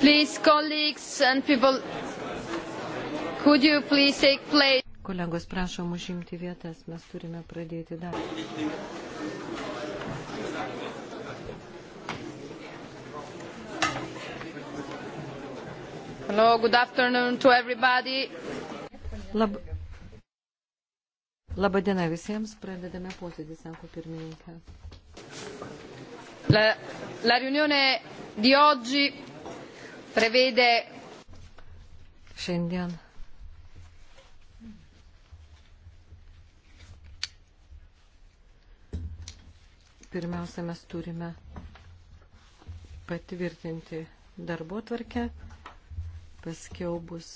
Please, colleagues and people, could you please take place? Kolegos, prašom užimti vietas, mes turime pradėti darbą. Hello, good afternoon to everybody. Lab... Labadiena visiems, pradedame posėdį, sako pirmininkė. La, la riunione di oggi prevede. Šiandien. Pirmiausia, mes turime patvirtinti darbo tvarkę, paskiau bus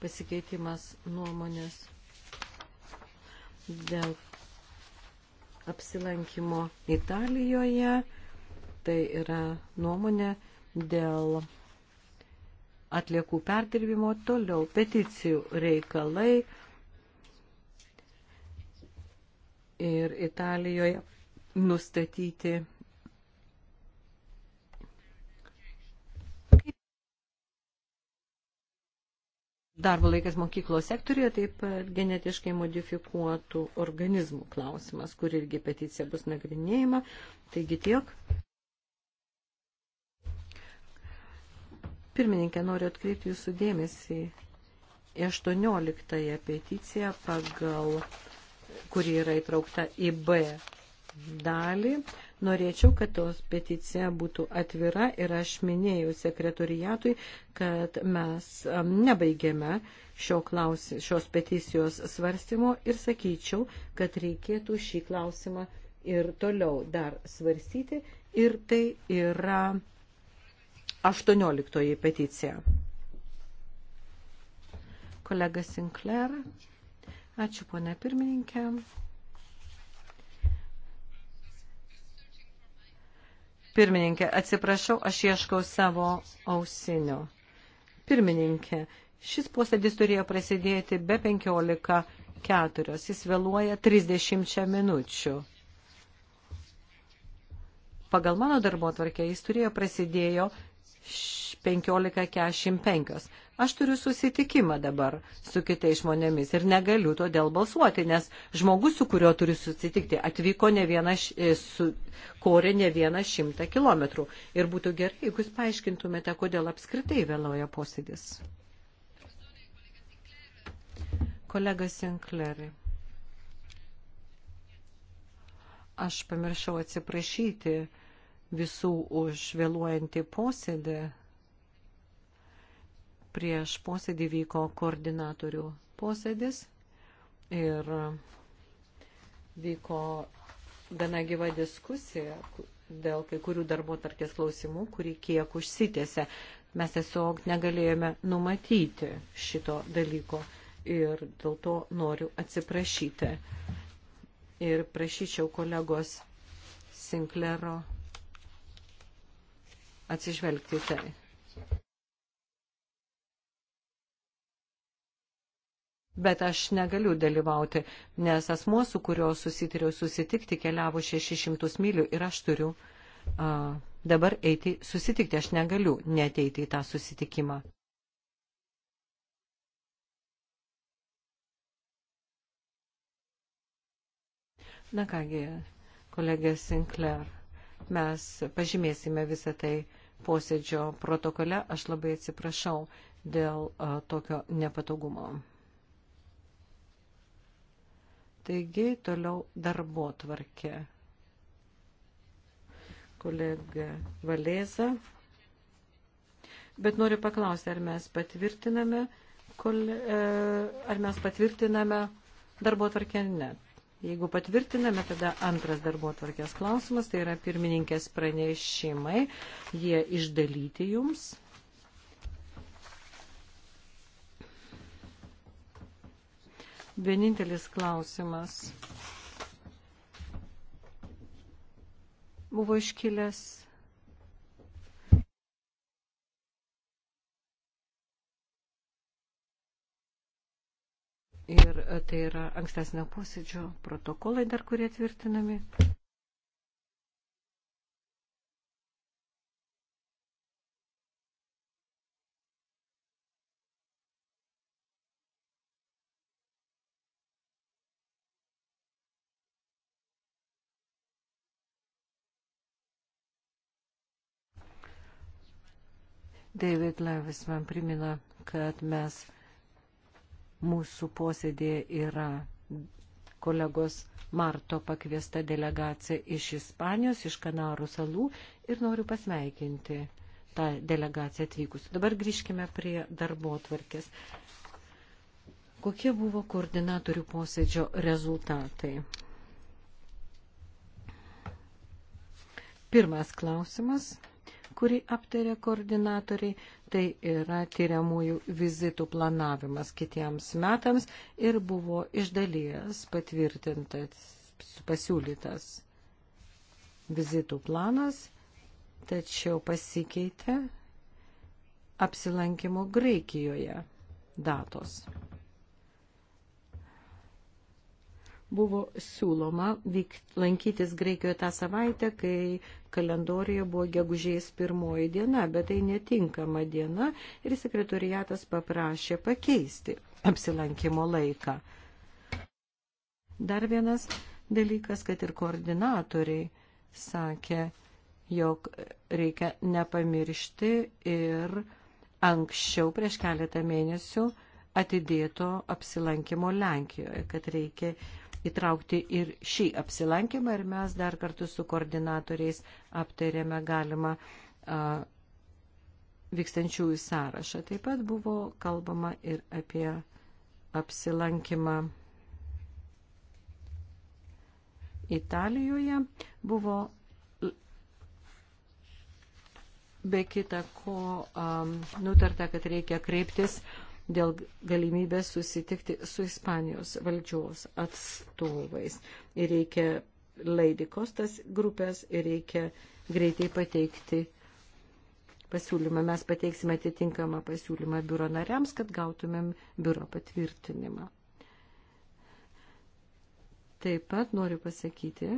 pasikeitimas nuomonės dėl apsilankimo Italijoje. Tai yra nuomonė dėl atliekų perdirbimo, toliau peticijų reikalai ir Italijoje nustatyti. Darbo laikas mokyklos sektorijoje, taip pat genetiškai modifikuotų organizmų klausimas, kur irgi peticija bus nagrinėjama. Taigi tiek. Pirmininkė, noriu atkreipti jūsų dėmesį į 18 peticiją, pagal, kuri yra įtraukta į B dalį. Norėčiau, kad tos peticija būtų atvira ir aš minėjau sekretoriatui, kad mes nebaigėme šio klaus, šios peticijos svarstymo ir sakyčiau, kad reikėtų šį klausimą ir toliau dar svarstyti. Ir tai yra 18 peticija. Kolega Sinclair. Ačiū, ponė pirmininkė. Pirmininkė, atsiprašau, aš ieškau savo ausinių. Pirmininkė, šis posėdis turėjo prasidėti be 15.4. Jis vėluoja 30 minučių. Pagal mano darbo tvarkė jis turėjo prasidėjo 15.45. Aš turiu susitikimą dabar su kitais žmonėmis ir negaliu todėl balsuoti, nes žmogus, su kuriuo turiu susitikti, atvyko ne vieną, e, su korė ne vieną šimtą kilometrų. Ir būtų gerai, jeigu jūs paaiškintumėte, kodėl apskritai vėloja posėdis. Kolega Sinklerai. Aš pamiršau atsiprašyti visų už vėluojantį posėdį. Prieš posėdį vyko koordinatorių posėdis ir vyko gana gyva diskusija dėl kai kurių darbo tarkės klausimų, kuri kiek užsitėse. Mes tiesiog negalėjome numatyti šito dalyko ir dėl to noriu atsiprašyti. Ir prašyčiau kolegos Sinklero atsižvelgti į tai. Bet aš negaliu dalyvauti, nes asmuo, su kurio susitiriau susitikti, keliavo 600 mylių ir aš turiu a, dabar eiti susitikti. Aš negaliu neteiti į tą susitikimą. Na kągi, kolegė Sinclair. Mes pažymėsime visą tai posėdžio protokole. Aš labai atsiprašau dėl a, tokio nepatogumo. Taigi, toliau darbo tvarkė. Kolega Valėza. Bet noriu paklausti, ar mes patvirtiname, kol, e, ar mes patvirtiname darbo tvarkę? Ne. Jeigu patvirtiname, tada antras darbo tvarkės klausimas, tai yra pirmininkės pranešimai. Jie išdalyti jums. Vienintelis klausimas buvo iškilęs Ir e, tai yra ankstesnio posėdžio protokolai dar, kurie tvirtinami. David Levis man primina, kad mes mūsų posėdėje yra kolegos Marto pakviesta delegacija iš Ispanijos, iš Kanarų salų ir noriu pasveikinti tą delegaciją atvykus. Dabar grįžkime prie darbo tvarkės. Kokie buvo koordinatorių posėdžio rezultatai? Pirmas klausimas kurį aptarė koordinatoriai, tai yra tyriamųjų vizitų planavimas kitiems metams ir buvo iš dalies patvirtintas, pasiūlytas vizitų planas, tačiau pasikeitė apsilankimo Graikijoje datos. buvo siūloma vykt, lankytis Graikijoje tą savaitę, kai kalendorija buvo gegužės pirmoji diena, bet tai netinkama diena ir sekretoriatas paprašė pakeisti apsilankimo laiką. Dar vienas dalykas, kad ir koordinatoriai sakė, jog reikia nepamiršti ir anksčiau prieš keletą mėnesių atidėto apsilankimo Lenkijoje, kad reikia įtraukti ir šį apsilankymą ir mes dar kartu su koordinatoriais aptarėme galimą a, vykstančiųjų sąrašą. Taip pat buvo kalbama ir apie apsilankymą Italijoje. Buvo be kita ko um, nutarta, kad reikia kreiptis uh, dėl galimybės susitikti su Ispanijos valdžios atstovais. Ir reikia Lady Kostas grupės ir reikia greitai pateikti pasiūlymą. Mes pateiksime atitinkamą pasiūlymą biuro nariams, kad gautumėm biuro patvirtinimą. Taip pat noriu pasakyti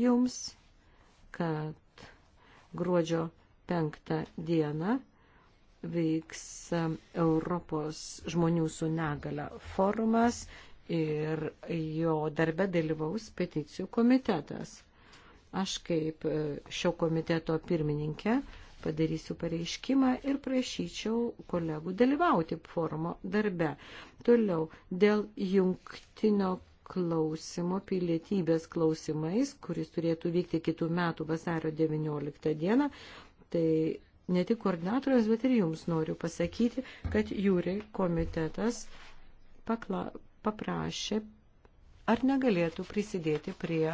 jums, kad gruodžio penktą dieną veiks um, Europos žmonių su negale forumas ir jo darbe dalyvaus peticijų komitetas. Aš kaip e, šio komiteto pirmininkė padarysiu pareiškimą ir prašyčiau kolegų dalyvauti forumo darbe. Toliau, dėl jungtinio klausimo pilietybės klausimais, kuris turėtų vykti kitų metų vasario 19 dieną, tai ne tik koordinatorius, bet ir jums noriu pasakyti, kad jūri komitetas pakla, paprašė, ar negalėtų prisidėti prie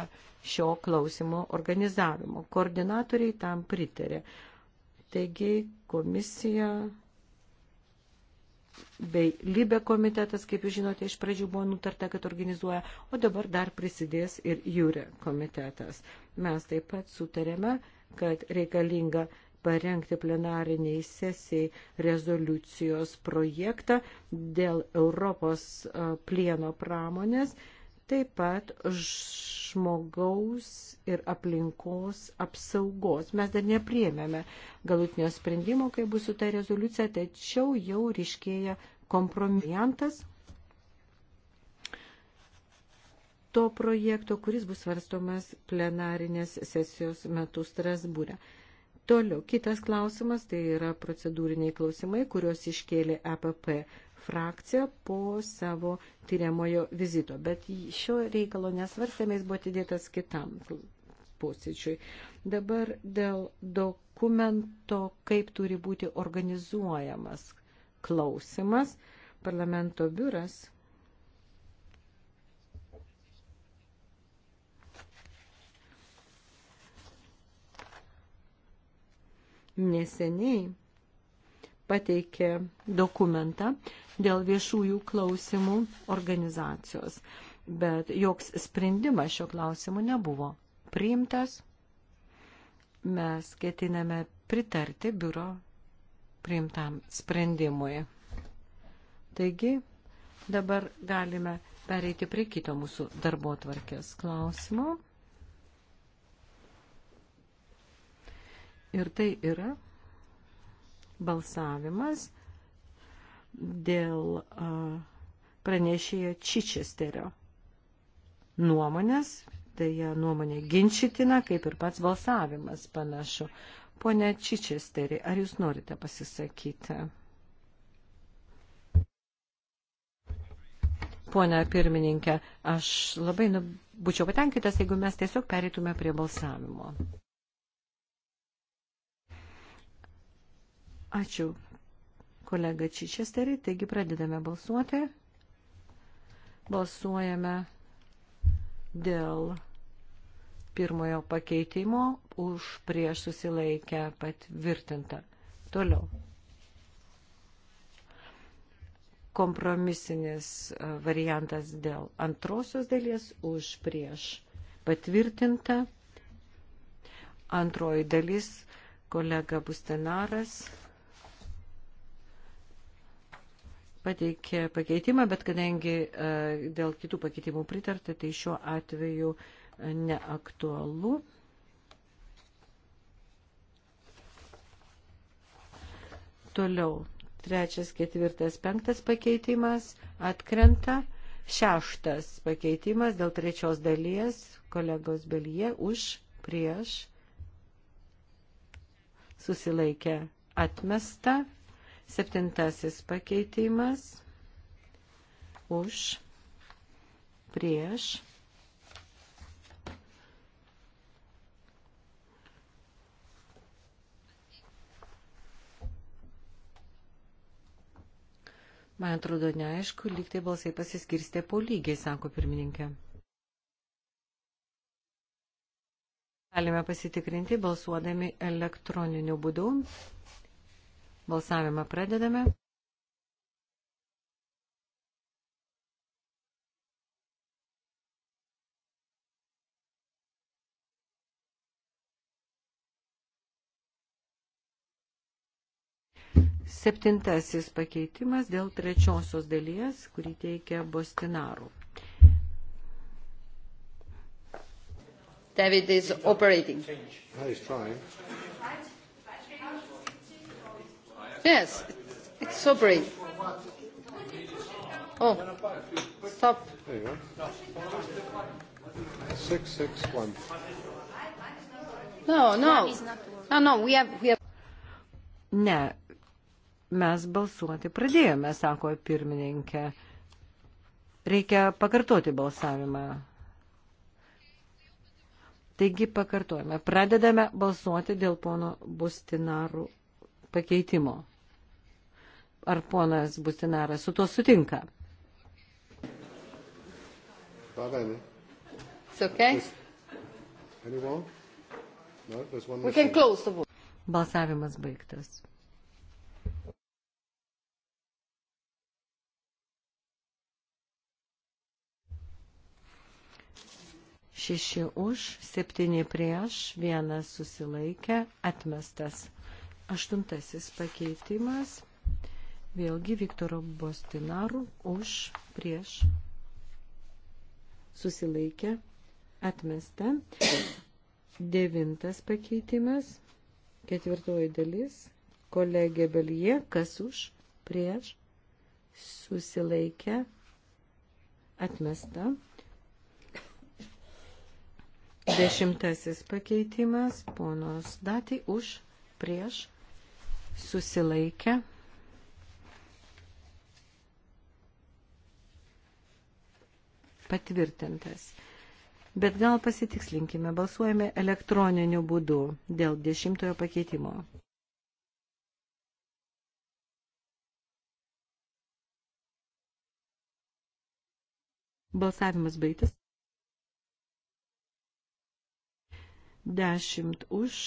šio klausimo organizavimo. Koordinatoriai tam pritarė. Taigi komisija bei Libė komitetas, kaip jūs žinote, iš pradžių buvo nutarta, kad organizuoja, o dabar dar prisidės ir Jūrė komitetas. Mes taip pat sutarėme, kad reikalinga uh, parengti plenariniai sesijai rezoliucijos projektą dėl Europos plieno pramonės, taip pat žmogaus ir aplinkos apsaugos. Mes dar nepriemėme galutinio sprendimo, kai bus su ta rezoliucija, tačiau jau ryškėja kompromisantas to projekto, kuris bus svarstomas plenarinės sesijos metu Strasbūrė. E. Toliau, kitas klausimas, tai yra procedūriniai klausimai, kuriuos iškėlė EPP frakcija po savo tyriamojo vizito. Bet šio reikalo nesvarstėme, jis buvo atidėtas kitam posėdžiui. Dabar dėl dokumento, kaip turi būti organizuojamas klausimas, parlamento biuras neseniai pateikė dokumentą dėl viešųjų klausimų organizacijos, bet joks sprendimas šio klausimu nebuvo priimtas. Mes ketiname pritarti biuro priimtam sprendimui. Taigi, dabar galime pereiti prie kito mūsų darbo tvarkės klausimo. Ir tai yra balsavimas dėl pranešėjo Čičesterio nuomonės, tai nuomonė ginčitina, kaip ir pats balsavimas panašu. Pone Čičesteri, ar jūs norite pasisakyti? Pone pirmininkė, aš labai nu, būčiau patenkintas, jeigu mes tiesiog perėtume prie balsavimo. Ačiū, kolega Čičesterį. Taigi pradedame balsuoti. Balsuojame dėl pirmojo pakeitimo už prieš susilaikę patvirtintą. Toliau. Kompromisinis e, variantas dėl antrosios dalies už prieš patvirtintą. Antroji dalis kolega Bustanaras pateikė pakeitimą, bet kadangi e, dėl kitų pakeitimų pritarta, tai šiuo atveju e, neaktualu. Toliau. Trečias, ketvirtas, penktas pakeitimas atkrenta. Šeštas pakeitimas dėl trečios dalies kolegos Belie už prieš susilaikė atmesta. Septintasis pakeitimas už, prieš. Man atrodo neaišku, lyg tai balsai pasiskirstė po lygiai, sako pirmininkė. Galime pasitikrinti balsuodami elektroniniu būdu. Balsavimą pradedame. Septintasis pakeitimas dėl trečiosios dalies, kurį teikia Bostinarų. David is operating. Change. No, he's trying. Yes, it's so brave. Oh, stop. There you go. 661. No, no. No, no, we have, we have... Ne, mes balsuoti pradėjome, sako pirmininkė. Reikia pakartoti balsavimą. Taigi pakartojame. Pradedame balsuoti dėl pono Bustinarų pakeitimo. Ar ponas Bustinaras su tuo sutinka? Eh? Okay. No, Balsavimas baigtas. Šeši už, septyni prieš, vienas susilaikė, atmestas. Aštuntasis pakeitimas. Vėlgi Viktoro Bostinarų už prieš susilaikę atmesta. Devintas pakeitimas. Ketvirtoji dalis. Kolegė Belie, kas už prieš susilaikę atmesta. Dešimtasis pakeitimas, ponos datai už prieš susilaikė. Patvirtintas. Bet gal pasitikslinkime, balsuojame elektroniniu būdu dėl dešimtojo pakeitimo. Balsavimas baigtas. 10 už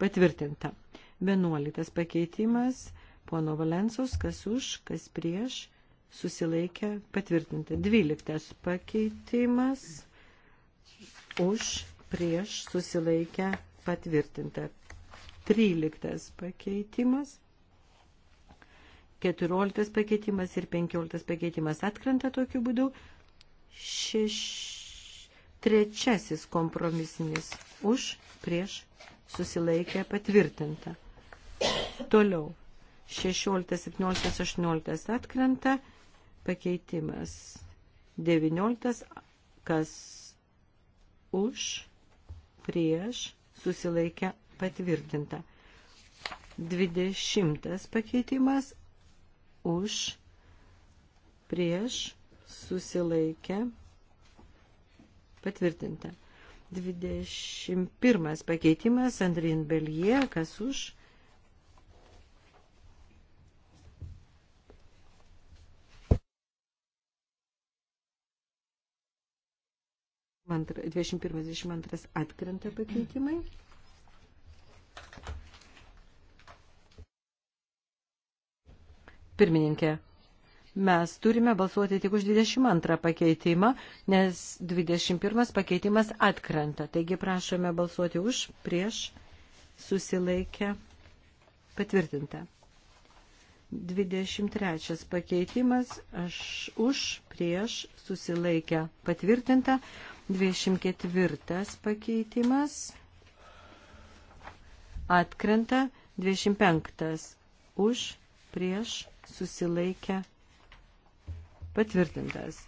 patvirtinta. Vienuoliktas pakeitimas, pono Valensos, kas už, kas prieš, susilaikė, patvirtinta. Dvyliktas pakeitimas, už, prieš, susilaikė, patvirtinta. Tryliktas pakeitimas, keturioliktas pakeitimas ir penkioliktas pakeitimas atkrenta tokiu būdu. Šeš... Trečiasis kompromisinis už, prieš, susilaikė, patvirtinta. Toliau. 16, 17, 18 atkrenta. Pakeitimas 19. Kas už, prieš, susilaikę patvirtinta. 20 pakeitimas už, prieš, susilaikę patvirtinta. 21 pakeitimas Andrin Belie, kas už, 21-22 atkrenta pakeitimai. Pirmininkė, mes turime balsuoti tik už 22 pakeitimą, nes 21 pakeitimas atkrenta. Taigi prašome balsuoti už, prieš, susilaikę, patvirtinta. 23 pakeitimas, aš už, prieš, susilaikę, patvirtinta. 24 pakeitimas atkrenta, 25 už, prieš, susilaikę, patvirtintas.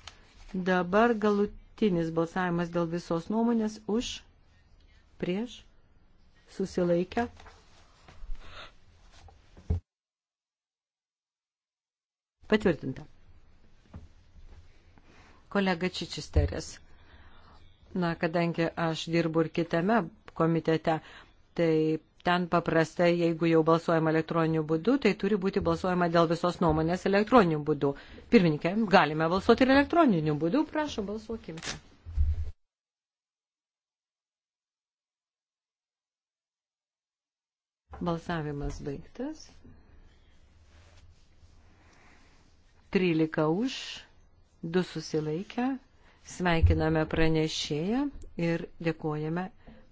Dabar galutinis balsavimas dėl visos nuomonės už, prieš, susilaikę. Patvirtinta. Kolega Čičisteris na, kadangi aš dirbu ir kitame komitete, tai ten paprastai, jeigu jau balsuojama elektroniniu būdu, tai turi būti balsuojama dėl visos nuomonės elektroniniu būdu. Pirmininkė, galime balsuoti ir elektroniniu būdu, prašom, balsuokimte. Balsavimas baigtas. 13 už, 2 susilaikę, Sveikiname pranešėją ir dėkojame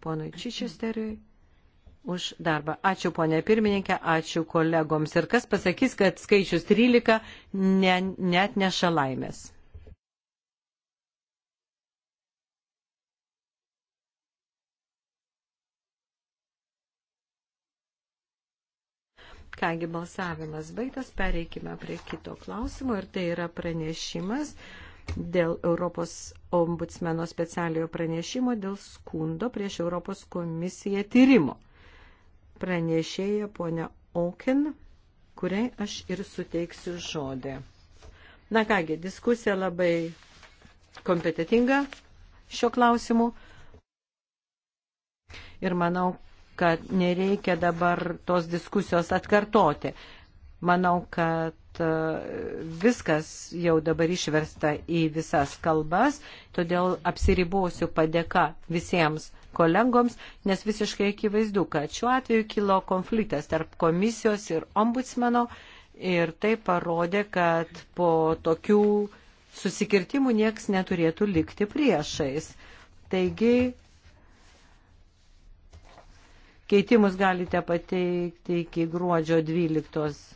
ponui Čičesteriui už darbą. Ačiū ponė pirmininkė, ačiū kolegoms. Ir kas pasakys, kad skaičius 13 ne, net neša laimės. Kągi balsavimas baigtas, pereikime prie kito klausimo ir tai yra pranešimas dėl Europos ombudsmeno specialiojo pranešimo dėl skundo prieš Europos komisiją tyrimo. Pranešėja ponia Auken, kuriai aš ir suteiksiu žodį. Na kągi, diskusija labai kompetitinga šio klausimu. Ir manau, kad nereikia dabar tos diskusijos atkartoti. Manau, kad e, viskas jau dabar išversta į visas kalbas, todėl apsiribosiu padėka visiems kolegoms, nes visiškai akivaizdu, kad šiuo atveju kilo konfliktas tarp komisijos ir ombudsmeno ir tai parodė, kad po tokių susikirtimų nieks neturėtų likti priešais. Taigi, keitimus galite pateikti iki gruodžio 12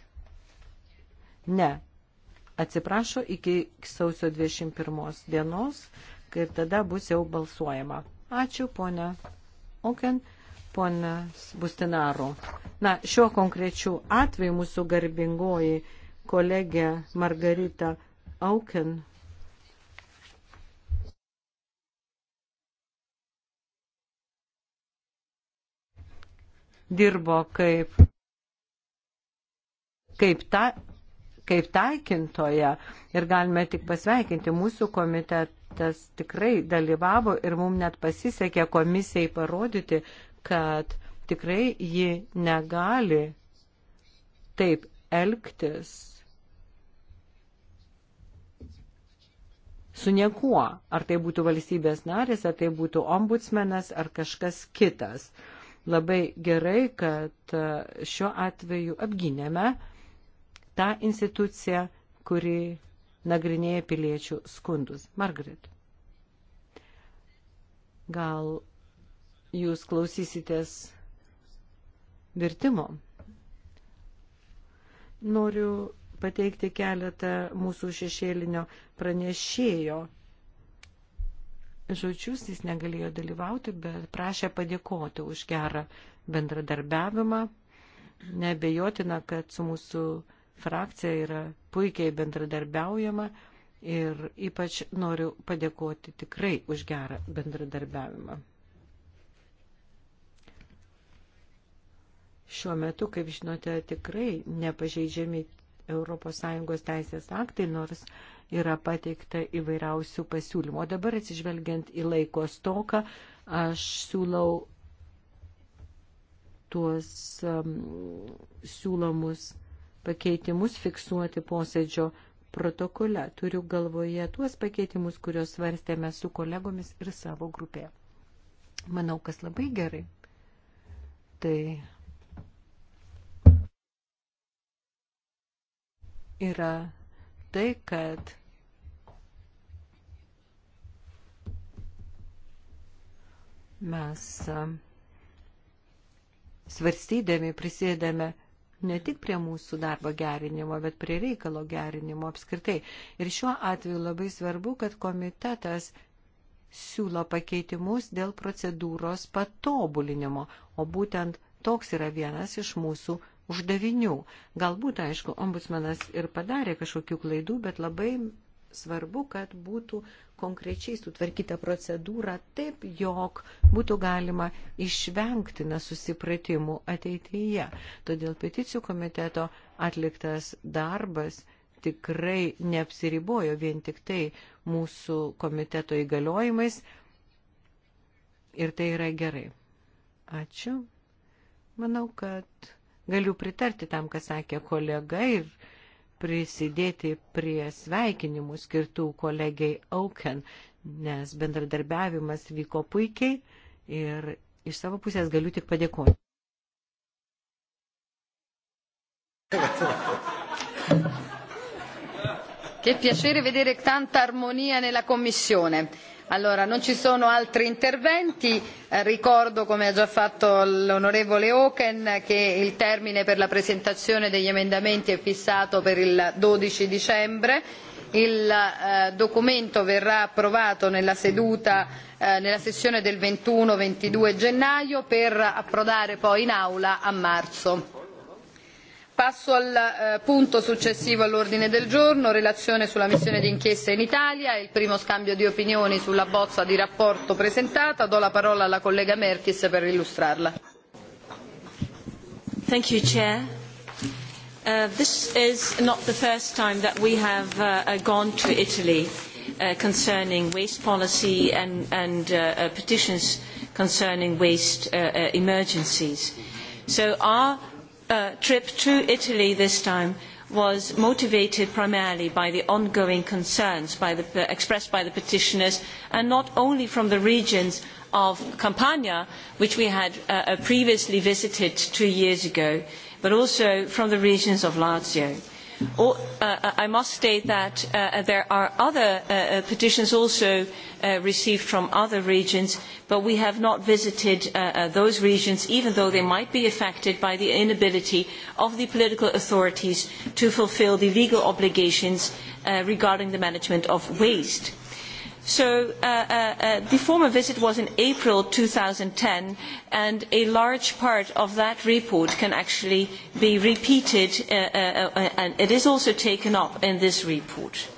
Ne. Atsiprašo iki sausio 21 dienos, kai tada bus jau balsuojama. Ačiū, ponia Oken, ponia Bustinaru. Na, šiuo konkrečiu atveju mūsų garbingoji kolegė Margarita Auken dirbo kaip, kaip ta kaip taikintoje ir galime tik pasveikinti mūsų komitetas tikrai dalyvavo ir mums net pasisekė komisijai parodyti, kad tikrai ji negali taip elgtis su niekuo, ar tai būtų valstybės narės, ar tai būtų ombudsmenas, ar kažkas kitas. Labai gerai, kad e, šiuo atveju apginėme uh, tą instituciją, kuri nagrinėja piliečių skundus. Margaret, gal jūs klausysitės vertimo? Noriu pateikti keletą mūsų šešėlinio pranešėjo žodžius, jis negalėjo dalyvauti, bet prašė padėkoti už gerą bendradarbiavimą. Nebejotina, kad su mūsų frakcija yra puikiai bendradarbiaujama ir ypač noriu padėkoti tikrai už gerą bendradarbiavimą. Šiuo metu, kaip žinote, tikrai nepažeidžiami ES teisės aktai, nors yra pateikta įvairiausių pasiūlymų. O dabar atsižvelgiant į laiko stoką, aš siūlau tuos um, siūlomus pakeitimus fiksuoti posėdžio protokole. Turiu galvoje tuos pakeitimus, kuriuos svarstėme su kolegomis ir savo grupėje. Manau, kas labai gerai. Tai yra tai, kad mes um, svarstydami prisėdame ne tik prie mūsų darbo gerinimo, bet prie reikalo gerinimo apskritai. Ir šiuo atveju labai svarbu, kad komitetas siūlo pakeitimus dėl procedūros patobulinimo, o būtent toks yra vienas iš mūsų uždavinių. Galbūt, aišku, ombudsmenas ir padarė kažkokių klaidų, bet labai svarbu, kad būtų konkrečiai sutvarkyta procedūra taip, jog būtų galima išvengti nesusipratimų ateityje. Todėl peticijų komiteto atliktas darbas tikrai neapsiribojo vien tik tai mūsų komiteto įgaliojimais ir tai yra gerai. Ačiū. Manau, kad galiu pritarti tam, ką sakė kolega ir prisidėti prie sveikinimų skirtų kolegiai Auken, nes bendradarbiavimas vyko puikiai ir iš savo pusės galiu tik padėkoti. Che piacere vedere tanta armonia nella Commissione. Allora, non ci sono altri interventi, eh, ricordo come ha già fatto l'onorevole Oken che il termine per la presentazione degli emendamenti è fissato per il 12 dicembre, il eh, documento verrà approvato nella seduta eh, nella sessione del 21-22 gennaio per approdare poi in aula a marzo Passo al eh, punto successivo all'ordine del giorno, relazione sulla missione d'inchiesta in Italia, il primo scambio di opinioni sulla bozza di rapporto presentata. Do la parola alla collega Merkis per illustrarla. Thank you, Chair. Uh, this is not the first time that we have uh, gone to Italy uh, concerning waste policy and, and uh, uh, petitions concerning waste uh, uh, emergencies. So our uh, trip to Italy this time was motivated primarily by the ongoing concerns by the, expressed by the petitioners, and not only from the regions of Campania, which we had uh, uh previously visited two years ago, but also from the regions of Lazio. Oh, uh, uh, I must state that uh, uh there are other uh, uh, petitions also uh, received from other regions, but we have not visited uh, uh, those regions, even though they might be affected by the inability of the political authorities to fulfill the legal obligations uh, regarding the management of waste. So uh, uh, uh, the former visit was in April 2010, and a large part of that report can actually be repeated, uh, uh, uh, and it is also taken up in this report.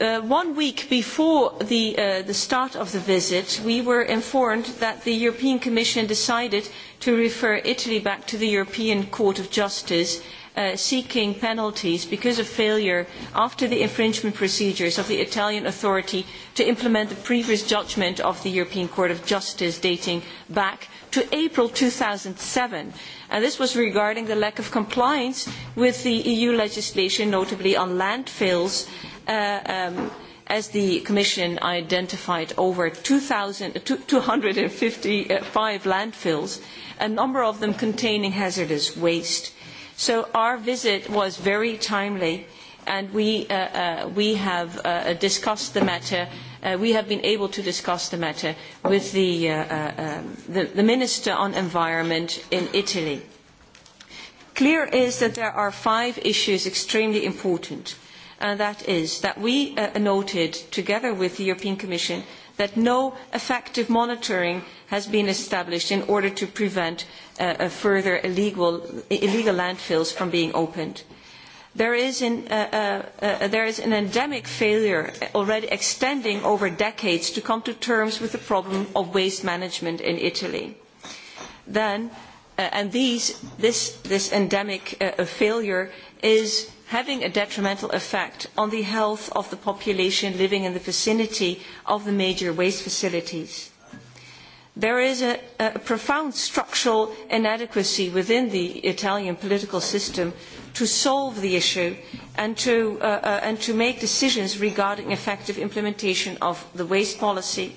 Uh, one week before the, uh, the start of the visit, we were informed that the European Commission decided to refer Italy back to the European Court of Justice uh, seeking penalties because of failure after the infringement procedures of the Italian authority to implement the previous judgment of the European Court of Justice dating back to April 2007. And this was regarding the lack of compliance with the EU legislation, notably on landfills, uh, um, as the Commission identified over 2,000, 255 uh, landfills, a number of them containing hazardous waste. So our visit was very timely, and we, uh, uh, we have uh, uh, discussed the matter. Uh, we have been able to discuss the matter with the, uh, uh, um, the, the Minister on Environment in Italy. Clear is that there are five issues extremely important, and that is that we uh, noted, together with the European Commission, that no effective monitoring has been established in order to prevent uh, uh, further illegal, illegal landfills from being opened. There is, an, uh, uh, uh, there is an endemic failure already extending over decades to come to terms with the problem of waste management in Italy. Then, uh, and these, this, this endemic uh, uh failure is having a detrimental effect on the health of the population living in the vicinity of the major waste facilities. There is a, a profound structural inadequacy within the Italian political system to solve the issue and to, uh, uh, and to make decisions regarding effective implementation of the waste policy.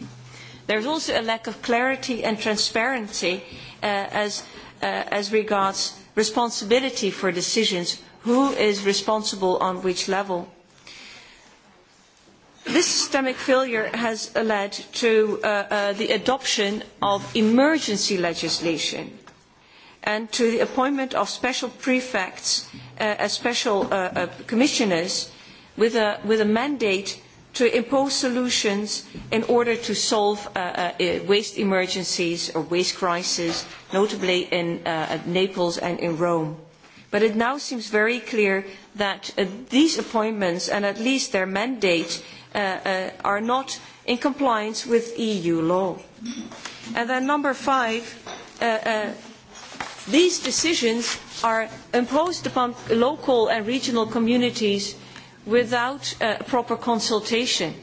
There is also a lack of clarity and transparency uh, as, uh, as regards responsibility for decisions who is responsible on which level. This systemic failure has led to uh, uh, the adoption of emergency legislation and to the appointment of special prefects uh, as uh, special uh, uh, commissioners with a, with a mandate to impose solutions in order to solve uh, uh, waste emergencies or waste crises, notably in uh, uh, Naples and in Rome. But it now seems very clear that uh, these appointments and at least their mandate uh, uh, are not in compliance with EU law. And then number five, uh, uh, these decisions are imposed upon local and regional communities without uh, proper consultation.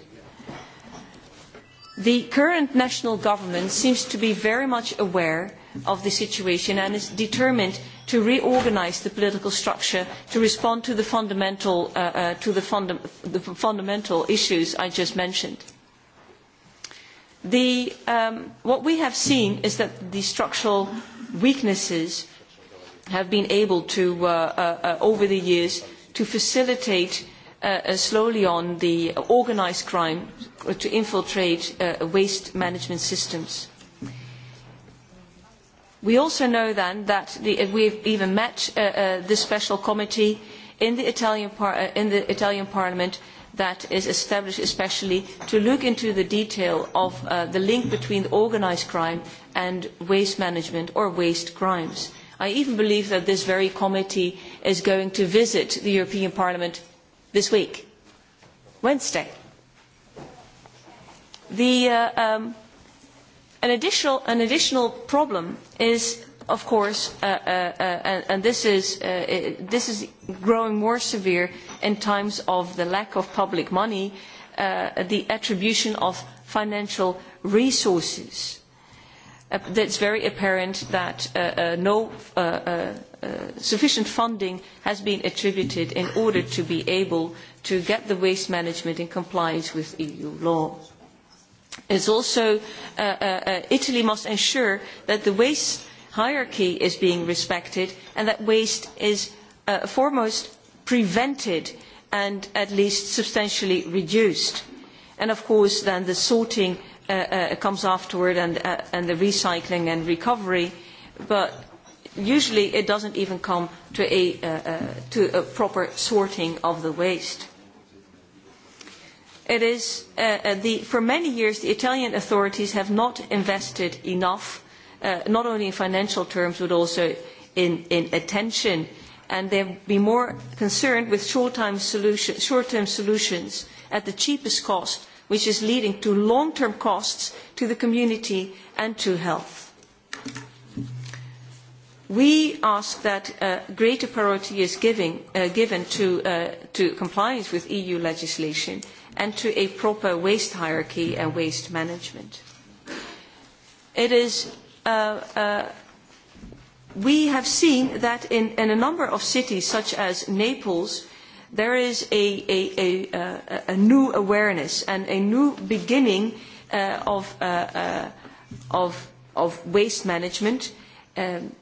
The current national government seems to be very much aware of the situation and is determined to reorganize the political structure to respond to the fundamental, uh, uh, to the, funda the fundamental issues I just mentioned. The, um, what we have seen is that the structural weaknesses have been able to, uh, uh, uh, over the years, to facilitate uh, uh, slowly on the organized crime to infiltrate uh, waste management systems. We also know then that the, uh, we've even met uh, uh, this special committee in the, Italian par- uh, in the Italian Parliament that is established especially to look into the detail of uh, the link between organized crime and waste management or waste crimes. I even believe that this very committee is going to visit the European Parliament this week, Wednesday. The, uh, um, An additional, an additional problem is, of course, uh, uh, uh, and, and this, is, uh, it, this is growing more severe in times of the lack of public money, uh, the attribution of financial resources. Uh, it's very apparent that uh, uh, no uh, uh, uh, sufficient funding has been attributed in order to be able to get the waste management in compliance with EU law. Uh, is also uh, uh, uh, Italy must ensure that the waste hierarchy is being respected and that waste is uh, foremost prevented and at least substantially reduced. And of course then the sorting uh, uh, comes afterward and, uh, and the recycling and recovery, but usually it doesn't even come to a, uh, uh, to a proper sorting of the waste it is uh, uh, the, for many years the Italian authorities have not invested enough, uh, not only in financial terms but also in, in attention, and they've been more concerned with short-term solution, short solutions at the cheapest cost, which is leading to long-term costs to the community and to health. We ask that uh, greater priority is giving, uh, given to, uh, to compliance with EU legislation and to a proper waste hierarchy and waste management. It is, uh, uh, we have seen that in, in a number of cities such as Naples, there is a, a, a, a, uh, a new awareness and a new beginning uh, of, uh, uh, of, of waste management. Um,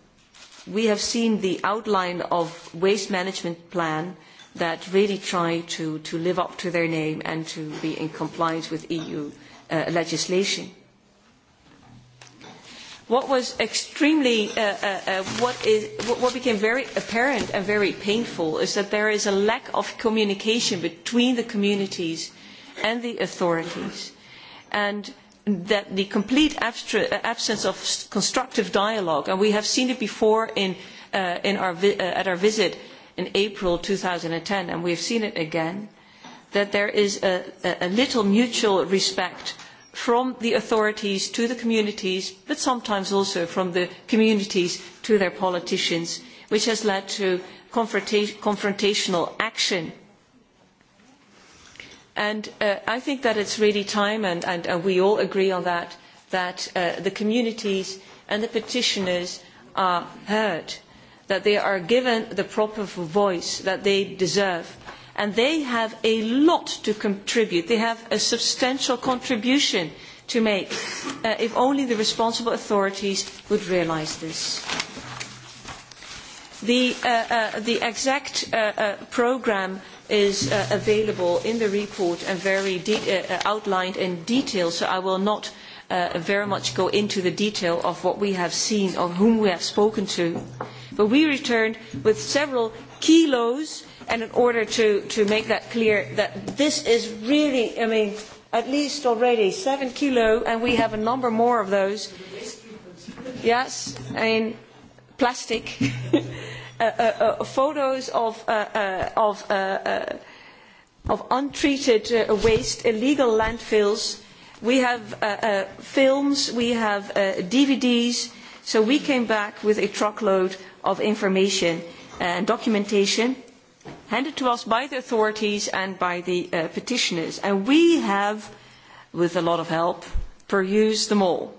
we have seen the outline of waste management plan uh, that really try to, to live up to their name and to be in compliance with EU uh, legislation. What was extremely, uh, uh, uh, what, is, what, what became very apparent and very painful is that there is a lack of communication between the communities and the authorities, and that the complete abstra- absence of constructive dialogue, and we have seen it before in, uh, in our vi- uh, at our visit, uh, in April 2010, and we've seen it again, that there is a, a little mutual respect from the authorities to the communities, but sometimes also from the communities to their politicians, which has led to confronta confrontational action. And uh, I think that it's really time, and, and, and we all agree on that, that uh, the communities and the petitioners are heard that they are given the proper voice that they deserve. And they have a lot to contribute. They have a substantial contribution to make, uh, if only the responsible authorities would realize this. The, uh, uh, the exact uh, uh, program is uh, available in the report and very de- uh, uh outlined in detail, so I will not uh, very much go into the detail of what we have seen, of whom we have spoken to. Uh, But we returned with several kilos, and in order to, to make that clear, that this is really, I mean, at least already seven kilo, and we have a number more of those. Yes, I mean, plastic. uh, uh, uh, photos of, uh, uh, of, uh, uh, of untreated uh, waste, illegal landfills. We have uh, uh, films, we have uh, DVDs. So we came back with a truckload of information and documentation handed to us by the authorities and by the uh, petitioners. And we have, with a lot of help, perused them all.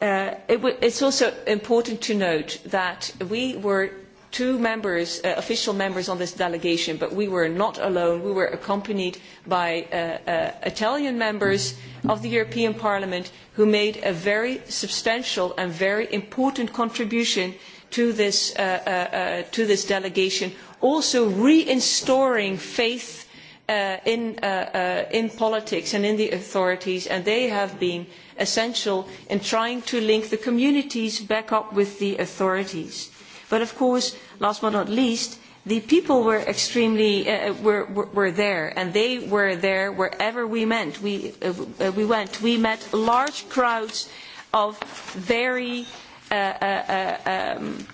Uh, it w- it's also important to note that we were two members, uh, official members on this delegation, but we were not alone. We were accompanied by uh, uh, Italian members of the European Parliament who made a very substantial and very important contribution to this, uh, uh, uh, to this delegation, also reinstoring faith uh, in, uh, uh, in politics and in the authorities, and they have been essential in trying to link the communities back up with the authorities. But of course, last but not least, the people were extremely uh, uh, were, were were there, and they were there wherever we went. We uh, uh, we went. We met large crowds of very uh, uh, uh, um,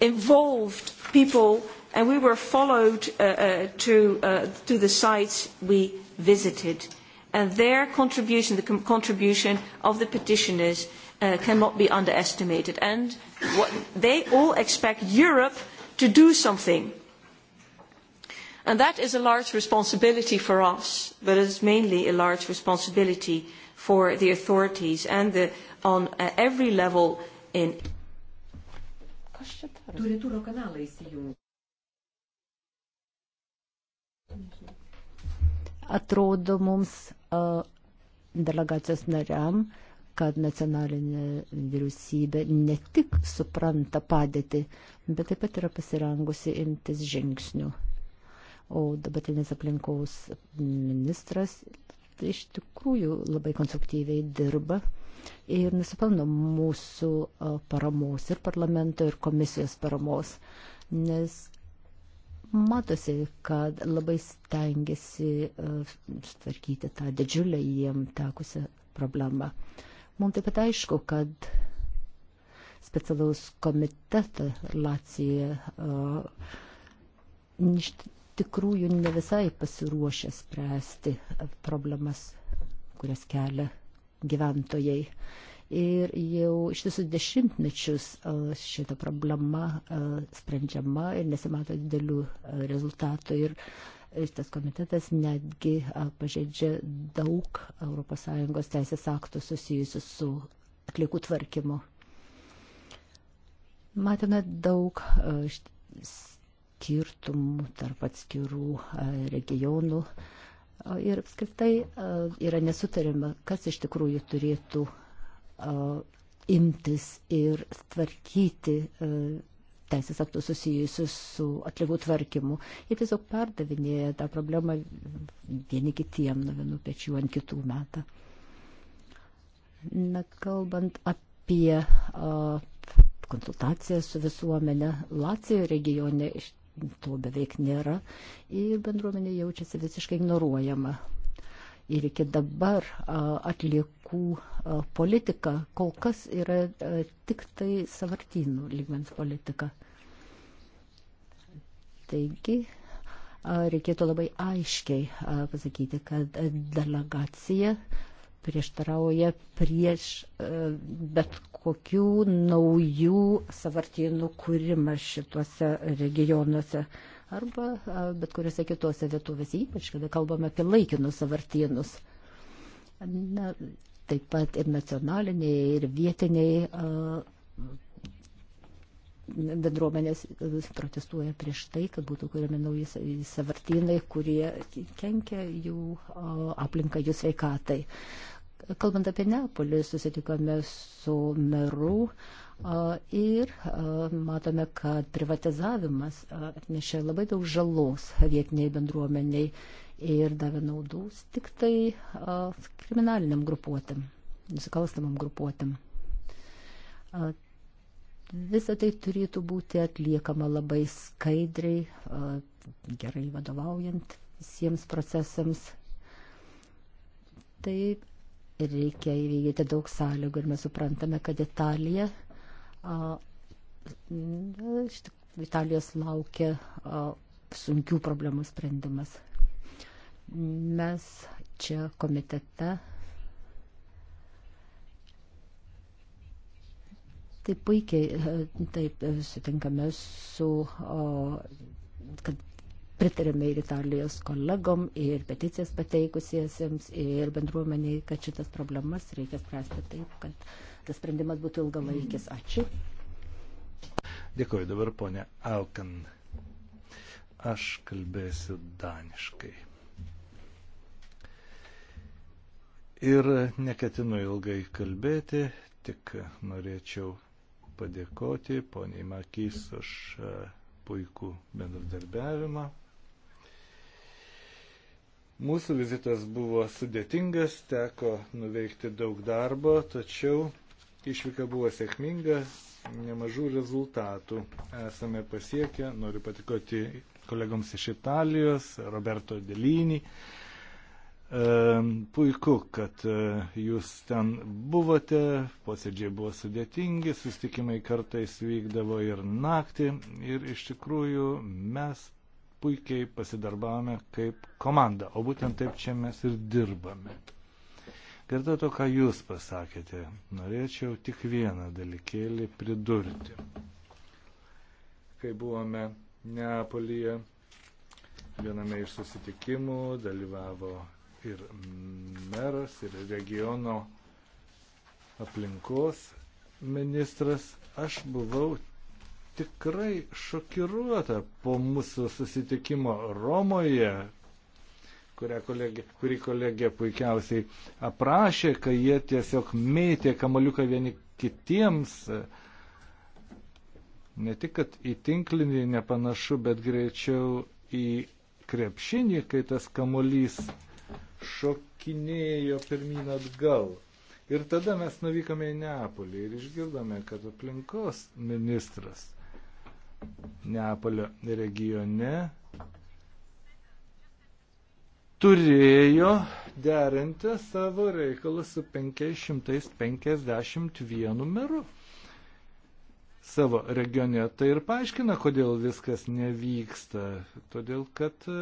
involved people, and we were followed uh, uh, to uh, to the sites we visited, and their contribution, the com- contribution of the petitioners, uh, cannot be underestimated. And what they all expect Europe to do something. And that is a large responsibility for us, but it's mainly a large responsibility for the authorities and the, on uh, every level in. Turitūro kanalą įsijungi. Atrodo mums uh, delegacijos nariam, kad nacionalinė vyriausybė ne tik supranta padėtį, bet taip pat yra pasirengusi imtis žingsnių. O dabartinis aplinkos ministras tai iš tikrųjų labai konstruktyviai dirba ir nusipelno mūsų paramos ir parlamento, ir komisijos paramos, nes matosi, kad labai stengiasi sutvarkyti tą didžiulę jiem tekusią problemą. Mums taip pat aišku, kad specialaus komiteto Lacijoje iš tikrųjų ne visai pasiruošę spręsti problemas, kurias kelia gyventojai. Ir jau iš tiesų dešimtmečius e, šita problema e, sprendžiama ir nesimato didelių e, rezultatų. Ir šitas komitetas netgi pažeidžia daug ES teisės aktų susijusių su atliekų tvarkymu. Matome daug e, skirtumų tarp atskirų e, regionų ir apskritai e, yra nesutarima, kas iš tikrųjų turėtų imtis ir tvarkyti teisės aktų susijusius su atlivų tvarkymu. Jie tiesiog perdavinėja tą problemą vieni kitiem nuo vienų pečių ant kitų metą. Na, kalbant apie uh, konsultaciją su visuomenė. Lacijo regione iš to beveik nėra ir bendruomenė jaučiasi visiškai ignoruojama. Ir iki dabar atliekų politika kol kas yra tik tai savartynų lygmens politika. Taigi reikėtų labai aiškiai pasakyti, kad delegacija prieštarauja prieš e, bet kokių naujų savartynų kūrimą šituose regionuose arba e, bet kuriuose kitose vietovėse, ypač kada kalbame apie laikinus savartynus. Na, taip pat ir nacionaliniai, ir vietiniai e, bendruomenės e, protestuoja prieš tai, kad būtų kuriami nauji savartinai, kurie kenkia jų aplinką, jų sveikatai. Kalbant apie Neapolį, susitikome su meru ir matome, kad privatizavimas atnešė labai daug žalos vietiniai bendruomeniai ir davė naudos tik tai kriminaliniam grupuotėm, nusikalstamam grupuotėm Visą tai turėtų būti atliekama labai skaidriai, gerai vadovaujant visiems procesams. Tai reikia įvykdyti daug sąlygų ir mes suprantame, kad Italija, Italijos laukia sunkių problemų sprendimas. Mes čia komitete Tai e, taip puikiai e, taip sutinkame su, o, kad pritarėme ir Italijos kolegom, ir peticijas pateikusiesiems, ir bendruomeniai, kad šitas problemas reikia spręsti taip, kad tas sprendimas būtų ilgalaikis. Ačiū. Dėkuoju dabar, ponė Alkan. Aš kalbėsiu daniškai. Ir neketinu ilgai kalbėti, tik norėčiau padėkoti poniai Makys už e, puikų bendradarbiavimą. Mūsų vizitas buvo sudėtingas, teko nuveikti daug darbo, tačiau išvyka buvo sėkminga, nemažų rezultatų esame pasiekę. Noriu patikoti kolegoms iš Italijos, Roberto Delinį, E, puiku, kad e, jūs ten buvote, posėdžiai buvo sudėtingi, sustikimai kartais vykdavo ir naktį ir iš tikrųjų mes puikiai pasidarbavome kaip komanda, o būtent taip čia mes ir dirbame. Greta to, ką jūs pasakėte, norėčiau tik vieną dalykėlį pridurti. Kai buvome Neapolyje, viename iš susitikimų dalyvavo ir meras, ir regiono aplinkos ministras, aš buvau tikrai šokiruota po mūsų susitikimo Romoje, kolegė, kurį kolegė puikiausiai aprašė, kai jie tiesiog mėtė kamaliuką vieni kitiems. Ne tik, kad į tinklinį nepanašu, bet greičiau į krepšinį, kai tas kamolys šokinėjo pirmyn atgal. Ir tada mes nuvykome į Neapolį ir išgirdome, kad aplinkos ministras Neapolio regione turėjo derinti savo reikalus su 551 meru savo regione. Tai ir paaiškina, kodėl viskas nevyksta. Todėl, kad uh,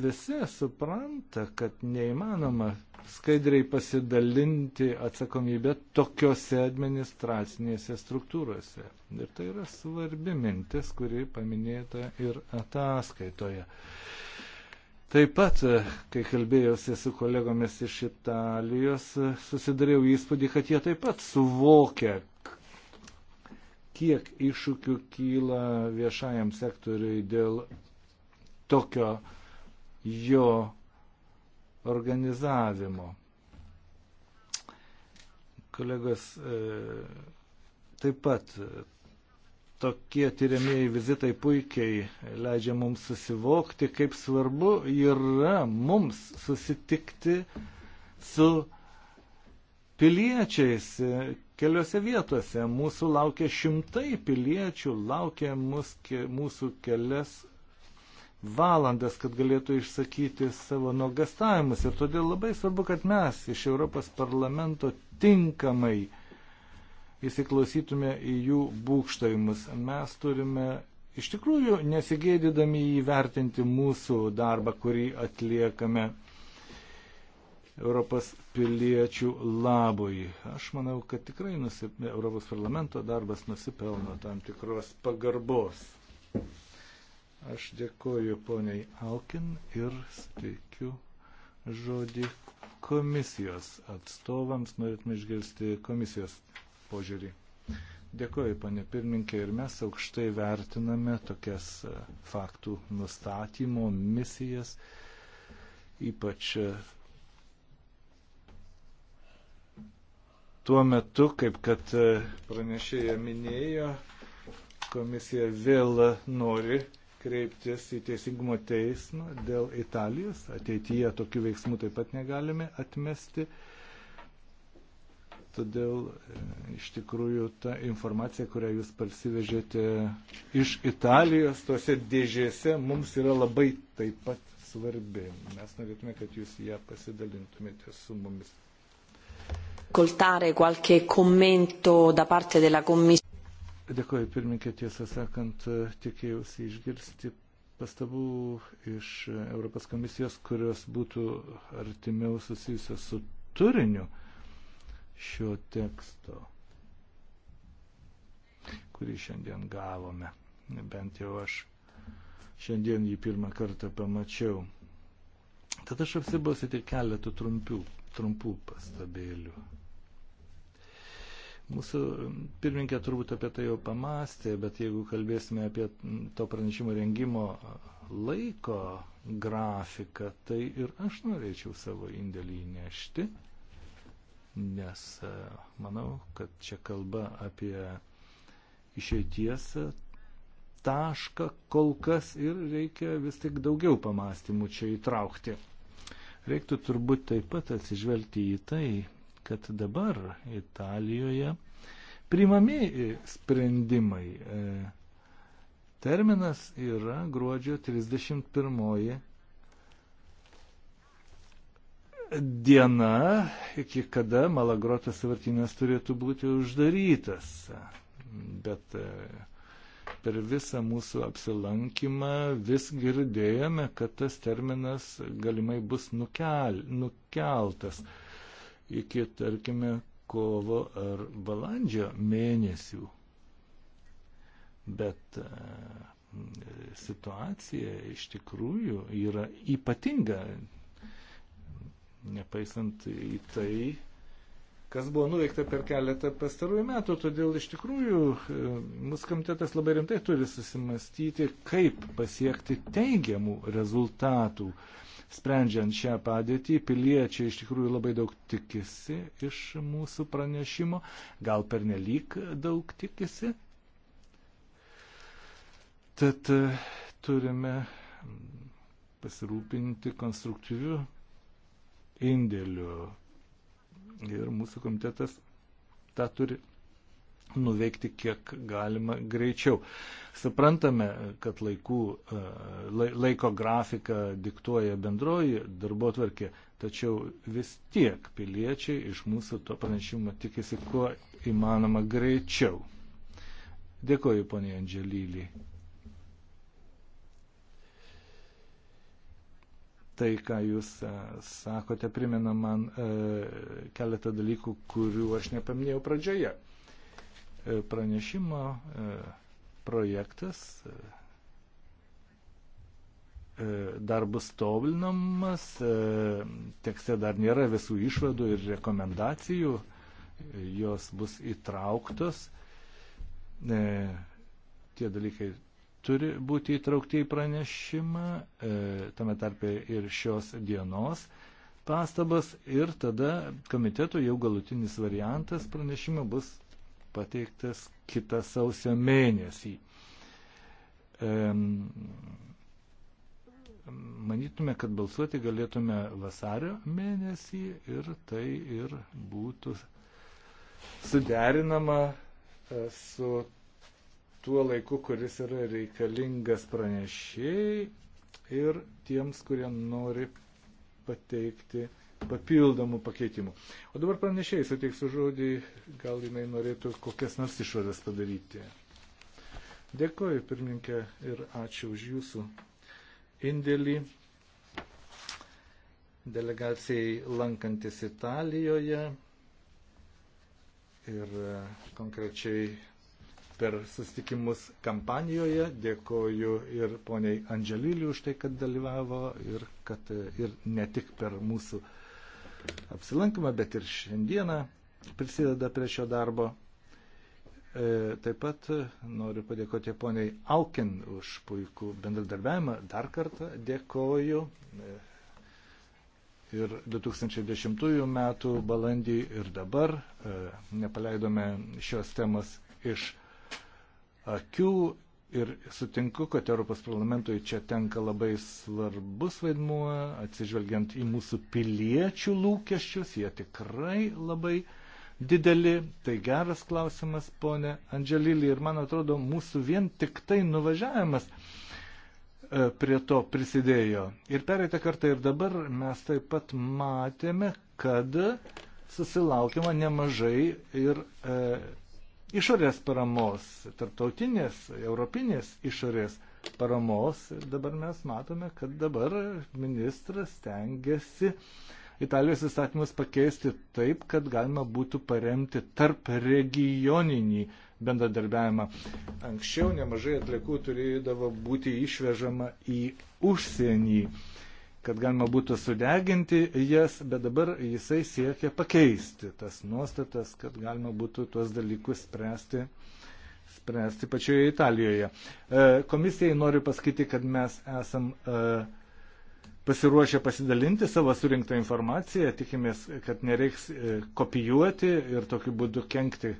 visi supranta, kad neįmanoma skaidriai pasidalinti atsakomybę tokiuose administracinėse struktūrose. Ir tai yra svarbi mintis, kuri paminėta ir ataskaitoje. Taip pat, kai kalbėjausi su kolegomis iš Italijos, susidariau įspūdį, kad jie taip pat suvokia, kiek iššūkių kyla viešajam sektoriui dėl tokio uh, jo organizavimo. Kolegos, e, taip pat e, tokie tyriamieji vizitai puikiai leidžia mums susivokti, kaip svarbu yra mums susitikti su piliečiais e, keliose vietose. Mūsų laukia šimtai piliečių, laukia mus, mūsų kelias valandas, kad galėtų išsakyti savo nuogastavimus. Ir todėl labai svarbu, kad mes iš Europos parlamento tinkamai įsiklausytume į jų būkštavimus. Mes turime iš tikrųjų nesigėdydami įvertinti mūsų darbą, kurį atliekame Europos piliečių labui. Aš manau, kad tikrai nusip... Europos parlamento darbas nusipelno tam tikros pagarbos. Aš dėkoju poniai Alkin ir steikiu žodį komisijos atstovams. Norėtume išgirsti komisijos požiūrį. Dėkoju, panė pirminkė, ir mes aukštai vertiname tokias e, faktų nustatymo misijas, ypač e, tuo metu, kaip kad e, pranešėja minėjo, komisija vėl nori kreiptis į Teisingumo teismą dėl Italijos. Ateityje tokių veiksmų taip pat negalime atmesti. Todėl e, iš tikrųjų ta informacija, kurią jūs parsivežėte iš Italijos, tuose dėžėse, mums yra labai taip pat svarbi. Mes norėtume, kad jūs ją pasidalintumėte su mumis. Ascoltare qualche commento da parte della Commissione. Dėkuoju pirmininkė, tiesą sakant, tikėjausi išgirsti pastabų iš Europos komisijos, kurios būtų artimiau susijusios su turiniu šio teksto, kurį šiandien gavome. Bent jau aš šiandien jį pirmą kartą pamačiau. Tad aš apsibosiu tik keletų trumpių, trumpų pastabėlių. Mūsų pirmininkė turbūt apie tai jau pamastė, bet jeigu kalbėsime apie to pranešimo rengimo laiko grafiką, tai ir aš norėčiau savo indėlį įnešti, nes e, manau, kad čia kalba apie išeities tašką kol kas ir reikia vis tik daugiau pamastymų čia įtraukti. Reiktų turbūt taip pat atsižvelgti į tai, kad dabar Italijoje primami sprendimai. E, terminas yra gruodžio 31 diena, iki kada Malagrotas savartinas turėtų būti uždarytas. Bet e, per visą mūsų apsilankymą vis girdėjome, kad tas terminas galimai bus nukel, nukeltas. Mm iki, tarkime, kovo ar balandžio mėnesių. Bet e, situacija iš tikrųjų yra ypatinga, nepaisant į tai, kas buvo nuveikta per keletą pastarųjų metų. Todėl iš tikrųjų e, mūsų komitetas labai rimtai turi susimastyti, kaip pasiekti teigiamų rezultatų. Uh, Sprendžiant šią padėtį, piliečiai iš tikrųjų labai daug tikisi iš mūsų pranešimo, gal per nelik daug tikisi. Tad e, turime pasirūpinti konstruktyviu indėliu ir mūsų komitetas tą turi nuveikti kiek galima greičiau. Suprantame, kad laikų, e, laiko grafiką diktuoja bendroji darbo tvarkė, tačiau vis tiek piliečiai iš mūsų to pranešimo tikisi kuo įmanoma greičiau. Dėkoju, ponė Andželylį. tai, ką jūs e, sakote, primena man e, keletą dalykų, kurių aš nepaminėjau pradžioje. E, pranešimo e, projektas e, dar bus tobulinamas, tekste dar nėra visų išvadų ir rekomendacijų, jos bus įtrauktos. Tie dalykai turi būti įtraukti į pranešimą, tame tarpe ir šios dienos pastabas ir tada komiteto jau galutinis variantas pranešimo bus pateiktas kitą sausio mėnesį. Manytume, kad balsuoti galėtume vasario mėnesį ir tai ir būtų suderinama e, su tuo laiku, kuris yra reikalingas pranešėjai ir tiems, kurie nori pateikti papildomų pakeitimų. O dabar pranešėjai suteiksiu žodį, gal jinai norėtų kokias nors išvadas padaryti. Dėkoju, pirmininkė, ir ačiū už jūsų indėlį. Delegacijai lankantis Italijoje ir konkrečiai per sustikimus kampanijoje. Dėkoju ir poniai Andželiliui už tai, kad dalyvavo ir kad ir ne tik per mūsų apsilankymą, bet ir šiandieną prisideda prie šio darbo. E, taip pat noriu padėkoti poniai Aukin už puikų bendradarbiavimą. Dar kartą dėkoju e, ir 2010 metų balandį ir dabar e, nepaleidome šios temos iš akių Ir sutinku, kad Europos parlamentui čia tenka labai svarbus vaidmuo, atsižvelgiant į mūsų piliečių lūkesčius, jie tikrai labai dideli. Tai geras klausimas, ponė Andželylį. Ir man atrodo, mūsų vien tik tai nuvažiavimas e, prie to prisidėjo. Ir pereitą kartą ir dabar mes taip pat matėme, kad susilaukiama nemažai ir e, išorės paramos, tarptautinės, europinės išorės paramos. Ir dabar mes matome, kad dabar ministras tengiasi Italijos įstatymus pakeisti taip, kad galima būtų paremti tarp regioninį bendradarbiavimą. Anksčiau nemažai atliekų turėjo būti išvežama į užsienį kad galima būtų sudeginti jas, bet dabar jisai siekia pakeisti tas nuostatas, kad galima būtų tuos dalykus spręsti, spręsti pačioje Italijoje. E, komisijai noriu pasakyti, kad mes esam e, pasiruošę pasidalinti savo surinktą informaciją, tikimės, kad nereiks e, kopijuoti ir tokiu būdu kenkti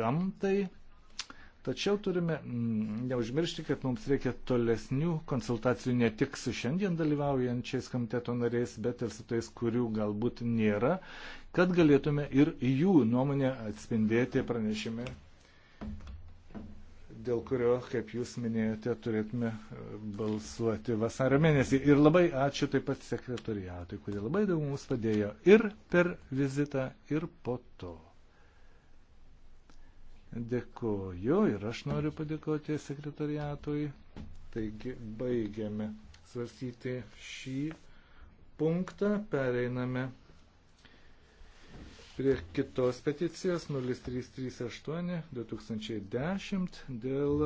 gamtai. Tačiau turime mm, neužmiršti, kad mums reikia tolesnių konsultacijų ne tik su šiandien dalyvaujančiais komiteto nariais, bet ir su tais, kurių galbūt nėra, kad galėtume ir jų nuomonę atspindėti pranešime, dėl kurio, kaip jūs minėjote, turėtume e, balsuoti vasario mėnesį. Ir labai ačiū taip pat sekretoriatui, kurie labai daug mums padėjo ir per vizitą, ir po to. Dėkuoju ir aš noriu padėkoti sekretariatui. Taigi baigiame svarstyti šį punktą, pereiname prie kitos peticijos 0338-2010 dėl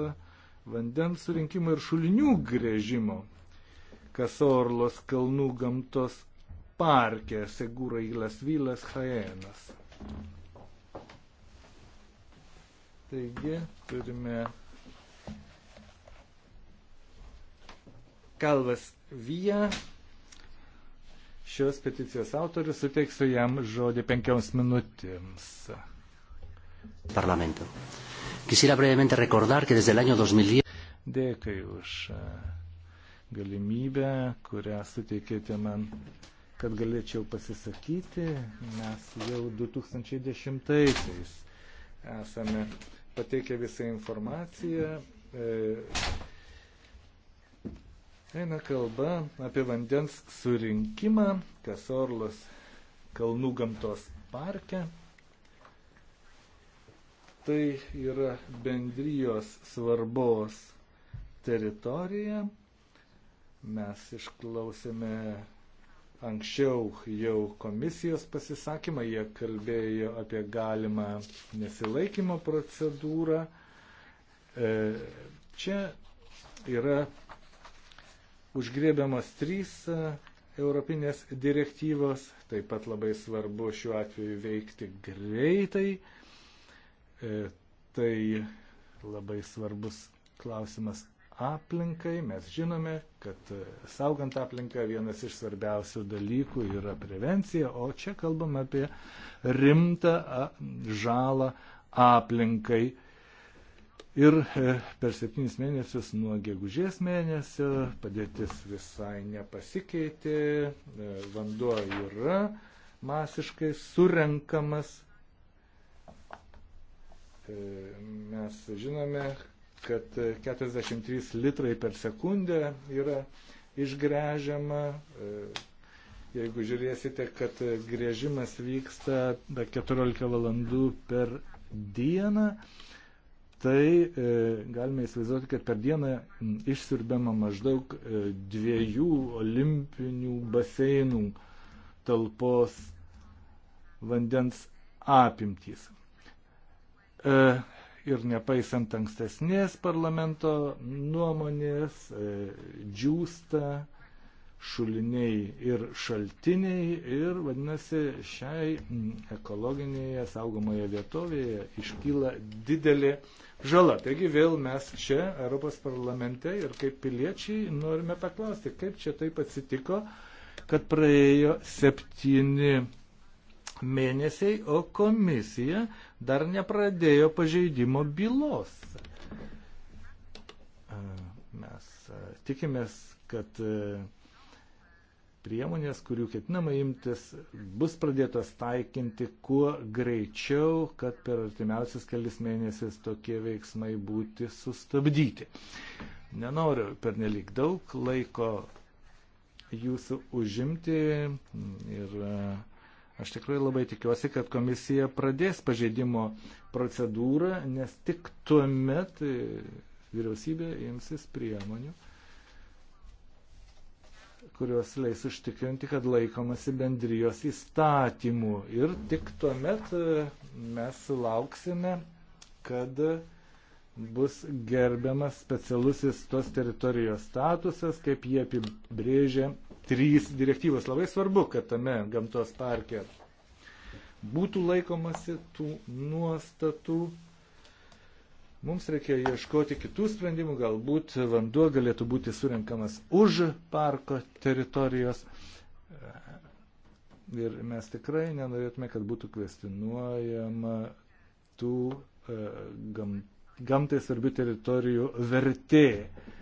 vandens surinkimo ir šulinių grėžimo Kasorlos kalnų gamtos parke Segūra Ilas Vylas Haenas. Taigi turime Kalvas Vyja. Šios peticijos autorius suteiksiu jam žodį penkioms minutėms. Parlamento. Quisiera brevemente recordar que desde el año 2010. Dėkui už e, galimybę, kurią suteikėte man, kad galėčiau pasisakyti. Mes jau 2010-aisiais esame pateikia visą informaciją. E, eina kalba apie vandens surinkimą Kasorlos kalnų gamtos parke. Tai yra bendrijos svarbos teritorija. Mes išklausėme anksčiau jau komisijos pasisakymą, jie kalbėjo apie galimą nesilaikymo procedūrą. E, čia yra užgrėbiamas trys e, Europinės direktyvos, taip pat labai svarbu šiuo atveju veikti greitai. E, tai labai svarbus klausimas aplinkai. Mes žinome, kad e, saugant aplinką vienas iš svarbiausių dalykų yra prevencija, o čia kalbam apie rimtą žalą aplinkai. Ir e, per septynis mėnesius nuo gegužės mėnesio padėtis visai nepasikeitė, e, vanduo yra masiškai surenkamas. Mes žinome, kad 43 litrai per sekundę yra išgręžiama. E, jeigu žiūrėsite, kad grėžimas vyksta 14 valandų per dieną, tai e, galime įsivaizduoti, kad per dieną išsiurbiama maždaug e, dviejų olimpinių baseinų talpos vandens apimtys. E, ir nepaisant ankstesnės parlamento nuomonės, e, džiūsta šuliniai ir šaltiniai ir vadinasi šiai ekologinėje saugomoje vietovėje iškyla didelė žala. Taigi vėl mes čia Europos parlamente ir kaip piliečiai norime paklausti, kaip čia taip atsitiko, kad praėjo septyni mėnesiai, o komisija dar nepradėjo pažeidimo bylos. Mes tikimės, kad priemonės, kurių ketinama imtis, bus pradėtos taikinti kuo greičiau, kad per artimiausias kelias mėnesis tokie veiksmai būti sustabdyti. Nenoriu per nelik daug laiko jūsų užimti ir uh, Aš tikrai labai tikiuosi, kad komisija pradės pažeidimo procedūrą, nes tik tuo met e, vyriausybė imsis priemonių, kurios leis užtikrinti, kad laikomasi bendrijos įstatymų. Ir tik tuo met e, mes sulauksime, kad bus gerbiamas specialusis tos teritorijos statusas, kaip jie apibrėžia 3 direktyvos. Labai svarbu, kad tame gamtos parke būtų laikomasi tų nuostatų. Mums reikia ieškoti kitų sprendimų, galbūt vanduo galėtų būti surinkamas už parko teritorijos. Ir mes tikrai nenorėtume, kad būtų kvestinuojama tų e, gam, gamtai svarbių teritorijų vertė. E,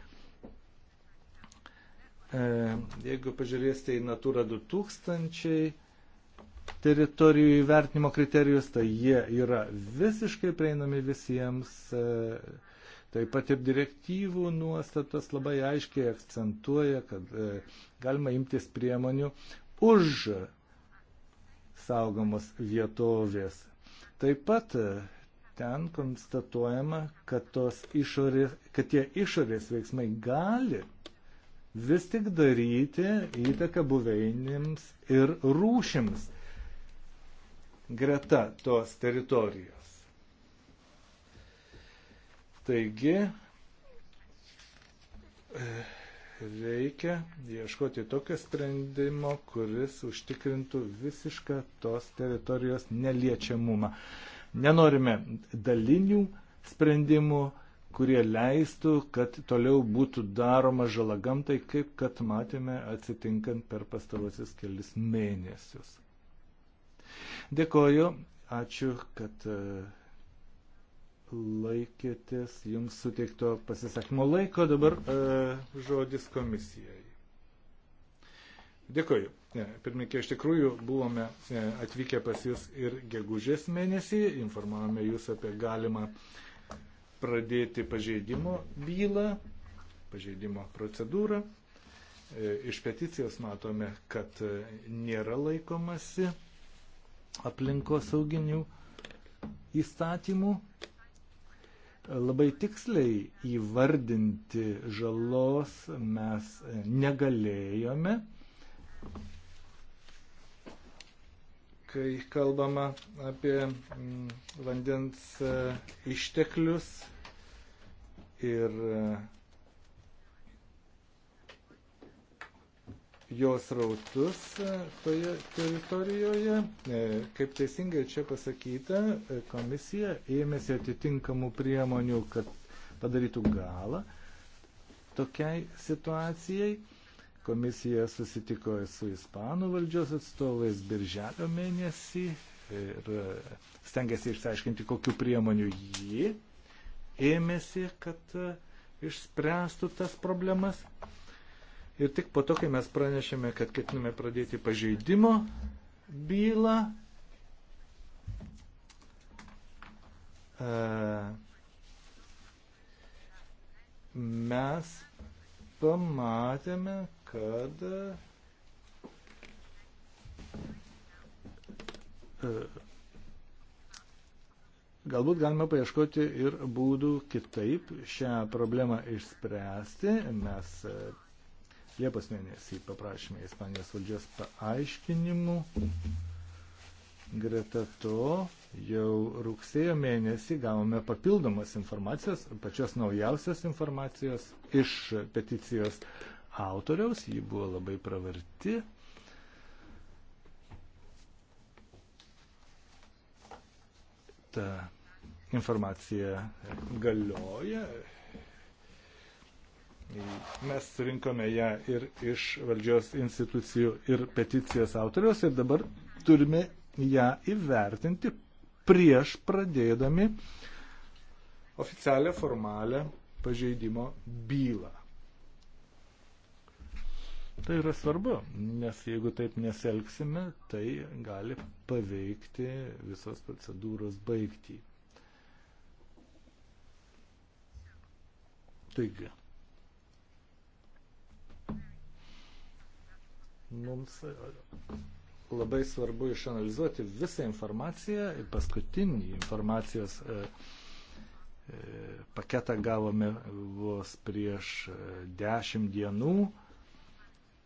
E, jeigu pažiūrėsite tai į Natūra 2000 teritorijų įvertinimo kriterijus, tai jie yra visiškai prieinami visiems. E, taip pat ir direktyvų nuostatas labai aiškiai akcentuoja, kad e, galima imtis priemonių už saugomos vietovės. Taip pat ten konstatuojama, kad, išorės, kad tie išorės veiksmai gali vis tik daryti įtaką buveinėms ir rūšims greta tos teritorijos. Taigi, e, reikia ieškoti tokio sprendimo, kuris užtikrintų visišką tos teritorijos neliečiamumą. Nenorime dalinių sprendimų, kurie leistų, kad toliau būtų daroma žala gamtai, kaip kad matėme atsitinkant per pastarosius kelis mėnesius. Dėkoju, ačiū, kad e, laikėtės jums suteikto pasisakymo laiko, dabar e, žodis komisijai. Dėkoju. Pirmininkė, iš tikrųjų buvome e, atvykę pas jūs ir gegužės mėnesį, informavome jūs apie galimą e, pradėti pažeidimo bylą, pažeidimo procedūrą. E, iš peticijos matome, kad e, nėra laikomasi aplinkosauginių įstatymų. E, labai tiksliai įvardinti žalos mes negalėjome, kai kalbama apie mm, vandens išteklius ir e, jos rautus e, toje teritorijoje. E, kaip teisingai čia pasakyta, komisija ėmėsi atitinkamų priemonių, kad padarytų galą tokiai situacijai. Komisija susitiko su ispanų valdžios atstovais birželio mėnesį ir stengiasi išsiaiškinti, kokiu priemoniu ji ėmėsi, kad e, išspręstų tas problemas. Ir tik po to, kai mes pranešėme, kad ketiname pradėti pažeidimo bylą, e, mes pamatėme, kad e, Galbūt galima paieškoti ir būdų kitaip šią problemą išspręsti. Mes e, Liepos mėnesį paprašėme Ispanijos valdžios paaiškinimų. Greta to jau rugsėjo mėnesį gavome papildomas informacijos, pačios naujausios informacijos iš peticijos autoriaus. Ji buvo labai pravarti. ta informacija galioja. Mes surinkome ją ir iš valdžios institucijų ir peticijos autoriaus ir dabar turime ją įvertinti prieš pradėdami oficialią formalę pažeidimo bylą. Tai yra svarbu, nes jeigu taip neselgsime, tai gali paveikti visos procedūros baigtį. Taigi, mums labai svarbu išanalizuoti visą informaciją ir paskutinį informacijos e, e, paketą gavome vos prieš e, dešimt dienų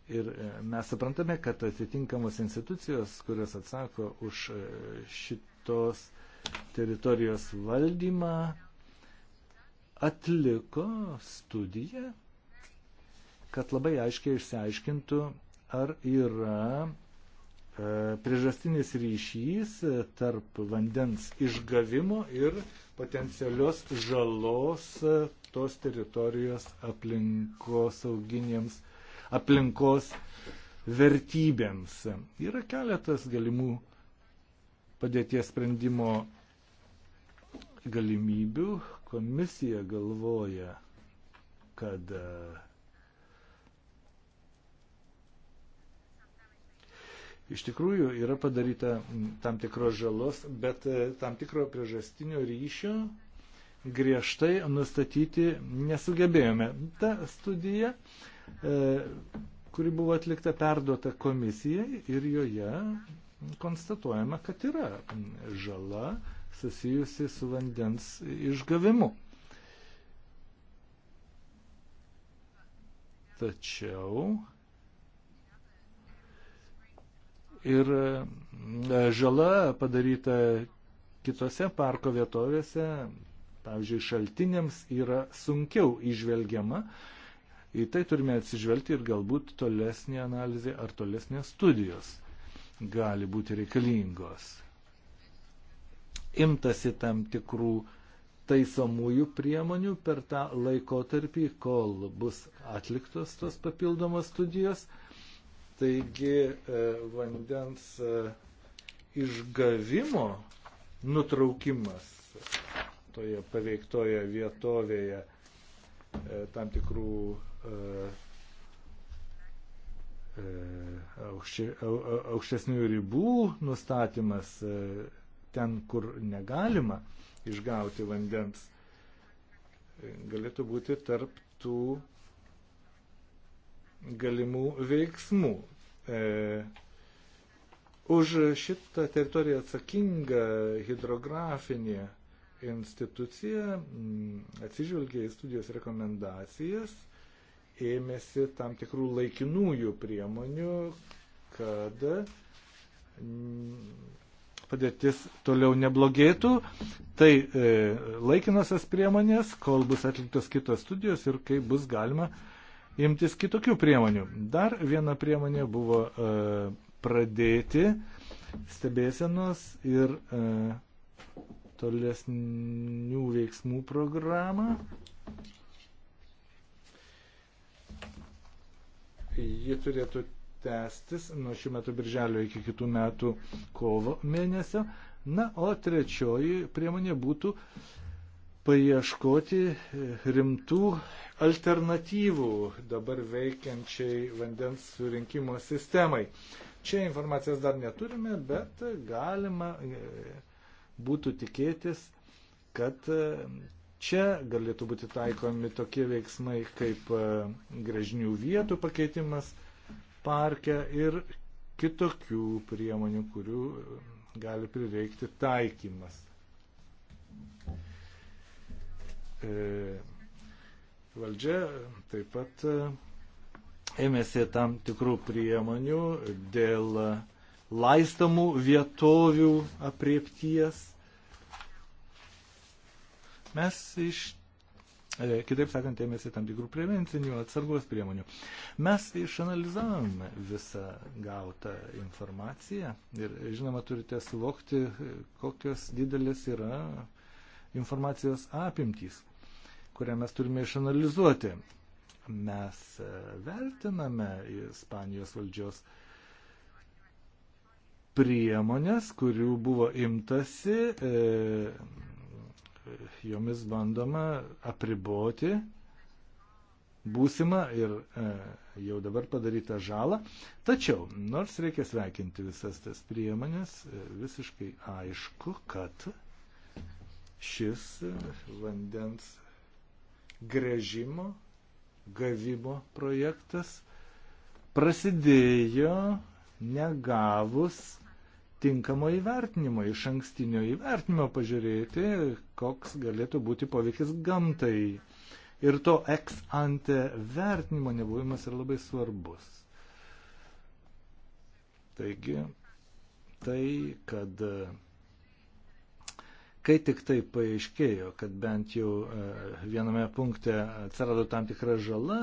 Ir e, mes suprantame, kad atitinkamos institucijos, kurios atsako už e, šitos teritorijos valdymą, atliko studiją, kad labai aiškiai išsiaiškintų, ar yra e, priežastinis ryšys tarp vandens išgavimo ir potencialios žalos tos teritorijos aplinkos auginėms aplinkos vertybėms. Yra keletas galimų padėties sprendimo galimybių. Komisija galvoja, kad e, iš tikrųjų yra padaryta tam tikros žalos, bet e, tam tikro priežastinio ryšio griežtai nustatyti nesugebėjome. Ta studija uh, E, kuri buvo atlikta perduota komisijai ir joje konstatuojama, kad yra žala susijusi su vandens išgavimu. Tačiau ir e, žala padaryta kitose parko vietovėse, pavyzdžiui, šaltiniams yra sunkiau išvelgiama, Į tai turime atsižvelgti ir galbūt tolesnė analizė ar tolesnės studijos gali būti reikalingos. Imtasi tam tikrų taisomųjų priemonių per tą laikotarpį, kol bus atliktos tos papildomos studijos. Taigi e, vandens e, išgavimo nutraukimas toje paveiktoje vietovėje e, tam tikrų E, e, aukštesnių ribų nustatymas e, ten, kur negalima išgauti vandens, galėtų būti tarp tų galimų veiksmų. Už šitą teritoriją atsakinga hidrografinė institucija atsižvelgia į studijos rekomendacijas ėmėsi tam tikrų laikinųjų priemonių, kad padėtis toliau neblogėtų. Tai e, laikinosios priemonės, kol bus atliktos kitos studijos ir kai bus galima imtis kitokių priemonių. Dar viena priemonė buvo e, pradėti stebėsenos ir e, tolesnių veiksmų programą. ji turėtų tęstis nuo šių metų birželio iki kitų metų kovo mėnesio. Na, o trečioji priemonė būtų paieškoti rimtų alternatyvų dabar veikiančiai vandens surinkimo sistemai. Čia informacijos dar neturime, bet galima e, būtų tikėtis, kad e, Čia galėtų būti taikomi tokie veiksmai kaip e, gražinių vietų pakeitimas parke ir kitokių priemonių, kurių e, gali prireikti taikymas. E, valdžia taip pat ėmėsi tam tikrų priemonių dėl laistamų vietovių apriepties Mes iš, e, kitaip sakant, ėmėsi tam tikrų prevencinių atsargos priemonių. Mes išanalizavome visą gautą informaciją ir, žinoma, turite suvokti, e, kokios didelės yra informacijos apimtys, kurią mes turime išanalizuoti. Mes e, vertiname Ispanijos valdžios priemonės, kurių buvo imtasi e, jomis bandoma apriboti būsimą ir e, jau dabar padarytą žalą. Tačiau, nors reikia sveikinti visas tas priemonės, e, visiškai aišku, kad šis vandens grėžimo, gavimo projektas prasidėjo negavus tinkamo įvertinimo, iš ankstinio įvertinimo pažiūrėti, koks galėtų būti poveikis gamtai. Ir to ex ante vertinimo nebuvimas yra labai svarbus. Taigi, tai, kad kai tik tai paaiškėjo, kad bent jau e, viename punkte atsirado tam tikra žala,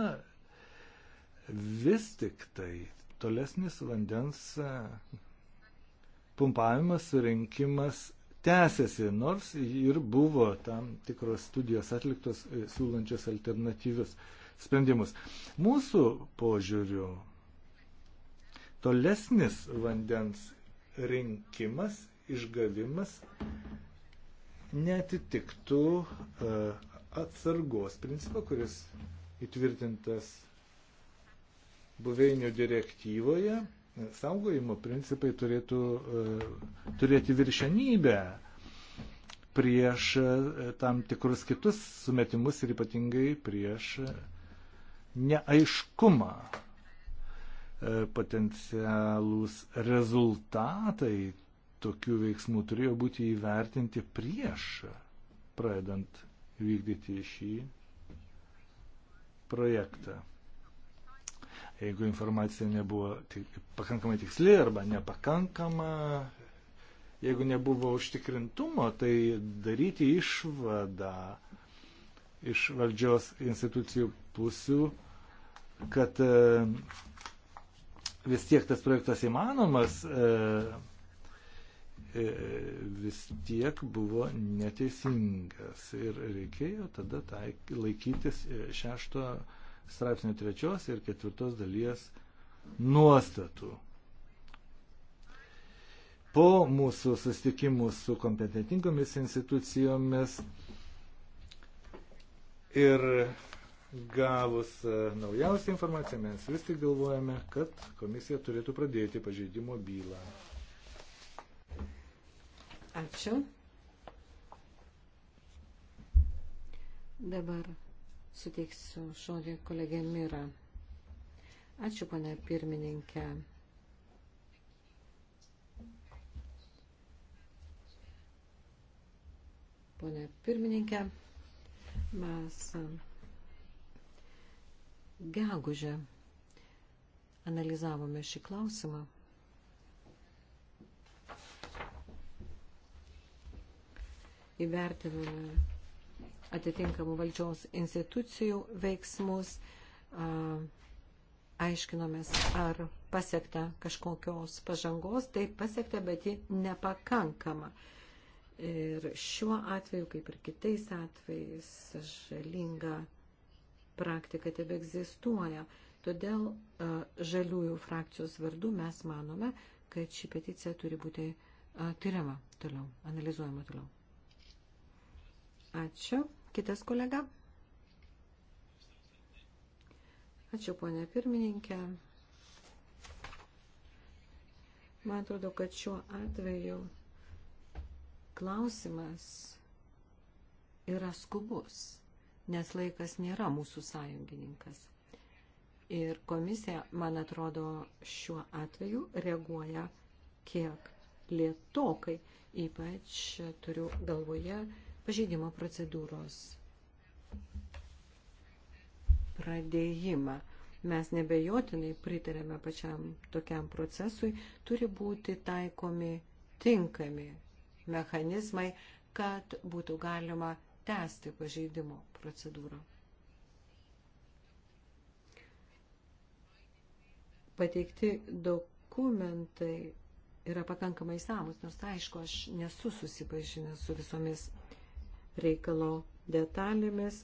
vis tik tai tolesnis vandens pumpavimas, surinkimas tęsiasi, nors ir buvo tam tikros studijos atliktos e, siūlančios alternatyvius sprendimus. Mūsų požiūriu tolesnis vandens rinkimas, išgavimas netitiktų e, atsargos principą, kuris įtvirtintas buveinių direktyvoje saugojimo principai turėtų e, turėti viršenybę prieš e, tam tikrus kitus sumetimus ir ypatingai prieš neaiškumą. E, potencialūs rezultatai tokių veiksmų turėjo būti įvertinti prieš pradedant vykdyti šį projektą. Jeigu informacija nebuvo tik, pakankamai tiksli arba nepakankama, jeigu nebuvo užtikrintumo, tai daryti išvadą iš valdžios institucijų pusių, kad e, vis tiek tas projektas įmanomas, e, e, vis tiek buvo neteisingas ir reikėjo tada taik, laikytis šešto straipsnių trečios ir ketvirtos dalies nuostatų. Po mūsų susitikimų su kompetentingomis institucijomis ir gavus e, naujausią informaciją mes vis tik galvojame, kad komisija turėtų pradėti pažeidimo bylą. Ačiū. Dabar suteiksiu žodį kolegė Mira. Ačiū, pane pirmininkė. Pone pirmininkė, mes gegužę analizavome šį klausimą. Įvertinome atitinkamų valdžios institucijų veiksmus, aiškinomės, ar pasiekta kažkokios pažangos, tai pasiekta, bet ji nepakankama. Ir šiuo atveju, kaip ir kitais atvejais, žalinga praktika tebe egzistuoja. Todėl žaliųjų frakcijos vardu mes manome, kad ši peticija turi būti tyriama toliau, analizuojama toliau. Ačiū. Kitas kolega. Ačiū, ponė pirmininkė. Man atrodo, kad šiuo atveju klausimas yra skubus, nes laikas nėra mūsų sąjungininkas. Ir komisija, man atrodo, šiuo atveju reaguoja kiek lietokai, ypač turiu galvoje pažeidimo procedūros pradėjimą. Mes nebejotinai pritarėme pačiam tokiam procesui, turi būti taikomi tinkami mechanizmai, kad būtų galima tęsti pažeidimo procedūrą. Pateikti dokumentai yra pakankamai samus, nors aišku, aš nesu susipažinęs su visomis reikalo detalėmis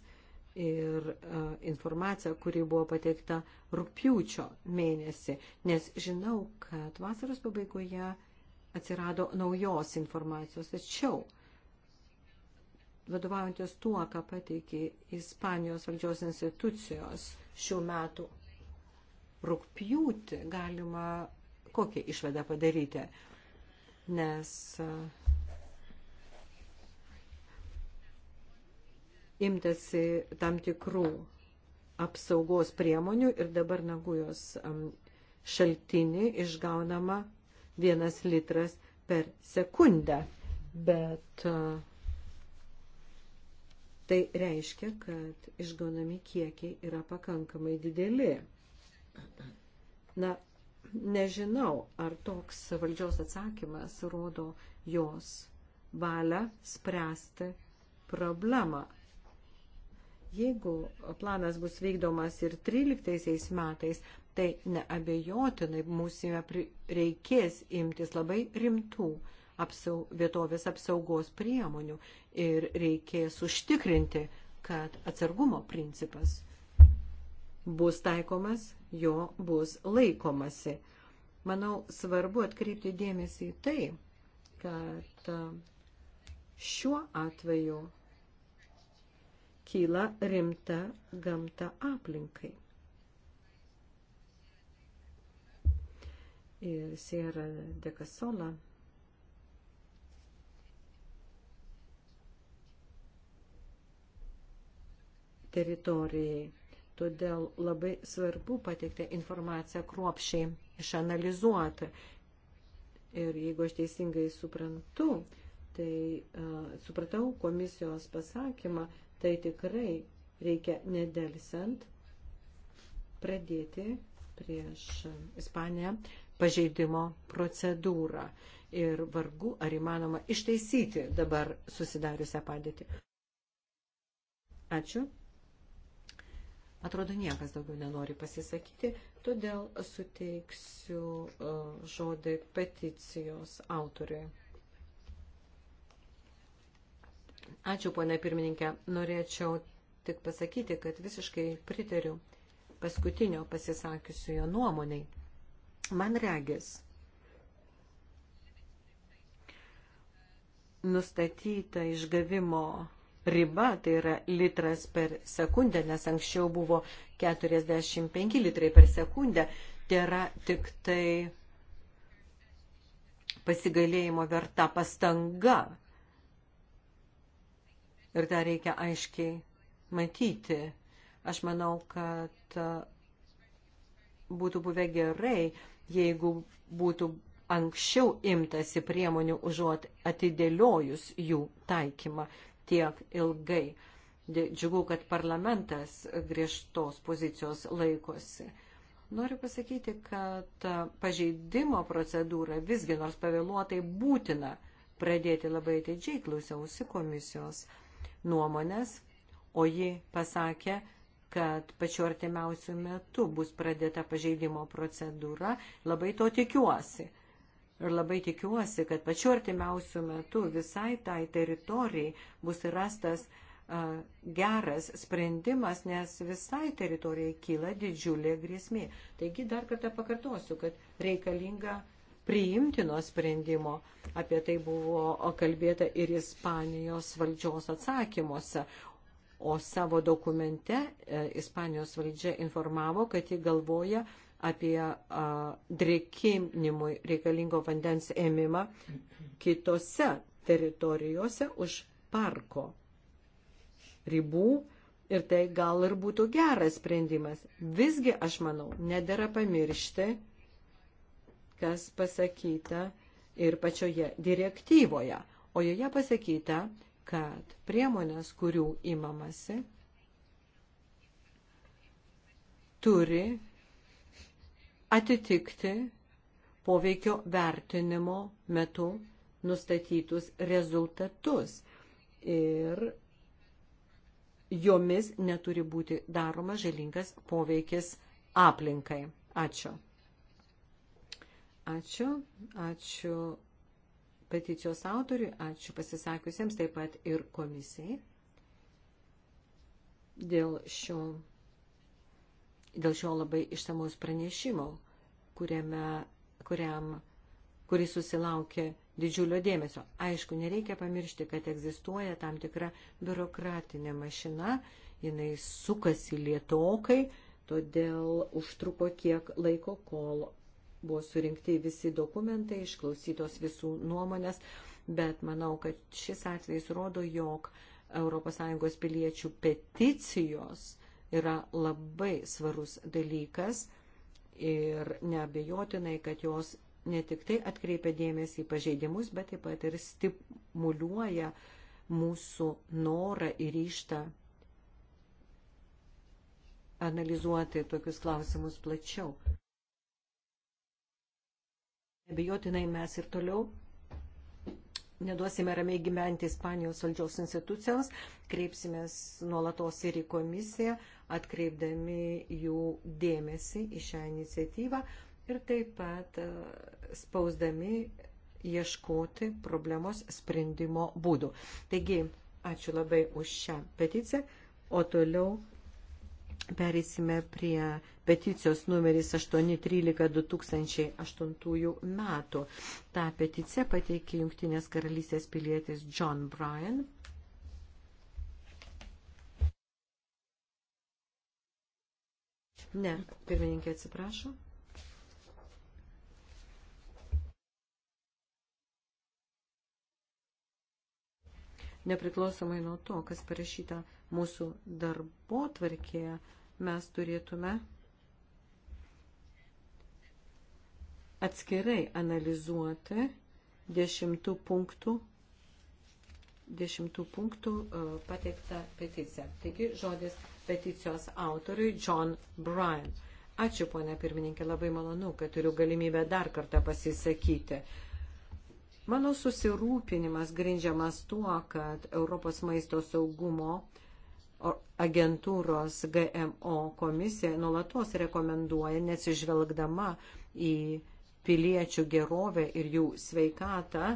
ir e, informacija, kuri buvo pateikta rūpiučio mėnesį, nes žinau, kad vasaros pabaigoje atsirado naujos informacijos, tačiau vadovaujantis tuo, ką pateikė Ispanijos valdžios institucijos šių metų rūpjūti, galima kokią išvadą padaryti, nes e, imtasi tam tikrų apsaugos priemonių ir dabar Nagujos šaltinį išgaunama vienas litras per sekundę. Bet tai reiškia, kad išgaunami kiekiai yra pakankamai dideli. Na, nežinau, ar toks valdžios atsakymas rodo jos valią spręsti problemą. Jeigu planas bus vykdomas ir 13 metais, tai neabejotinai mūsime reikės imtis labai rimtų apsau, vietovės apsaugos priemonių ir reikės užtikrinti, kad atsargumo principas bus taikomas, jo bus laikomasi. Manau, svarbu atkreipti dėmesį į tai, kad šiuo atveju kyla rimta gamta aplinkai. Ir Sierra de Casola teritorijai. Todėl labai svarbu pateikti informaciją kruopšiai išanalizuoti. Ir jeigu aš teisingai suprantu, tai uh, supratau komisijos pasakymą, tai tikrai reikia nedelsiant pradėti prieš Ispaniją pažeidimo procedūrą ir vargu ar įmanoma išteisyti dabar susidariusią padėtį. Ačiū. Atrodo, niekas daugiau nenori pasisakyti, todėl suteiksiu uh, žodį peticijos autoriui. Ačiū, ponė pirmininkė. Norėčiau tik pasakyti, kad visiškai pritariu paskutinio pasisakiusiojo nuomoniai. Man regis, nustatyta išgavimo riba, tai yra litras per sekundę, nes anksčiau buvo 45 litrai per sekundę, tai yra tik tai pasigalėjimo verta pastanga ir tą reikia aiškiai matyti. Aš manau, kad e, būtų buvę gerai, jeigu būtų anksčiau imtasi priemonių užuot atidėliojus jų taikymą tiek ilgai. Džiugu, kad parlamentas griežtos pozicijos laikosi. Noriu pasakyti, kad e, pažeidimo procedūra visgi nors pavėluotai būtina pradėti labai ateidžiai klausiausi komisijos nuomonės, o ji pasakė, kad pačiu artimiausiu metu bus pradėta pažeidimo procedūra. Labai to tikiuosi. Ir labai tikiuosi, kad pačiu artimiausiu metu visai tai teritorijai bus rastas uh, geras sprendimas, nes visai teritorijai kyla didžiulė grėsmė. Taigi dar kartą pakartosiu, kad reikalinga priimtino sprendimo. Apie tai buvo kalbėta ir Ispanijos valdžios atsakymuose. O savo dokumente e, Ispanijos valdžia informavo, kad ji galvoja apie drekinimui reikalingo vandens ėmimą kitose teritorijose už parko ribų ir tai gal ir būtų geras sprendimas. Visgi, aš manau, nedėra pamiršti, kas pasakyta ir pačioje direktyvoje, o joje pasakyta, kad priemonės, kurių imamasi, turi atitikti poveikio vertinimo metu nustatytus rezultatus ir jomis neturi būti daromas žalingas poveikis aplinkai. Ačiū. Ačiū, ačiū peticijos autoriui, ačiū pasisakiusiems taip pat ir komisijai dėl šio, dėl šio labai išsamaus pranešimo, kuriame, kuriam, kuris susilaukė didžiulio dėmesio. Aišku, nereikia pamiršti, kad egzistuoja tam tikra biurokratinė mašina, jinai sukasi lietokai, todėl užtruko kiek laiko, kol buvo surinkti visi dokumentai, išklausytos visų nuomonės, bet manau, kad šis atvejs rodo, jog ES piliečių peticijos yra labai svarus dalykas ir neabejotinai, kad jos ne tik tai atkreipia dėmesį į pažeidimus, bet taip pat ir stimuliuoja mūsų norą ir ryštą analizuoti tokius klausimus plačiau. Nebejotinai mes ir toliau neduosime ramiai gyventi Ispanijos valdžios institucijoms, kreipsimės nuolatos ir į komisiją, atkreipdami jų dėmesį į šią iniciatyvą ir taip pat e, spausdami ieškoti problemos sprendimo būdų. Taigi, ačiū labai už šią peticiją, o toliau Perėsime prie peticijos numeris 813-2008 metų. Ta peticija pateikė Junktinės karalystės pilietis John Bryan. Ne, pirmininkė atsiprašo. Nepriklausomai nuo to, kas parašyta mūsų darbo tvarkėje mes turėtume atskirai analizuoti dešimtų punktų, dešimtų punktų e, pateiktą peticiją. Taigi žodis peticijos autoriui John Bryan. Ačiū, ponia pirmininkė, labai malonu, kad turiu galimybę dar kartą pasisakyti. Mano susirūpinimas grindžiamas tuo, kad Europos maisto saugumo uh, agentūros GMO komisija nuolatos rekomenduoja, neatsižvelgdama į piliečių gerovę ir jų sveikatą,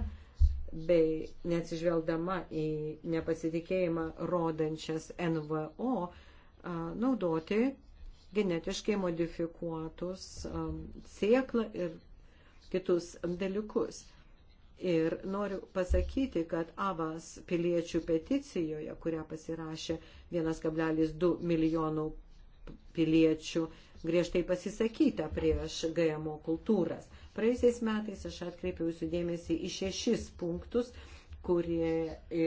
bei neatsižvelgdama į nepasitikėjimą rodančias NVO, naudoti genetiškai modifikuotus sėklą ir kitus dalykus. Ir noriu pasakyti, kad Avas piliečių peticijoje, kurią pasirašė 1,2 milijonų piliečių, griežtai pasisakyta prieš GMO kultūras. Praėjusiais metais aš atkreipiau jūsų dėmesį į šešis punktus, kurie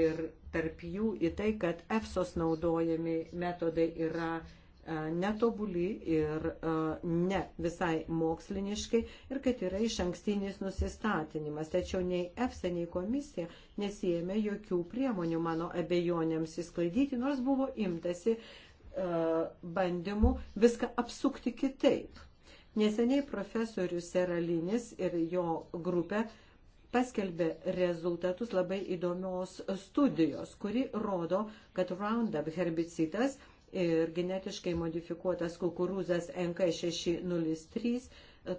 ir tarp jų į tai, kad EFSOS naudojami metodai yra E, netobuli ir e, ne visai moksliniškai ir kad yra iš ankstinis nusistatinimas. Tačiau nei EFSA, nei komisija nesijėmė jokių priemonių mano abejonėms įsklaidyti, nors buvo imtasi e, bandymų viską apsukti kitaip. Neseniai profesorius Seralinis ir jo grupė paskelbė rezultatus labai įdomios studijos, kuri rodo, kad Roundup herbicidas – ir genetiškai modifikuotas kukurūzas NK603 e,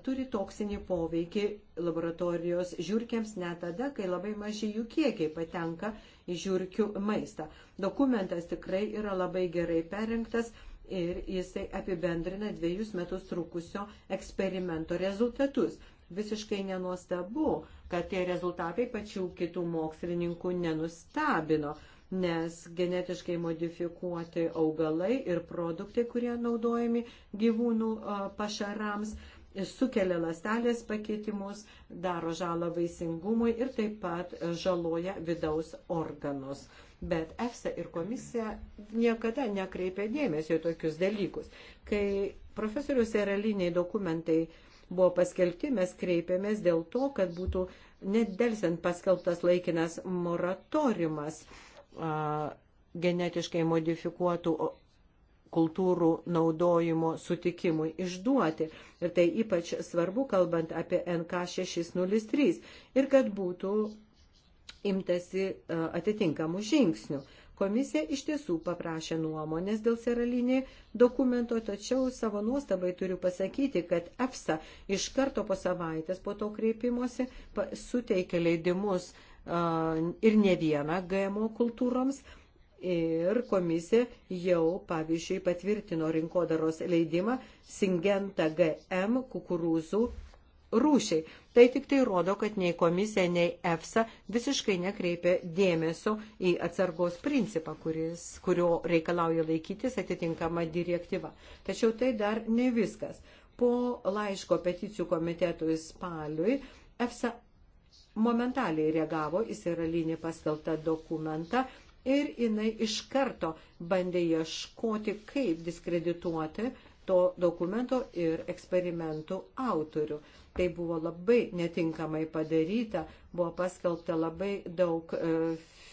turi toksinį poveikį laboratorijos žiūrkiams net tada, kai labai maži jų kiekiai patenka į žiūrkių maistą. Dokumentas tikrai yra labai gerai perinktas ir jisai apibendrina dviejus metus trukusio eksperimento rezultatus. Visiškai nenuostabu, kad tie rezultatai pačių kitų mokslininkų nenustabino nes genetiškai modifikuoti augalai ir produktai, kurie naudojami gyvūnų pašarams, sukelia lastelės pakeitimus, daro žalą vaisingumui ir taip pat e, žaloja vidaus organus. Bet EFSA ir komisija niekada nekreipia dėmesio į tokius dalykus. Kai profesorius eraliniai dokumentai buvo paskelbti, mes kreipėmės dėl to, kad būtų nedelsiant paskelbtas laikinas moratoriumas uh, genetiškai modifikuotų kultūrų naudojimo sutikimui išduoti. Ir tai ypač svarbu, kalbant apie NK603 ir kad būtų imtasi atitinkamų žingsnių. Komisija iš tiesų paprašė nuomonės dėl seralinį dokumento, tačiau savo nuostabai turiu pasakyti, kad EFSA iš karto po savaitės po to kreipimosi suteikė leidimus ir ne vieną GMO kultūroms. Ir komisija jau, pavyzdžiui, patvirtino rinkodaros leidimą Singenta GM kukurūzų rūšiai. Tai tik tai rodo, kad nei komisija, nei EFSA visiškai nekreipia dėmesio į atsargos principą, kuris, kurio reikalauja laikytis atitinkama direktyva. Tačiau tai dar ne viskas. Po laiško peticijų komitetui spaliui EFSA momentaliai reagavo į Seralinį paskeltą dokumentą ir jinai iš karto bandė ieškoti, kaip diskredituoti to dokumento ir eksperimentų autorių. Tai buvo labai netinkamai padaryta, buvo paskelbta labai daug e,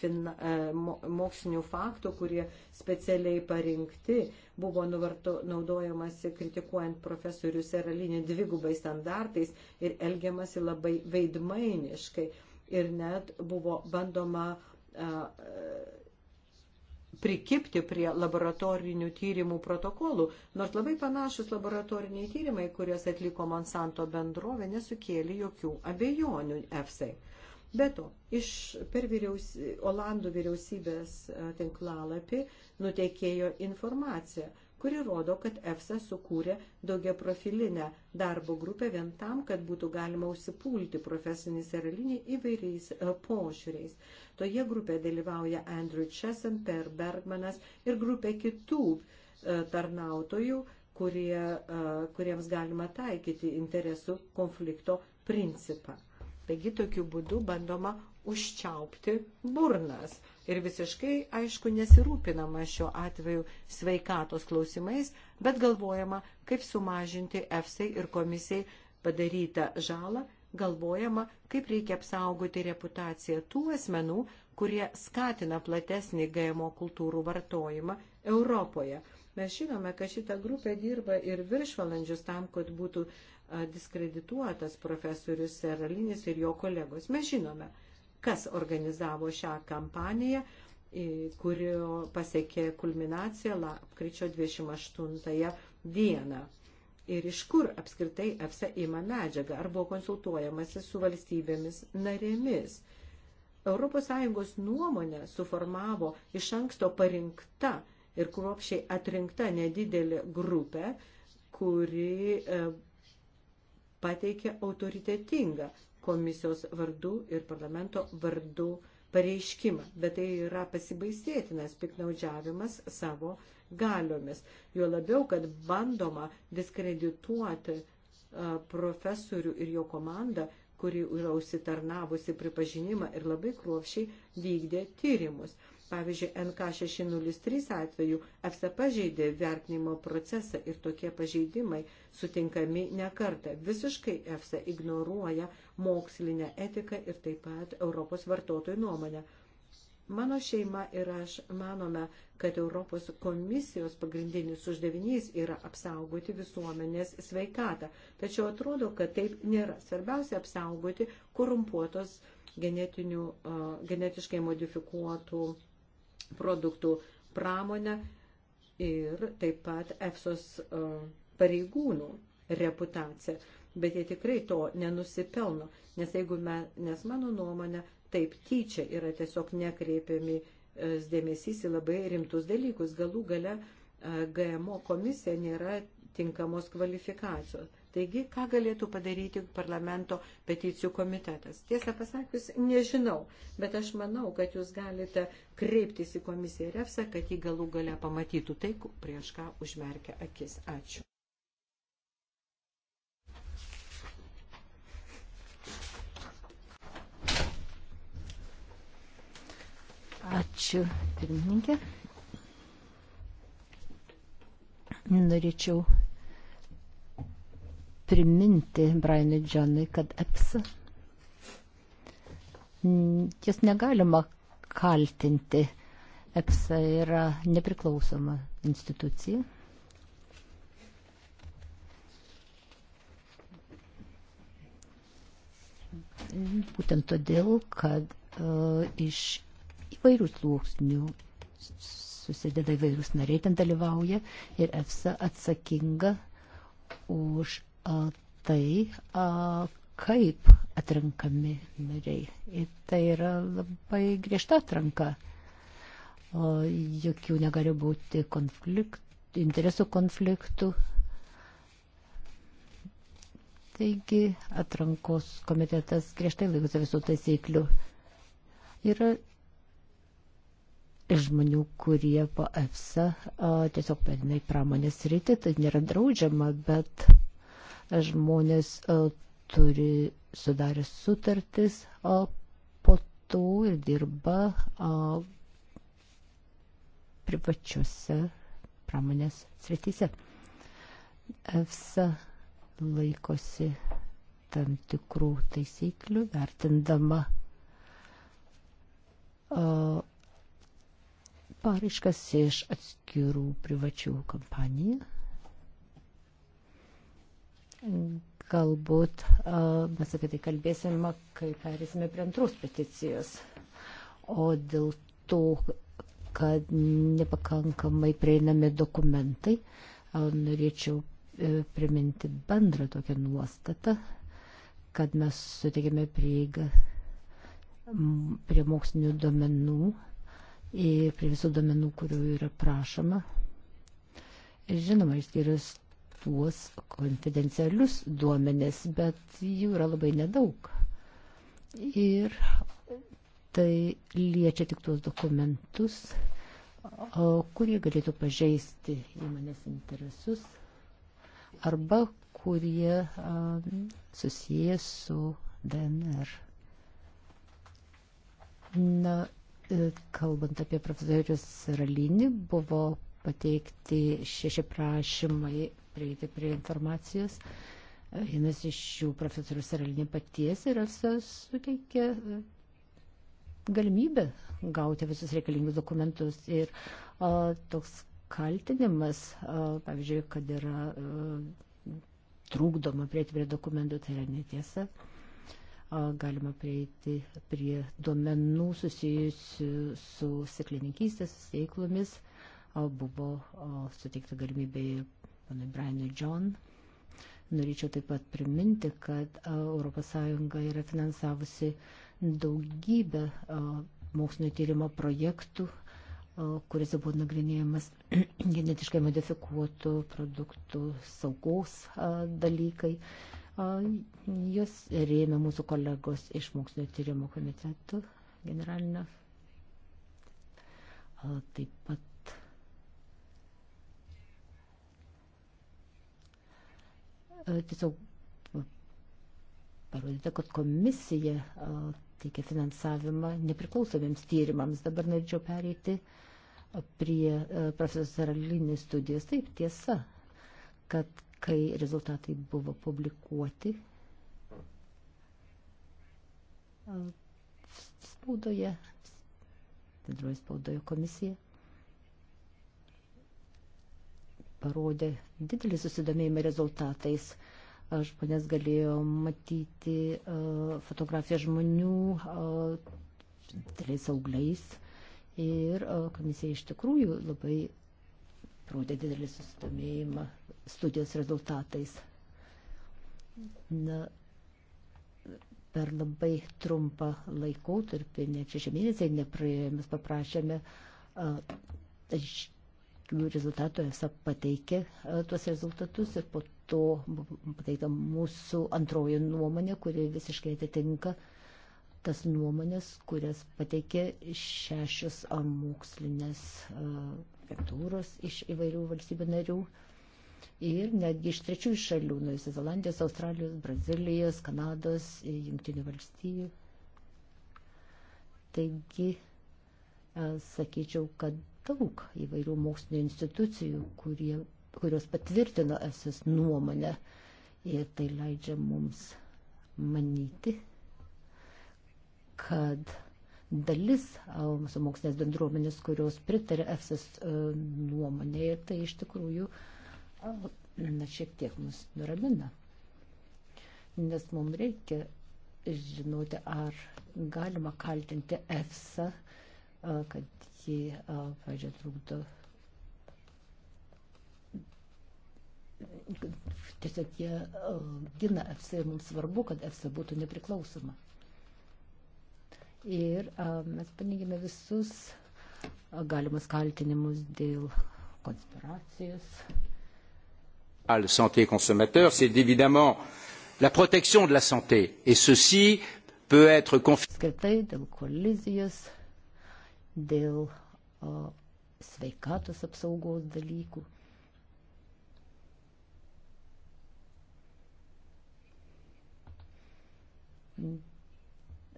fin, e, mokslinių faktų, kurie specialiai parinkti, buvo nuvarto, naudojamasi kritikuojant profesorių Seralinį dvigubai standartais ir elgiamasi labai veidmainiškai. Ir net buvo bandoma a, e, a, prikipti prie laboratorinių tyrimų protokolų, nors labai panašus laboratoriniai tyrimai, kuriuos atliko Monsanto bendrovė, nesukėlė jokių abejonių EFSAI. Be to, iš per vyriaus, Olandų vyriausybės e, tinklalapį nutekėjo informacija, kuri rodo, kad EFSA sukūrė daugia profilinę darbo grupę vien tam, kad būtų galima užsipulti profesinį seralinį įvairiais e, pošiūriais. Toje grupėje dalyvauja Andrew Chesson, Per Bergmanas ir grupė kitų e, tarnautojų, kurie, kuriems galima taikyti interesų konflikto principą. Taigi tokiu būdu bandoma užčiaupti burnas. Ir visiškai, aišku, nesirūpinama šiuo atveju sveikatos klausimais, bet galvojama, kaip sumažinti EFSA ir komisijai padarytą žalą, galvojama, kaip reikia apsaugoti reputaciją tų asmenų, kurie skatina platesnį GMO kultūrų vartojimą Europoje. Mes žinome, kad šita grupė dirba ir viršvalandžius tam, kad būtų diskredituotas profesorius Seralinis ir jo kolegos. Mes žinome, kas organizavo šią kampaniją, kurio pasiekė kulminaciją lapkričio 28 dieną. Ir iš kur apskritai EFSA ima medžiagą, ar buvo konsultuojamasi su valstybėmis narėmis. ES nuomonę suformavo iš anksto parinkta ir kruopšiai atrinkta nedidelė grupė, kuri e, pateikė autoritetingą komisijos vardu ir parlamento vardu pareiškimą, bet tai yra pasibaisėtinas piknaudžiavimas savo galiomis. Jo labiau, kad bandoma diskredituoti profesorių ir jo komandą, kuri yra užsitarnavusi pripažinimą ir labai kruopšiai vykdė tyrimus. Pavyzdžiui, NK603 atveju EFSA pažeidė vertinimo procesą ir tokie pažeidimai sutinkami ne kartą. Visiškai EFSA ignoruoja mokslinę etiką ir taip pat Europos vartotojų nuomonę. Mano šeima ir aš manome, kad Europos komisijos pagrindinis uždavinys yra apsaugoti visuomenės sveikatą. Tačiau atrodo, kad taip nėra. Svarbiausia apsaugoti korumpuotos genetinių, genetiškai modifikuotų produktų pramonę ir taip pat EFSOS e, pareigūnų reputaciją. Bet jie tikrai to nenusipelno, nes, jeigu me, nes mano nuomonė taip tyčia yra tiesiog nekreipiami e, dėmesys į labai rimtus dalykus. Galų gale e, GMO komisija nėra tinkamos kvalifikacijos Taigi, ką galėtų padaryti parlamento peticijų komitetas? Tiesą pasakius, nežinau, bet aš manau, kad jūs galite kreiptis į komisiją REFSA, kad jį galų gale pamatytų tai, prieš ką užmerkia akis. Ačiū. Ačiū, pirmininkė. Norėčiau priminti Brianui Džonui, kad EPS jos negalima kaltinti. EPSA yra nepriklausoma institucija. Būtent todėl, kad uh, iš įvairių sluoksnių susideda įvairūs nariai ten dalyvauja ir EFSA atsakinga už tai, kaip atrenkami nariai. Ir tai yra labai griežta atranka. Jokių negali būti konflikt, interesų konfliktų. Taigi atrankos komitetas griežtai laikosi visų taisyklių. Yra žmonių, kurie po EFSA tiesiog padina į pramonės rytį, tai nėra draudžiama, bet Žmonės e, turi sudarę sutartis e, po to ir dirba e, privačiuose pramonės srityse. EFSA laikosi tam tikrų taisyklių, vertindama paraiškas iš atskirų privačių kompanijų. Galbūt mes apie tai kalbėsime, kai perėsime prie antros peticijos. O dėl to, kad nepakankamai prieinami dokumentai, norėčiau e, priminti bendrą tokią nuostatą, kad mes suteikėme prieigą prie mokslinių domenų ir prie visų domenų, kurių yra prašoma. Žinoma, išskyrus tuos konfidencialius duomenis, bet jų yra labai nedaug. Ir tai liečia tik tuos dokumentus, kurie galėtų pažeisti įmonės interesus arba kurie susiję su DNR. Na, kalbant apie profesorius Ralinį, buvo pateikti šeši prašymai prieiti prie informacijos. Vienas iš jų profesorius Aralinė paties yra suteikę e, galimybę gauti visus reikalingus dokumentus. Ir a, toks kaltinimas, a, pavyzdžiui, kad yra a, e, trūkdoma prieiti prie dokumentų, tai yra netiesa. A, galima prieiti prie duomenų susijusių su sėklininkystės veiklomis. Su buvo suteikta galimybė panai Brianui John. Norėčiau taip pat priminti, kad ES yra finansavusi daugybę mokslinio tyrimo projektų, kuriuose buvo nagrinėjamas genetiškai modifikuotų produktų saugos dalykai. Jos rėmė mūsų kolegos iš mokslinio tyrimo komitetų generalinio. Taip pat E, tiesiog parodyta, kad komisija e, teikia finansavimą nepriklausomiems tyrimams. Dabar norėčiau pereiti e, prie profesorius Aralinės studijos. Taip, tiesa, kad kai rezultatai buvo publikuoti spaudoje, bendroje spaudoje komisija parodė didelį susidomėjimą rezultatais. Žmonės galėjo matyti e, fotografiją žmonių e, dideliais augliais ir e, komisija iš tikrųjų labai rodė didelį susidomėjimą studijos rezultatais. Na, per labai trumpą laikotarpį, net šeši mėnesiai nepraėjo, mes paprašėme a, iš, kokių rezultatų esą pateikė e, tuos rezultatus ir po to pateikta mūsų antroji nuomonė, kuri visiškai atitinka tas nuomonės, kurias pateikė šešios mokslinės e, agentūros iš įvairių valstybių narių ir netgi iš trečiųjų šalių, Naujosios Zelandijos, Australijos, Brazilijos, Kanados, Junktinių valstybių. Taigi, e, sakyčiau, kad daug įvairių mokslinio institucijų, kurie, kurios patvirtino SS nuomonę. Ir tai leidžia mums manyti, kad dalis mūsų mokslinės bendruomenės, kurios pritarė EFSAS e, nuomonė ir tai iš tikrųjų na, šiek tiek mus nuramina. Nes mums reikia žinoti, ar galima kaltinti EFSA, kad ki, pavyzdžiui, trukdo tiesiog jie gina FC ir mums svarbu, kad FC būtų nepriklausoma. Ir a, mes paneigiame visus galimus kaltinimus dėl konspiracijos. Le santé consommateur, c'est évidemment la protection de la santé. Et ceci peut être confirmé dėl o, sveikatos apsaugos dalykų.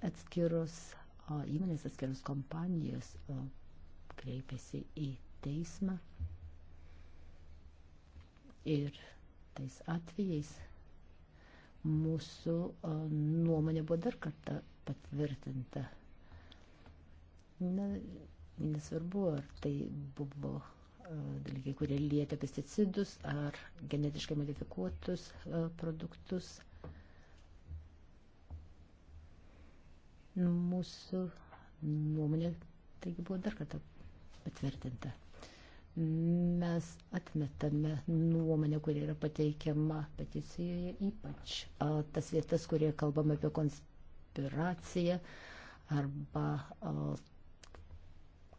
Atskiros o, įmonės, atskiros kompanijos o, kreipiasi į teismą ir tais atvejais mūsų nuomonė buvo dar kartą patvirtinta Na, nesvarbu, ar tai buvo e, dalykai, kurie lietė pesticidus ar genetiškai modifikuotus e, produktus. Nu, mūsų nuomonė taigi buvo dar kartą patvirtinta. Mes atmetame nuomonę, kuri yra pateikiama peticijoje, ypač a, e, tas vietas, kurie kalbame apie konspiraciją arba a,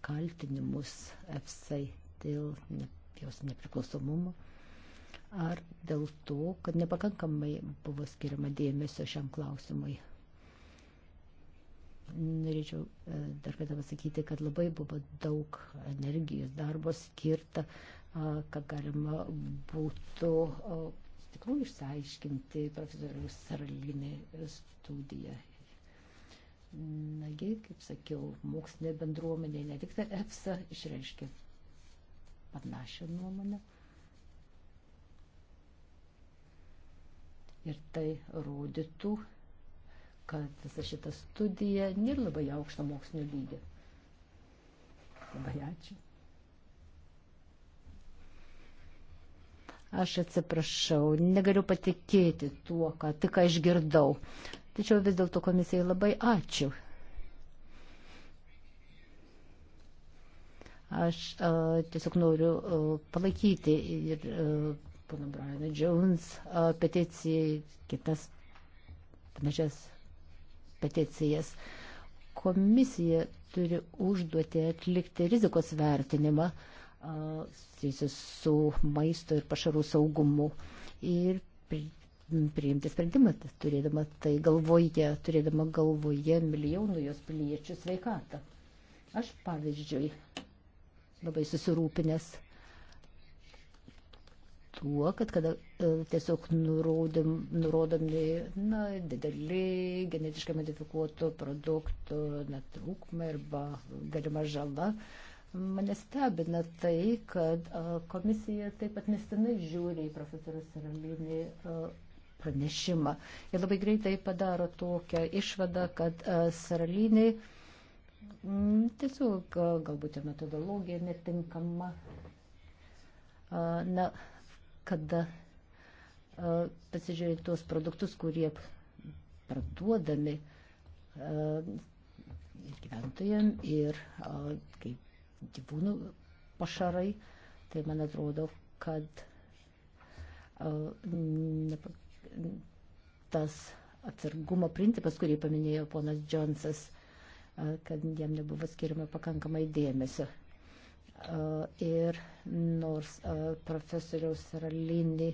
kaltinimus EFSA dėl ne, jos nepriklausomumo ar dėl to, kad nepakankamai buvo skiriama dėmesio šiam klausimui. Norėčiau e, dar kartą pasakyti, kad labai buvo daug energijos darbo skirta, kad galima būtų tikrųjų išsiaiškinti profesorius Saralinį studiją Nagi, kaip sakiau, mokslinė bendruomenė, ne tik tai EFSA, išreiškė panašią nuomonę. Ir tai rodytų, kad visa šita studija nėra labai aukšto mokslinio lygio. Labai ačiū. Aš atsiprašau, negaliu patikėti tuo, ką tik išgirdau. Tačiau vis dėlto komisijai labai ačiū. Aš a, tiesiog noriu a, palaikyti ir pana Brianą Jones a, peticiją, kitas panašias peticijas. Komisija turi užduoti atlikti rizikos vertinimą susijusius su maisto ir pašarų saugumu ir priimti sprendimą, turėdama tai galvoje, turėdama galvoje milijonų jos piliečių sveikatą. Aš, pavyzdžiui, labai susirūpinęs tuo, kad kada e, tiesiog nurodom, nurodomi na, dideli genetiškai modifikuotų produktų netrūkmai arba galima žala, mane stebina tai, kad e, komisija taip atmestinai žiūri į profesorius Ralinį e, pranešimą. Ir labai greitai padaro tokią išvadą, kad e, saraliniai mm, tiesiog e, galbūt ir metodologija netinkama. E, na, kada pasižiūrėjai tuos produktus, kurie parduodami gyventojam ir kaip gyvūnų pašarai, tai man atrodo, kad tas atsargumo principas, kurį paminėjo ponas Džonsas, kad jam nebuvo skiriama pakankamai dėmesio. Ir nors profesoriaus Ralinį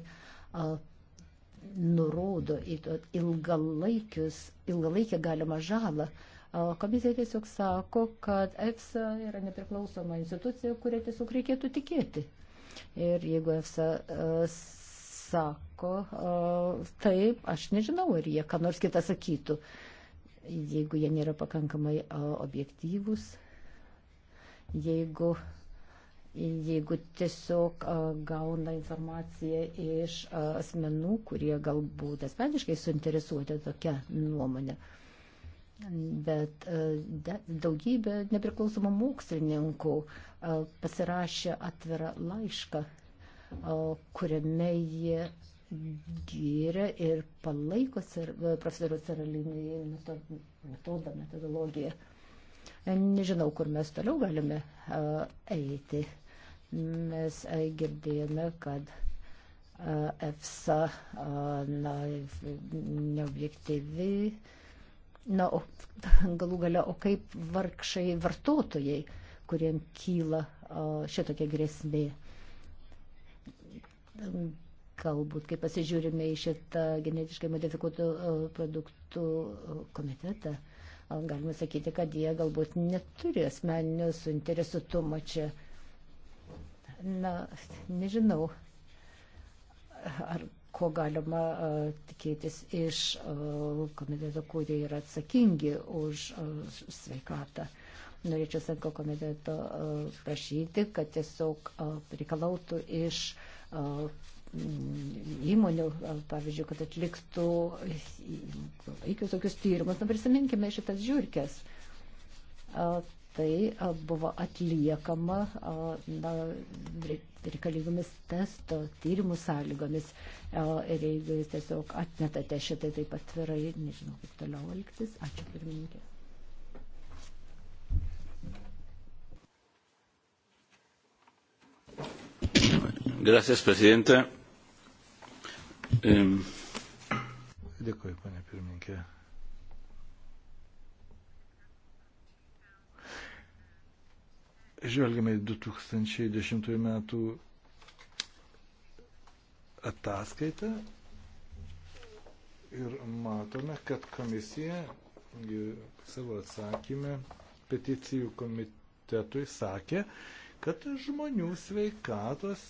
nurodo į ilgalaikę galimą žalą, komisija tiesiog sako, kad EFSA yra nepriklausoma institucija, kuria tiesiog reikėtų tikėti. Ir jeigu EFSA sako, sako, taip, aš nežinau, ar jie ką nors kitą sakytų, jeigu jie nėra pakankamai objektyvūs, jeigu, jeigu tiesiog gauna informaciją iš asmenų, kurie galbūt asmeniškai suinteresuoti tokią nuomonę. Bet daugybė nepriklausomų mokslininkų pasirašė atvirą laišką kuriame jie gyrė ir palaiko e, profesorius Saralinį metodą, metodologiją. E, nežinau, kur mes toliau galime e, eiti. Mes girdėjome, kad EFSA na, neobjektyvi. Na, o, galų gale, o kaip vargšai vartotojai, kuriem kyla šitokia grėsmė galbūt, kai pasižiūrime į šitą genetiškai modifikuotų e, produktų e, komitetą, e, galima sakyti, kad jie galbūt neturi asmeninio suinteresuotumo čia. Na, nežinau, ar ko galima uh, tikėtis iš uh, komiteto, kurie yra atsakingi už uh, sveikatą. Norėčiau Sanko komiteto uh, prašyti, kad tiesiog uh, reikalautų iš uh, įmonių, pavyzdžiui, kad atliktų iki tokius tyrimus. Na, prisiminkime šitas žiūrkės. Tai buvo atliekama na, reikalingomis testo tyrimų sąlygomis. Ir jeigu jūs tiesiog atmetate šitai taip atvirai, nežinau, kaip toliau elgtis. Ačiū pirmininkė. Gracias, presidente. Dėkuoju, panė pirmininkė. Žvelgiame į 2010 metų ataskaitą ir matome, kad komisija savo atsakymę peticijų komitetui sakė, kad žmonių sveikatos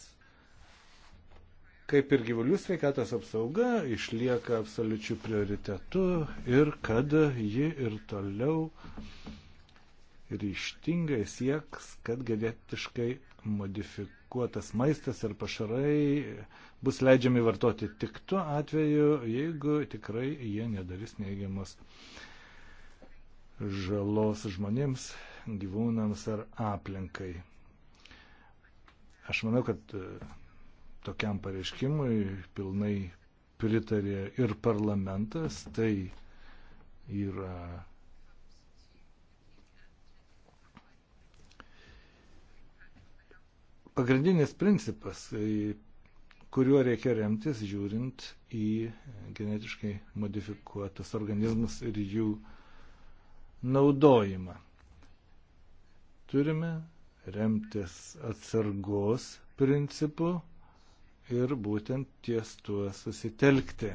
kaip ir gyvulių sveikatos apsauga išlieka absoliučių prioritetų ir kad ji ir toliau ryštingai sieks, kad genetiškai modifikuotas maistas ir pašarai bus leidžiami vartoti tik tuo atveju, jeigu tikrai jie nedarys neigiamos žalos žmonėms, gyvūnams ar aplinkai. Aš manau, kad tokiam pareiškimui pilnai pritarė ir parlamentas, tai yra pagrindinis principas, kuriuo reikia remtis žiūrint į genetiškai modifikuotus organizmus ir jų naudojimą. Turime remtis atsargos principu ir būtent ties tuo susitelkti.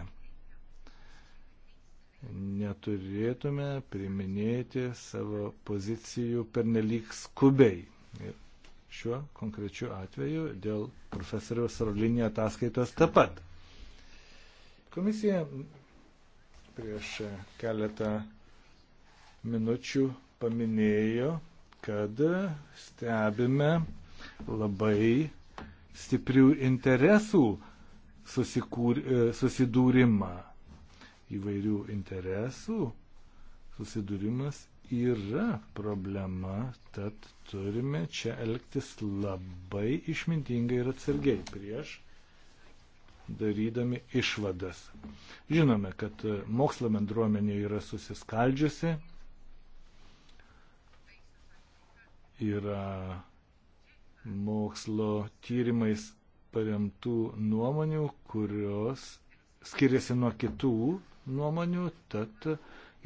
Neturėtume priminėti savo pozicijų pernelyg skubiai. Ir šiuo konkrečiu atveju dėl profesoriaus Rolinė ataskaitos taip pat. Komisija prieš keletą minučių paminėjo, kad stebime labai stiprių interesų susikūr, e, susidūrimą. Įvairių interesų susidūrimas yra problema, tad turime čia elgtis labai išmintingai ir atsargiai prieš darydami išvadas. Žinome, kad mokslo bendruomenė yra susiskaldžiusi, yra mokslo tyrimais paremtų nuomonių, kurios skiriasi nuo kitų nuomonių, tad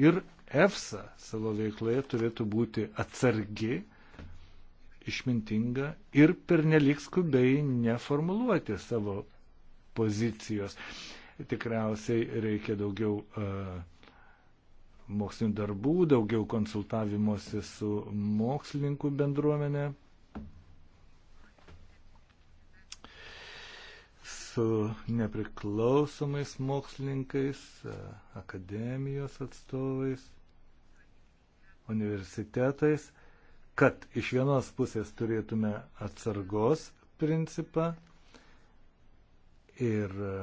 ir EFSA savo veikloje turėtų būti atsargi, išmintinga ir pernelik skubiai neformuluoti savo pozicijos. Tikriausiai reikia daugiau uh, mokslinių darbų, daugiau konsultavimuose su mokslininkų bendruomenė, su nepriklausomais mokslininkais, e, akademijos atstovais, universitetais, kad iš vienos pusės turėtume atsargos principą ir e,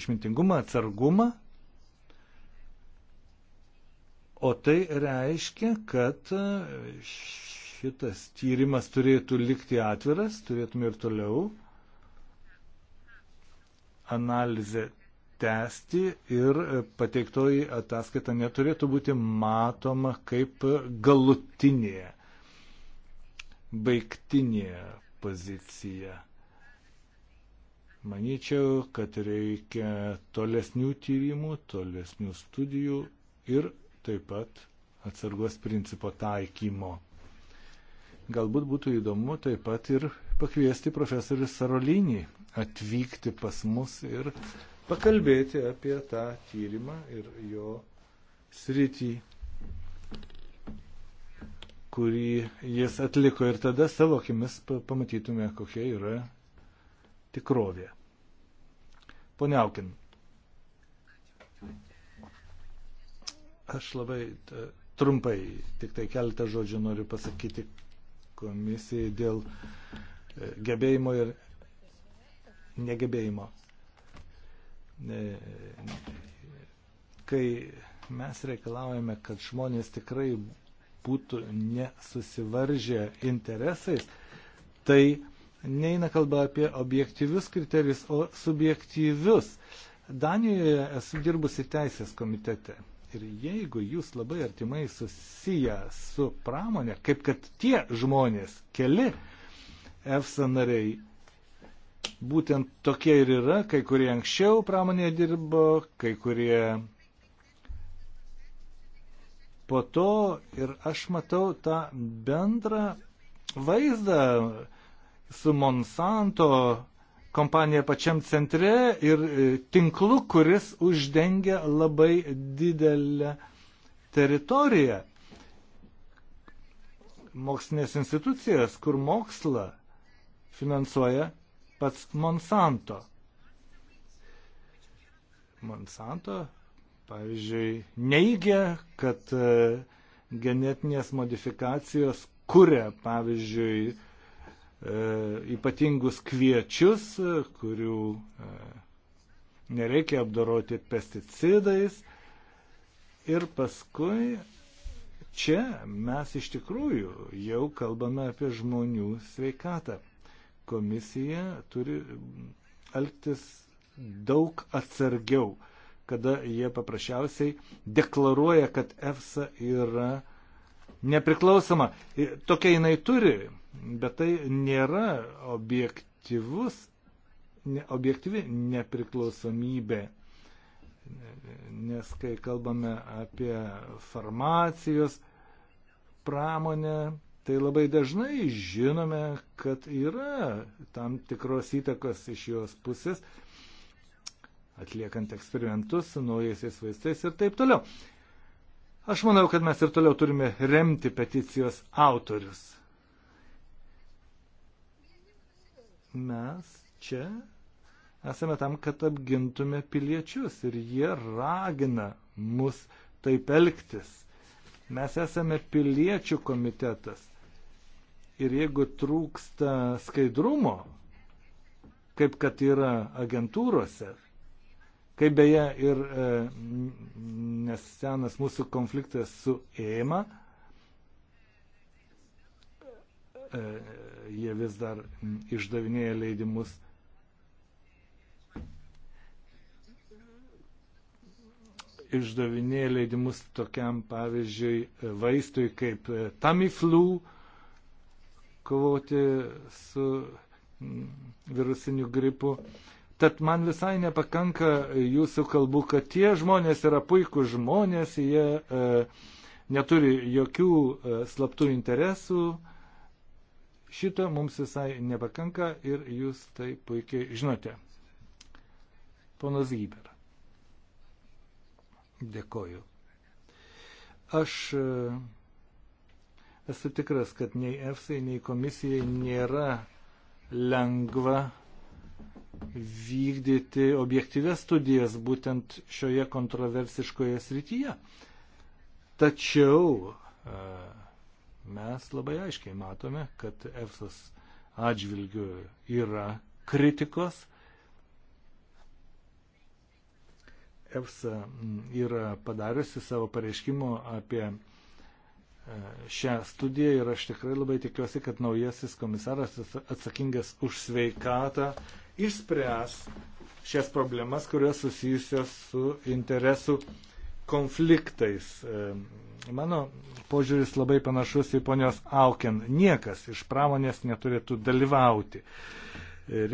išmintingumą, atsargumą, o tai reiškia, kad e, šitas tyrimas turėtų likti atviras, turėtume ir toliau analizę tęsti ir pateiktoji ataskaita neturėtų būti matoma kaip galutinė, baigtinė pozicija. Manyčiau, kad reikia tolesnių tyrimų, tolesnių studijų ir taip pat atsargos principo taikymo. Galbūt būtų įdomu taip pat ir pakviesti profesorių Sarolinį atvykti pas mus ir pakalbėti apie tą tyrimą ir jo sritį, kurį jis atliko. Ir tada savo akimis pamatytume, kokia yra tikrovė. Poniaukin. Aš labai trumpai, tik tai keletą žodžių noriu pasakyti komisijai dėl e, gebėjimo ir negebėjimo. Kai mes reikalaujame, kad žmonės tikrai būtų nesusivaržę interesais, tai neina kalba apie objektyvius kriterijus, o subjektyvius. Danijoje esu dirbusi teisės komitete. Ir jeigu jūs labai artimai susiję su pramonė, kaip kad tie žmonės, keli EFSA nariai, būtent tokie ir yra, kai kurie anksčiau pramonėje dirbo, kai kurie po to ir aš matau tą bendrą vaizdą su Monsanto kompanija pačiam centre ir e, tinklu, kuris uždengia labai didelę teritoriją. Mokslinės institucijas, kur mokslą finansuoja pats Monsanto. Monsanto, pavyzdžiui, neigia, kad e, genetinės modifikacijos kuria, pavyzdžiui, e, ypatingus kviečius, kurių e, nereikia apdoroti pesticidais. Ir paskui čia mes iš tikrųjų jau kalbame apie žmonių sveikatą komisija turi elgtis daug atsargiau, kada jie paprasčiausiai deklaruoja, kad EFSA yra nepriklausoma. Tokia jinai turi, bet tai nėra objektyvus, ne, objektyvi nepriklausomybė. Nes kai kalbame apie farmacijos pramonę, tai labai dažnai žinome, kad yra tam tikros įtakos iš jos pusės, atliekant eksperimentus su naujaisiais vaistais ir taip toliau. Aš manau, kad mes ir toliau turime remti peticijos autorius. Mes čia esame tam, kad apgintume piliečius ir jie ragina mus taip elgtis. Mes esame piliečių komitetas. Ir jeigu trūksta skaidrumo, kaip kad yra agentūrose, kaip beje ir e, nesenas mūsų konfliktas su EMA, e, jie vis dar išdavinėja leidimus. Išdavinėja leidimus tokiam, pavyzdžiui, vaistui kaip e, Tamiflu, e, kovoti su mm, virusiniu gripu. Tad man visai nepakanka jūsų kalbų, kad tie žmonės yra puikūs žmonės, jie e, neturi jokių e, slaptų interesų. Šito mums visai nepakanka ir jūs tai puikiai žinote. Ponas Gyber. Dėkoju. Aš e, Esu tikras, kad nei EFSA, nei komisijai nėra lengva vykdyti objektyves studijas būtent šioje kontroversiškoje srityje. Tačiau e, mes labai aiškiai matome, kad EFSAS atžvilgių yra kritikos. EFSA yra padariusi savo pareiškimo apie E, šią studiją ir aš tikrai labai tikiuosi, kad naujasis komisaras atsakingas už sveikatą išspręs šias problemas, kurios susijusios su interesų konfliktais. E, mano požiūris labai panašus į ponios Auken. Niekas iš pramonės neturėtų dalyvauti.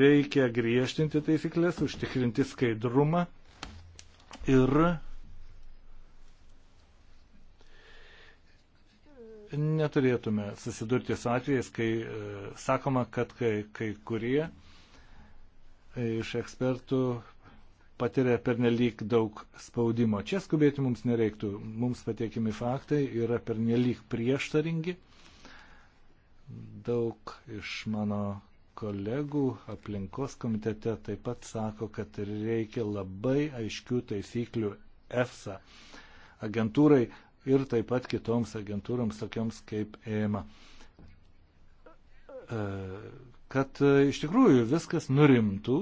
Reikia griežtinti taisyklės, užtikrinti skaidrumą ir neturėtume susidurti su atvejais, kai e, sakoma, kad kai, kai kurie e, iš ekspertų patiria pernelyg daug spaudimo. Čia skubėti mums nereiktų. Mums patiekimi faktai yra pernelyg prieštaringi. Daug iš mano kolegų aplinkos komitete taip pat sako, kad reikia labai aiškių taisyklių EFSA agentūrai ir taip pat kitoms agentūroms, tokioms kaip EMA. E, kad e, iš tikrųjų viskas nurimtų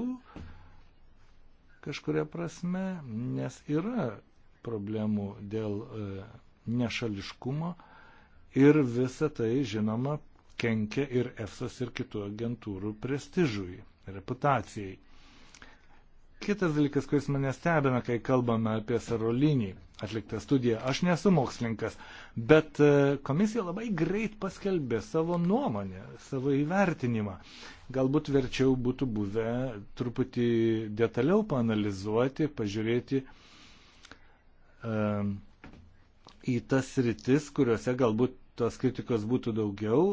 kažkuria prasme, nes yra problemų dėl e, nešališkumo ir visa tai, žinoma, kenkia ir EFSAS ir kitų agentūrų prestižui, reputacijai. Kitas dalykas, kuris mane stebina, kai kalbame apie Sarolinį atliktą studiją, aš nesu mokslininkas, bet e, komisija labai greit paskelbė savo nuomonę, savo įvertinimą. Galbūt verčiau būtų buvę truputį detaliau panalizuoti, pažiūrėti um, į tas rytis, kuriuose galbūt tos kritikos būtų daugiau,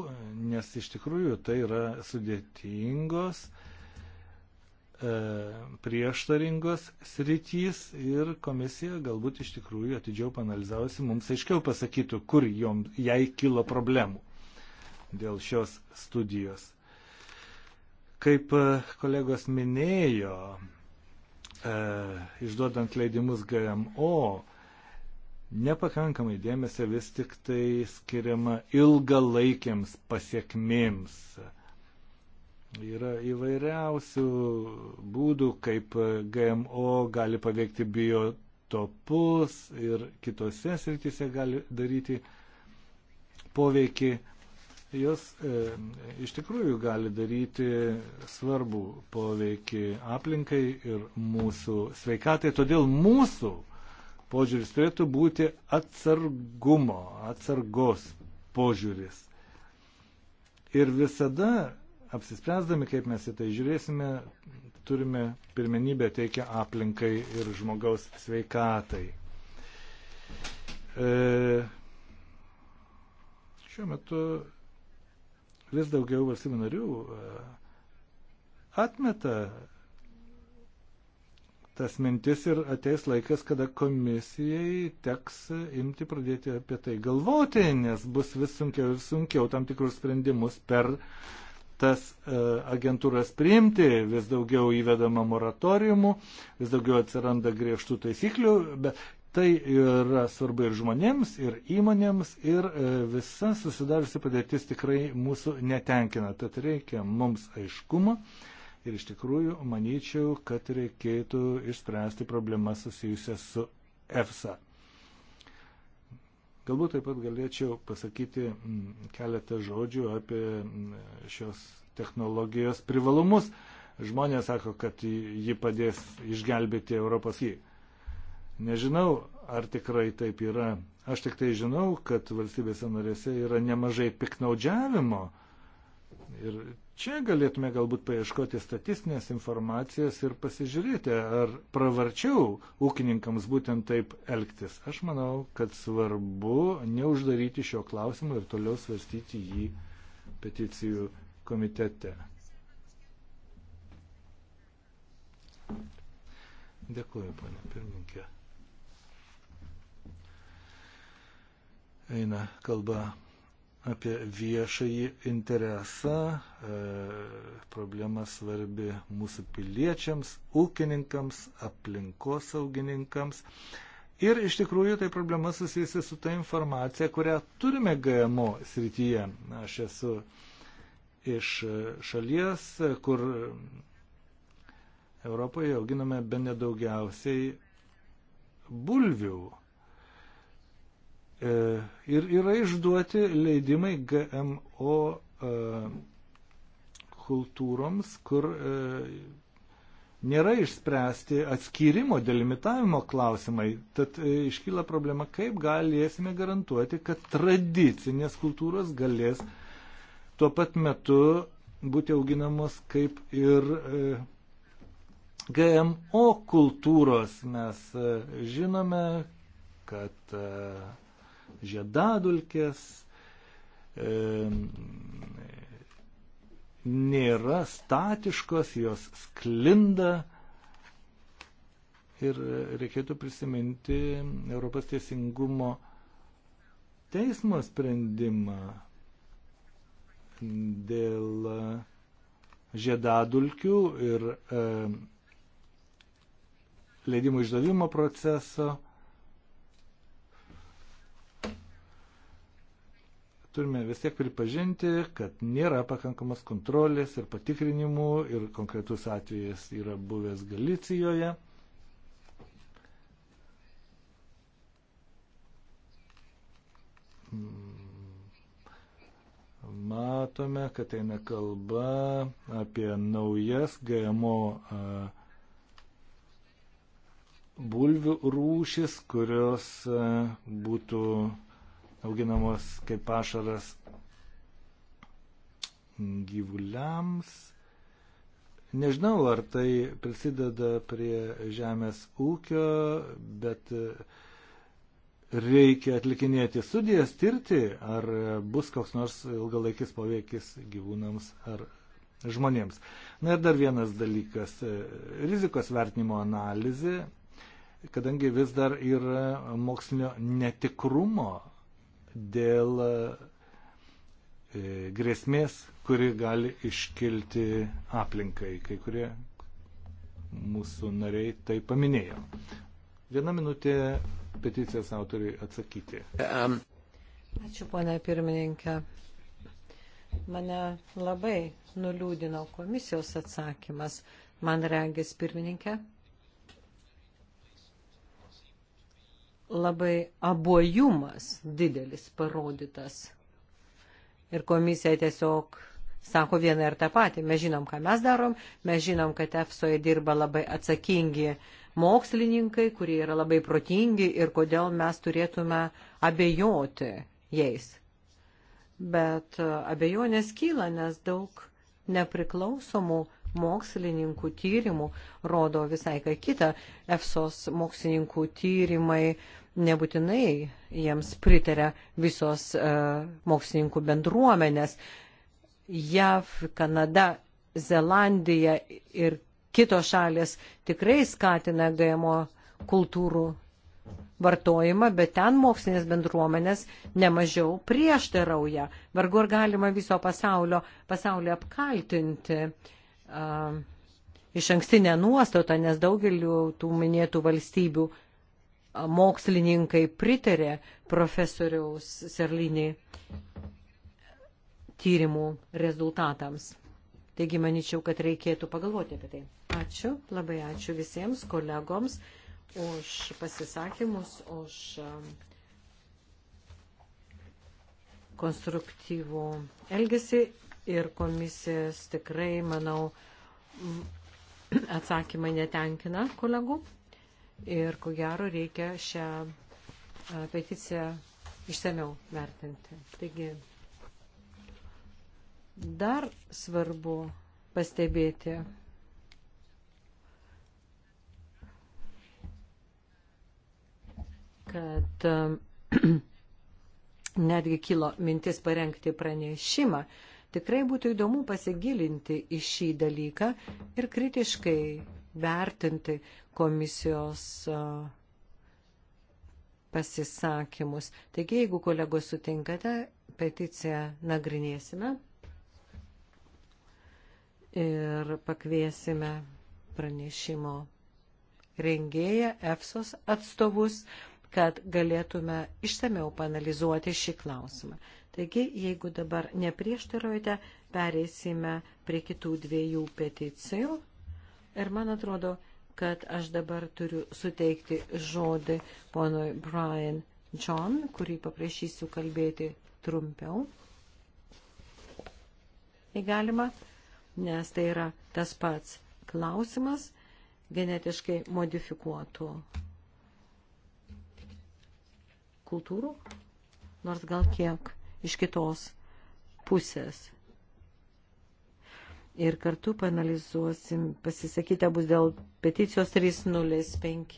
nes iš tikrųjų tai yra sudėtingos uh, E, prieštaringos sritys ir komisija galbūt iš tikrųjų atidžiau panalizavusi mums aiškiau pasakytų, kur jom, jai kilo problemų dėl šios studijos. Kaip e, kolegos minėjo, e, išduodant leidimus GMO, nepakankamai dėmesio vis tik tai skiriama ilgalaikiams pasiekmėms. E, Yra įvairiausių būdų, kaip GMO gali paveikti biotopus ir kitose srityse gali daryti poveikį. Jos e, iš tikrųjų gali daryti svarbų poveikį aplinkai ir mūsų sveikatai. Todėl mūsų požiūris turėtų būti atsargumo, atsargos požiūris. Ir visada Apsispręsdami, kaip mes į tai žiūrėsime, turime pirmenybę teikia aplinkai ir žmogaus sveikatai. E, šiuo metu vis daugiau valstybių narių e, atmeta tas mintis ir ateis laikas, kada komisijai teks imti pradėti apie tai galvoti, nes bus vis sunkiau ir sunkiau tam tikrus sprendimus per uh, tas e, agentūras priimti, vis daugiau įvedama moratoriumų, vis daugiau atsiranda griežtų taisyklių, bet tai yra svarbu ir žmonėms, ir įmonėms, ir e, visa susidariusi padėtis tikrai mūsų netenkina. Tad reikia mums aiškumo ir iš tikrųjų manyčiau, kad reikėtų išspręsti problemas susijusias su EFSA. Galbūt taip pat galėčiau pasakyti mm, keletą žodžių apie mm, šios technologijos privalumus. Žmonės sako, kad ji padės išgelbėti Europos jį. Nežinau, ar tikrai taip yra. Aš tik tai žinau, kad valstybėse narėse yra nemažai piknaudžiavimo ir Čia galėtume galbūt paieškoti statistinės informacijos ir pasižiūrėti, ar pravarčiau ūkininkams būtent taip elgtis. Aš manau, kad svarbu neuždaryti šio klausimo ir toliau svarstyti jį peticijų komitete. Dėkuoju, ponė pirmininkė. Eina kalba apie viešąjį interesą. E, problema svarbi mūsų piliečiams, ūkininkams, aplinkosaugininkams. Ir iš tikrųjų tai problema susijusi su ta informacija, kurią turime GMO srityje. Aš esu iš šalies, kur Europoje auginame be nedaugiausiai bulvių E, ir yra išduoti leidimai GMO e, kultūroms, kur e, nėra išspręsti atskyrimo, delimitavimo klausimai. Tad iškyla problema, kaip galėsime garantuoti, kad tradicinės kultūros galės tuo pat metu būti auginamos kaip ir GMO kultūros. Mes žinome, kad žiedadulkės, e, nėra statiškos, jos sklinda. Ir reikėtų prisiminti Europos teisingumo teismo sprendimą dėl žiedadulkių ir e, leidimų išdavimo proceso turime vis tiek pripažinti, kad nėra pakankamas kontrolės ir patikrinimų ir konkretus atvejas yra buvęs Galicijoje. Matome, kad eina kalba apie naujas GMO bulvių rūšis, kurios būtų uh, auginamos kaip pašaras gyvuliams. Nežinau, ar tai prisideda prie žemės ūkio, bet reikia atlikinėti studijas, tirti, ar bus koks nors ilgalaikis poveikis gyvūnams ar žmonėms. Na ir dar vienas dalykas - rizikos vertinimo analizė, kadangi vis dar yra mokslinio netikrumo dėl e, grėsmės, kuri gali iškilti aplinkai. Kai kurie mūsų nariai tai paminėjo. Viena minutė peticijos autoriai atsakyti. Ačiū, ponia pirmininkė. Mane labai nuliūdino komisijos atsakymas. Man regis, pirmininkė, labai abuojumas didelis parodytas. Ir komisija tiesiog sako vieną ir tą patį. Mes žinom, ką mes darom, mes žinom, kad EFSOje dirba labai atsakingi mokslininkai, kurie yra labai protingi ir kodėl mes turėtume abejoti jais. Bet abejonės kyla, nes daug nepriklausomų mokslininkų tyrimų rodo visai ką kitą. EFSOS mokslininkų tyrimai nebūtinai jiems pritarė visos uh, mokslininkų bendruomenės. JAV, Kanada, Zelandija ir kitos šalės tikrai skatina GMO kultūrų vartojimą, bet ten mokslinės bendruomenės nemažiau prieštarauja. Vargu ar galima viso pasaulio, pasaulio apkaltinti uh, iš ankstinę nuostatą, nes daugeliu tų minėtų valstybių uh, mokslininkai pritarė profesoriaus Serlinį tyrimų rezultatams. Taigi, manyčiau, kad reikėtų pagalvoti apie tai. Ačiū, labai ačiū visiems kolegoms už pasisakymus, už um, konstruktyvų elgesį ir komisijas tikrai, manau, atsakymai netenkina kolegų ir ko gero reikia šią e, peticiją išsameu vertinti. Taigi, dar svarbu pastebėti, kad e, netgi kilo mintis parengti pranešimą. Tikrai būtų įdomu pasigilinti į šį dalyką ir kritiškai vertinti komisijos pasisakymus. Taigi, jeigu kolegos sutinkate, peticiją nagrinėsime ir pakviesime pranešimo rengėją EFSOS atstovus, kad galėtume išsameu panalizuoti šį klausimą. Taigi, jeigu dabar neprieštarojate, pereisime prie kitų dviejų peticijų. Ir man atrodo, kad aš dabar turiu suteikti žodį ponui Brian John, kurį paprašysiu kalbėti trumpiau. Įgalima, nes tai yra tas pats klausimas genetiškai modifikuotų kultūrų, nors gal kiek iš kitos pusės ir kartu panalizuosim pasisakytę bus dėl peticijos 305.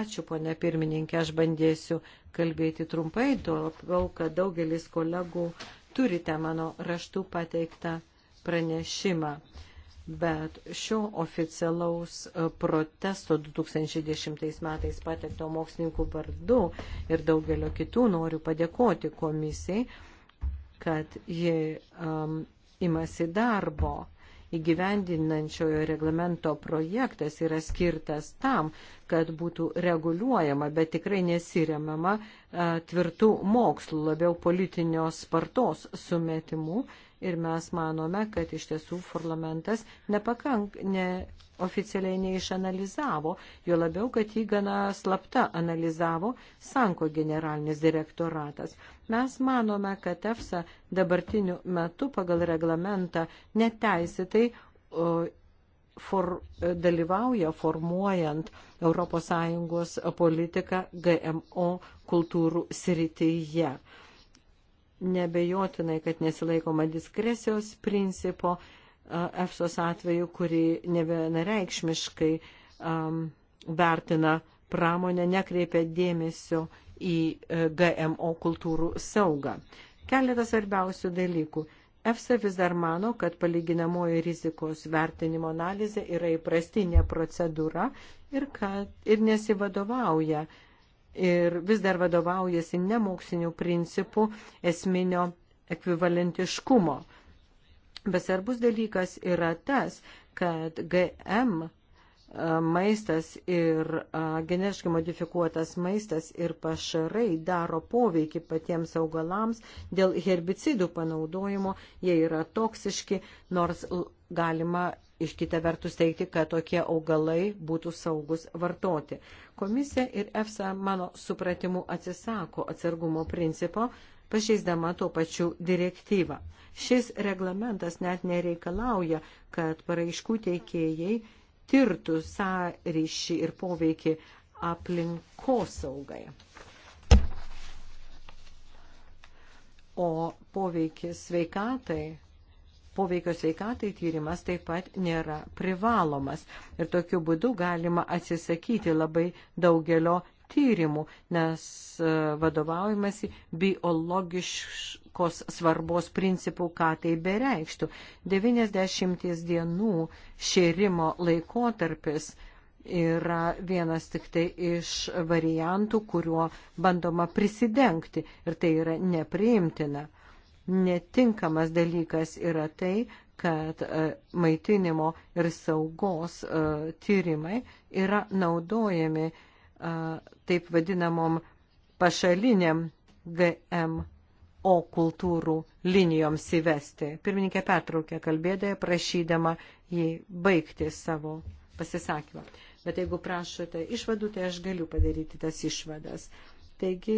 Ačiū, ponė pirmininkė, aš bandėsiu kalbėti trumpai, toliau, kad daugelis kolegų turite mano raštų pateiktą pranešimą. Bet šio oficialaus e, protesto 2010 metais patekto mokslininkų vardu ir daugelio kitų noriu padėkoti komisijai, kad ji um, imasi darbo įgyvendinančiojo reglamento projektas yra skirtas tam, kad būtų reguliuojama, bet tikrai nesiriamama tvirtų mokslų, labiau politinio spartos sumetimų. Ir mes manome, kad iš tiesų parlamentas nepakank, ne, oficialiai neišanalizavo, jo labiau, kad jį gana slapta analizavo Sanko generalinis direktoratas. Mes manome, kad EFSA dabartiniu metu pagal reglamentą neteisėtai for, dalyvauja formuojant ES politiką GMO kultūrų srityje. Nebejotinai, kad nesilaikoma diskresijos principo EFSOS atveju, kuri nevienareikšmiškai um, vertina pramonę, nekreipia dėmesio į e, GMO kultūrų saugą. Keletas svarbiausių dalykų. EFSA vis dar mano, kad palyginamoji rizikos vertinimo analizė yra įprastinė procedūra ir, kad, ir nesivadovauja ir vis dar vadovaujasi nemokslinių principų esminio ekvivalentiškumo. Bet svarbus dalykas yra tas, kad GM maistas ir genetiškai modifikuotas maistas ir pašarai daro poveikį patiems augalams dėl herbicidų panaudojimo, jie yra toksiški, nors galima iš kitą vertus teikti, kad tokie augalai būtų saugus vartoti. Komisija ir EFSA mano supratimu atsisako atsargumo principo, pažeisdama tuo pačiu direktyvą. Šis reglamentas net nereikalauja, kad paraiškų teikėjai tirtų sąryšį ir poveikį aplinkosaugai. O poveikis sveikatai, poveikio sveikatai tyrimas taip pat nėra privalomas. Ir tokiu būdu galima atsisakyti labai daugelio tyrimų, nes e, vadovaujamasi biologiškos svarbos principų, ką tai bereikštų. 90 dienų šėrimo laikotarpis yra vienas tik tai iš variantų, kuriuo bandoma prisidengti ir tai yra nepriimtina. Netinkamas dalykas yra tai, kad e, maitinimo ir saugos e, tyrimai yra naudojami taip vadinamom pašaliniam GMO kultūrų linijoms įvesti. Pirmininkė pertraukė kalbėdėje, prašydama jį baigti savo pasisakymą. Bet jeigu prašote išvadų, tai aš galiu padaryti tas išvadas. Taigi,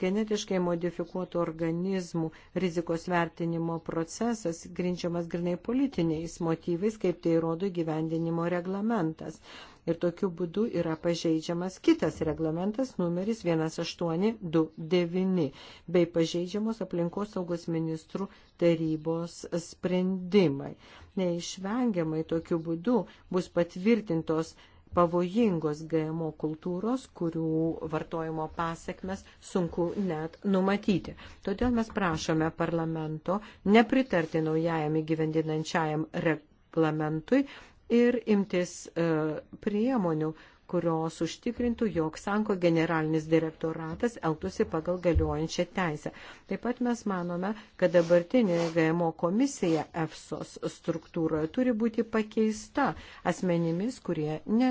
genetiškai modifikuotų organizmų rizikos vertinimo procesas grindžiamas grinai politiniais motyvais, kaip tai rodo gyvendinimo reglamentas. Ir tokiu būdu yra pažeidžiamas kitas reglamentas numeris 1829 bei pažeidžiamos aplinkos saugos ministrų tarybos sprendimai. Neišvengiamai tokiu būdu bus patvirtintos pavojingos GMO kultūros, kurių vartojimo pasiekmes sunku net numatyti. Todėl mes prašome parlamento nepritarti naujajam įgyvendinančiajam reglamentui ir imtis e, priemonių kurios užtikrintų, jog Sanko generalinis direktoratas elgtųsi pagal galiojančią teisę. Taip pat mes manome, kad dabartinė GMO komisija EFSOS struktūroje turi būti pakeista asmenimis, kurie ne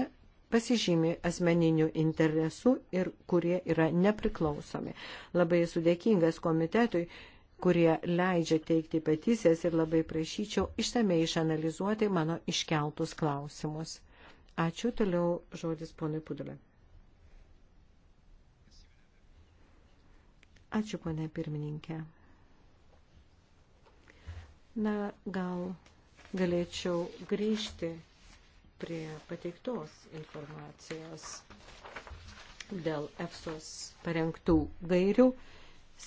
pasižymi asmeninių interesų ir kurie yra nepriklausomi. Labai sudėkingas komitetui kurie leidžia teikti peticijas ir labai prašyčiau išsamei išanalizuoti mano iškeltus klausimus. Ačiū, toliau žodis ponui Pudulė. Ačiū, ponė pirmininkė. Na, gal galėčiau grįžti prie pateiktos informacijos dėl EFSOS parengtų gairių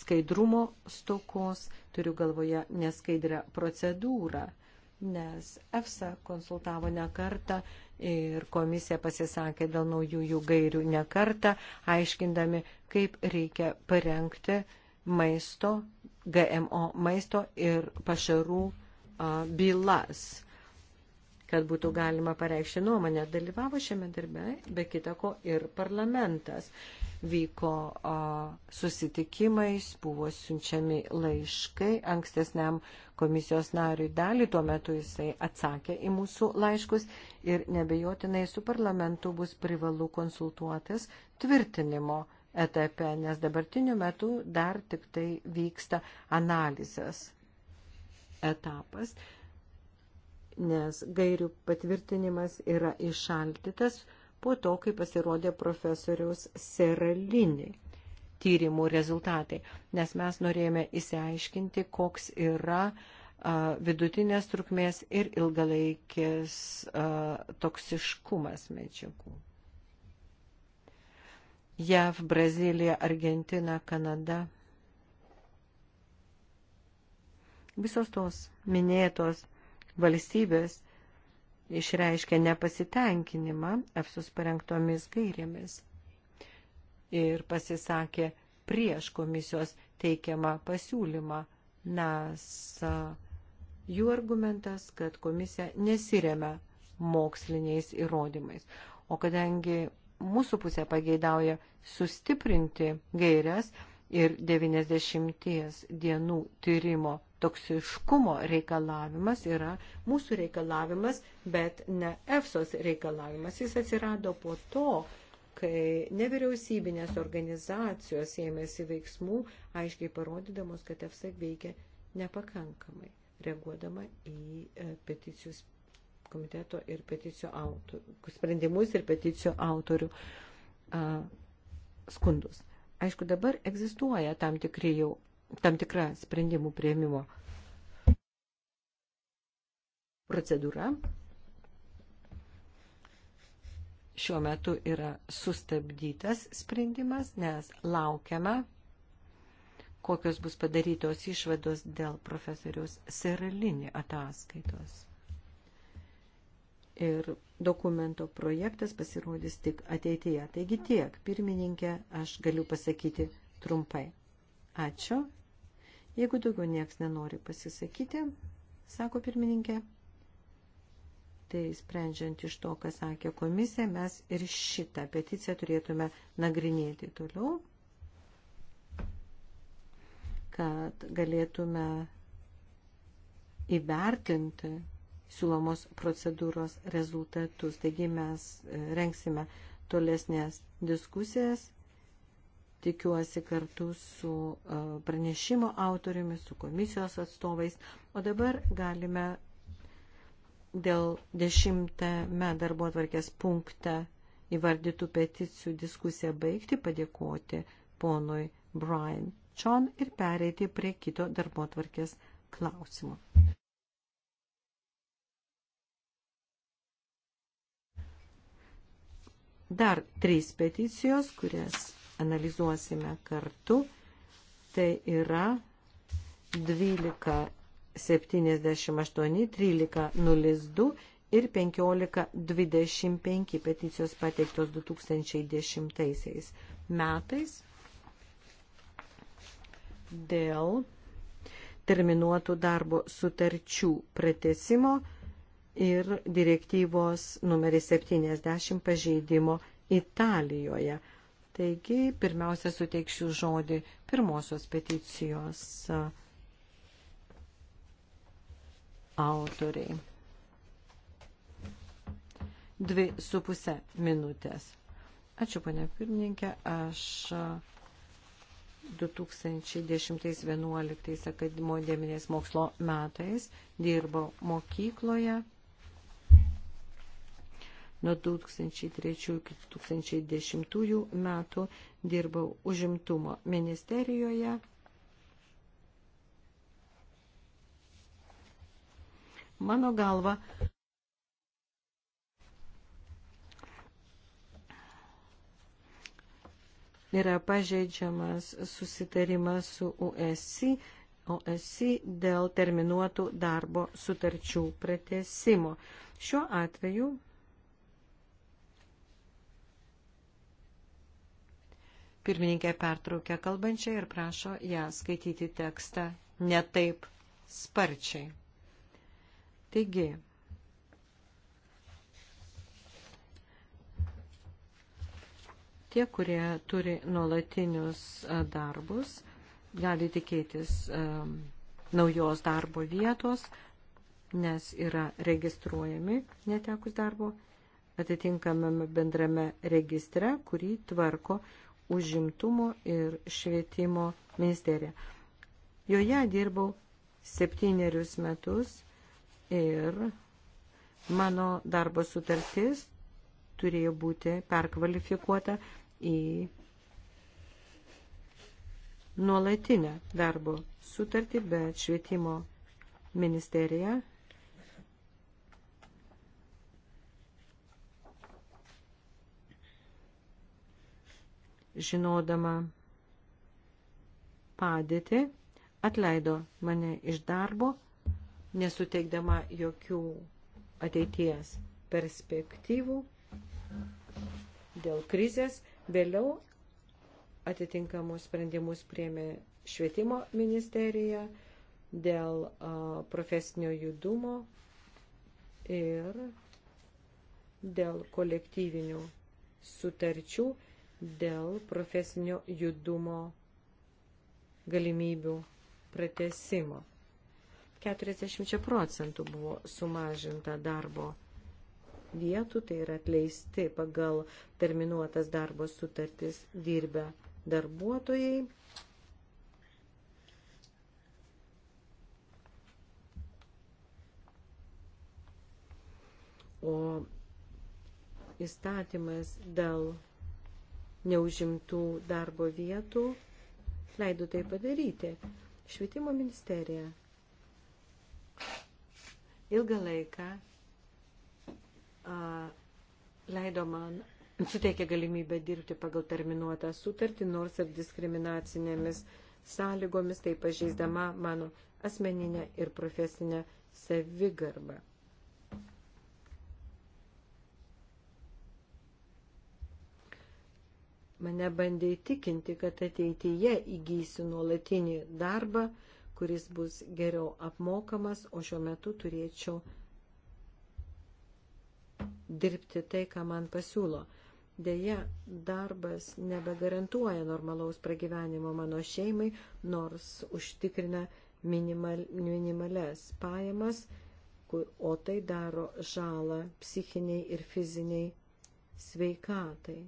skaidrumo stokos, turiu galvoje neskaidrę procedūrą, nes EFSA konsultavo ne kartą ir komisija pasisakė dėl naujųjų gairių nekartą, aiškindami, kaip reikia parengti maisto, GMO maisto ir pašarų bylas kad būtų galima pareikšti nuomonę. Dalyvavo šiame darbe, be kitako, ir parlamentas. Vyko o, susitikimais, buvo siunčiami laiškai ankstesniam komisijos nariui dalį, tuo metu jisai atsakė į mūsų laiškus ir nebejotinai su parlamentu bus privalu konsultuotis tvirtinimo etape, nes dabartiniu metu dar tik tai vyksta analizės etapas nes gairių patvirtinimas yra išaldytas po to, kai pasirodė profesoriaus Seralini tyrimų rezultatai, nes mes norėjome įsiaiškinti, koks yra vidutinės trukmės ir ilgalaikės toksiškumas medžiagų. JAV, Brazilija, Argentina, Kanada. Visos tos minėtos valstybės išreiškia nepasitenkinimą EFSUS parengtomis gairėmis ir pasisakė prieš komisijos teikiamą pasiūlymą, nes jų argumentas, kad komisija nesiremia moksliniais įrodymais. O kadangi mūsų pusė pageidauja sustiprinti gairias ir 90 dienų tyrimo toksiškumo reikalavimas yra mūsų reikalavimas, bet ne EFSOS reikalavimas. Jis atsirado po to, kai nevyriausybinės organizacijos ėmėsi veiksmų, aiškiai parodydamos, kad EFSA veikia nepakankamai, reaguodama į e, peticijų komiteto ir peticijų autorių, sprendimus ir peticijų autorių a, skundus. Aišku, dabar egzistuoja tam tikri jau tam tikra sprendimų prieimimo procedūra šiuo metu yra sustabdytas sprendimas, nes laukiame, kokios bus padarytos išvados dėl profesoriaus Seralinį ataskaitos. Ir dokumento projektas pasirodys tik ateityje. Taigi tiek, pirmininkė, aš galiu pasakyti trumpai. Ačiū Jeigu daugiau nieks nenori pasisakyti, sako pirmininkė, tai sprendžiant iš to, ką sakė komisija, mes ir šitą peticiją turėtume nagrinėti toliau, kad galėtume įvertinti siūlomos procedūros rezultatus. Taigi mes e, rengsime tolesnės diskusijas tikiuosi kartu su e, pranešimo autoriumi, su komisijos atstovais. O dabar galime dėl dešimtame darbo atvarkės punktą įvardytų peticijų diskusiją baigti, padėkoti ponui Brian John ir pereiti prie kito darbo atvarkės klausimo. Dar trys peticijos, kurias analizuosime kartu. Tai yra 1278, 1302 ir 1525 peticijos pateiktos 2010 metais dėl terminuotų darbo sutarčių pratesimo ir direktyvos numeris 70 pažeidimo Italijoje. Taigi, pirmiausia, suteikšiu žodį pirmosios peticijos autoriai. Dvi su pusė minutės. Ačiū, ponė pirmininkė. Aš 2010-2011 akademinės mokslo metais dirbau mokykloje Nuo 2003 iki 2010 metų dirbau užimtumo ministerijoje. Mano galva, yra pažeidžiamas susitarimas su USC, OSC dėl terminuotų darbo sutarčių pratesimo. Šiuo atveju Pirmininkė pertraukia kalbančią ir prašo ją skaityti tekstą ne taip sparčiai. Taigi, tie, kurie turi nuolatinius e, darbus, gali tikėtis um, naujos darbo vietos, nes yra registruojami netekus darbo atitinkamame bendrame registre, kurį tvarko uh, užimtumo ir švietimo ministerija. Joje dirbau septynerius metus ir mano darbo sutartis turėjo būti perkvalifikuota į nuolatinę darbo sutartį, bet švietimo ministerija žinodama padėtį, atleido mane iš darbo, nesuteikdama jokių ateities perspektyvų dėl krizės. Vėliau atitinkamus sprendimus priemė švietimo ministerija dėl profesinio judumo ir dėl kolektyvinių sutarčių dėl profesinio judumo galimybių pratesimo. 40 procentų buvo sumažinta darbo vietų, tai yra atleisti pagal terminuotas darbo sutartis dirbę darbuotojai. O įstatymas dėl neužimtų darbo vietų, leido tai padaryti. Švietimo ministerija ilgą laiką a, leido man, suteikė galimybę dirbti pagal terminuotą sutartį, nors ir diskriminacinėmis sąlygomis, tai pažeisdama mano asmeninę ir profesinę savigarbą. Mane bandė įtikinti, kad ateityje įgysiu nuolatinį darbą, kuris bus geriau apmokamas, o šiuo metu turėčiau dirbti tai, ką man pasiūlo. Deja, darbas nebegarantuoja normalaus pragyvenimo mano šeimai, nors užtikrina minimal, minimales pajamas, o tai daro žalą psichiniai ir fiziniai sveikatai.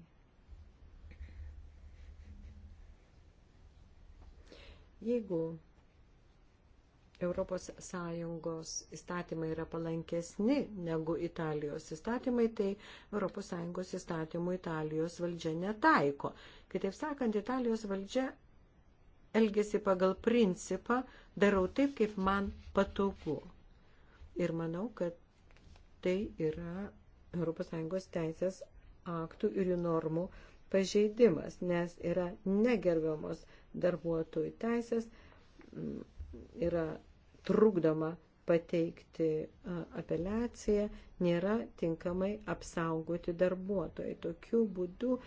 Jeigu ES įstatymai yra palankesni negu Italijos įstatymai, tai ES įstatymų Italijos valdžia netaiko. Kitaip sakant, Italijos valdžia elgesi pagal principą darau taip, kaip man patogu. Ir manau, kad tai yra ES teisės aktų ir jų normų pažeidimas, nes yra negerbiamos darbuotojų teisės, yra trukdoma pateikti apeliaciją, nėra tinkamai apsaugoti darbuotojai. Tokiu būdu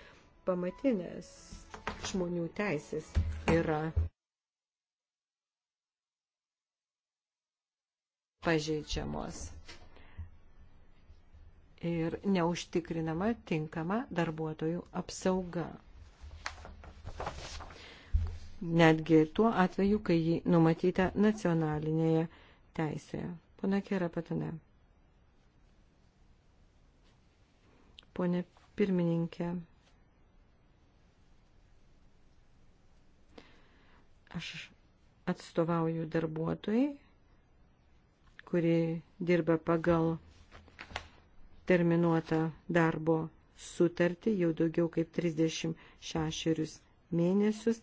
pamatinės žmonių teisės yra pažeidžiamos ir neužtikrinama tinkama darbuotojų apsauga netgi tuo atveju, kai jį numatyta nacionalinėje teisėje. Pone Kera Patane. Pone pirmininkė. Aš atstovauju darbuotojai, kuri dirba pagal terminuotą darbo sutartį jau daugiau kaip 36 mėnesius,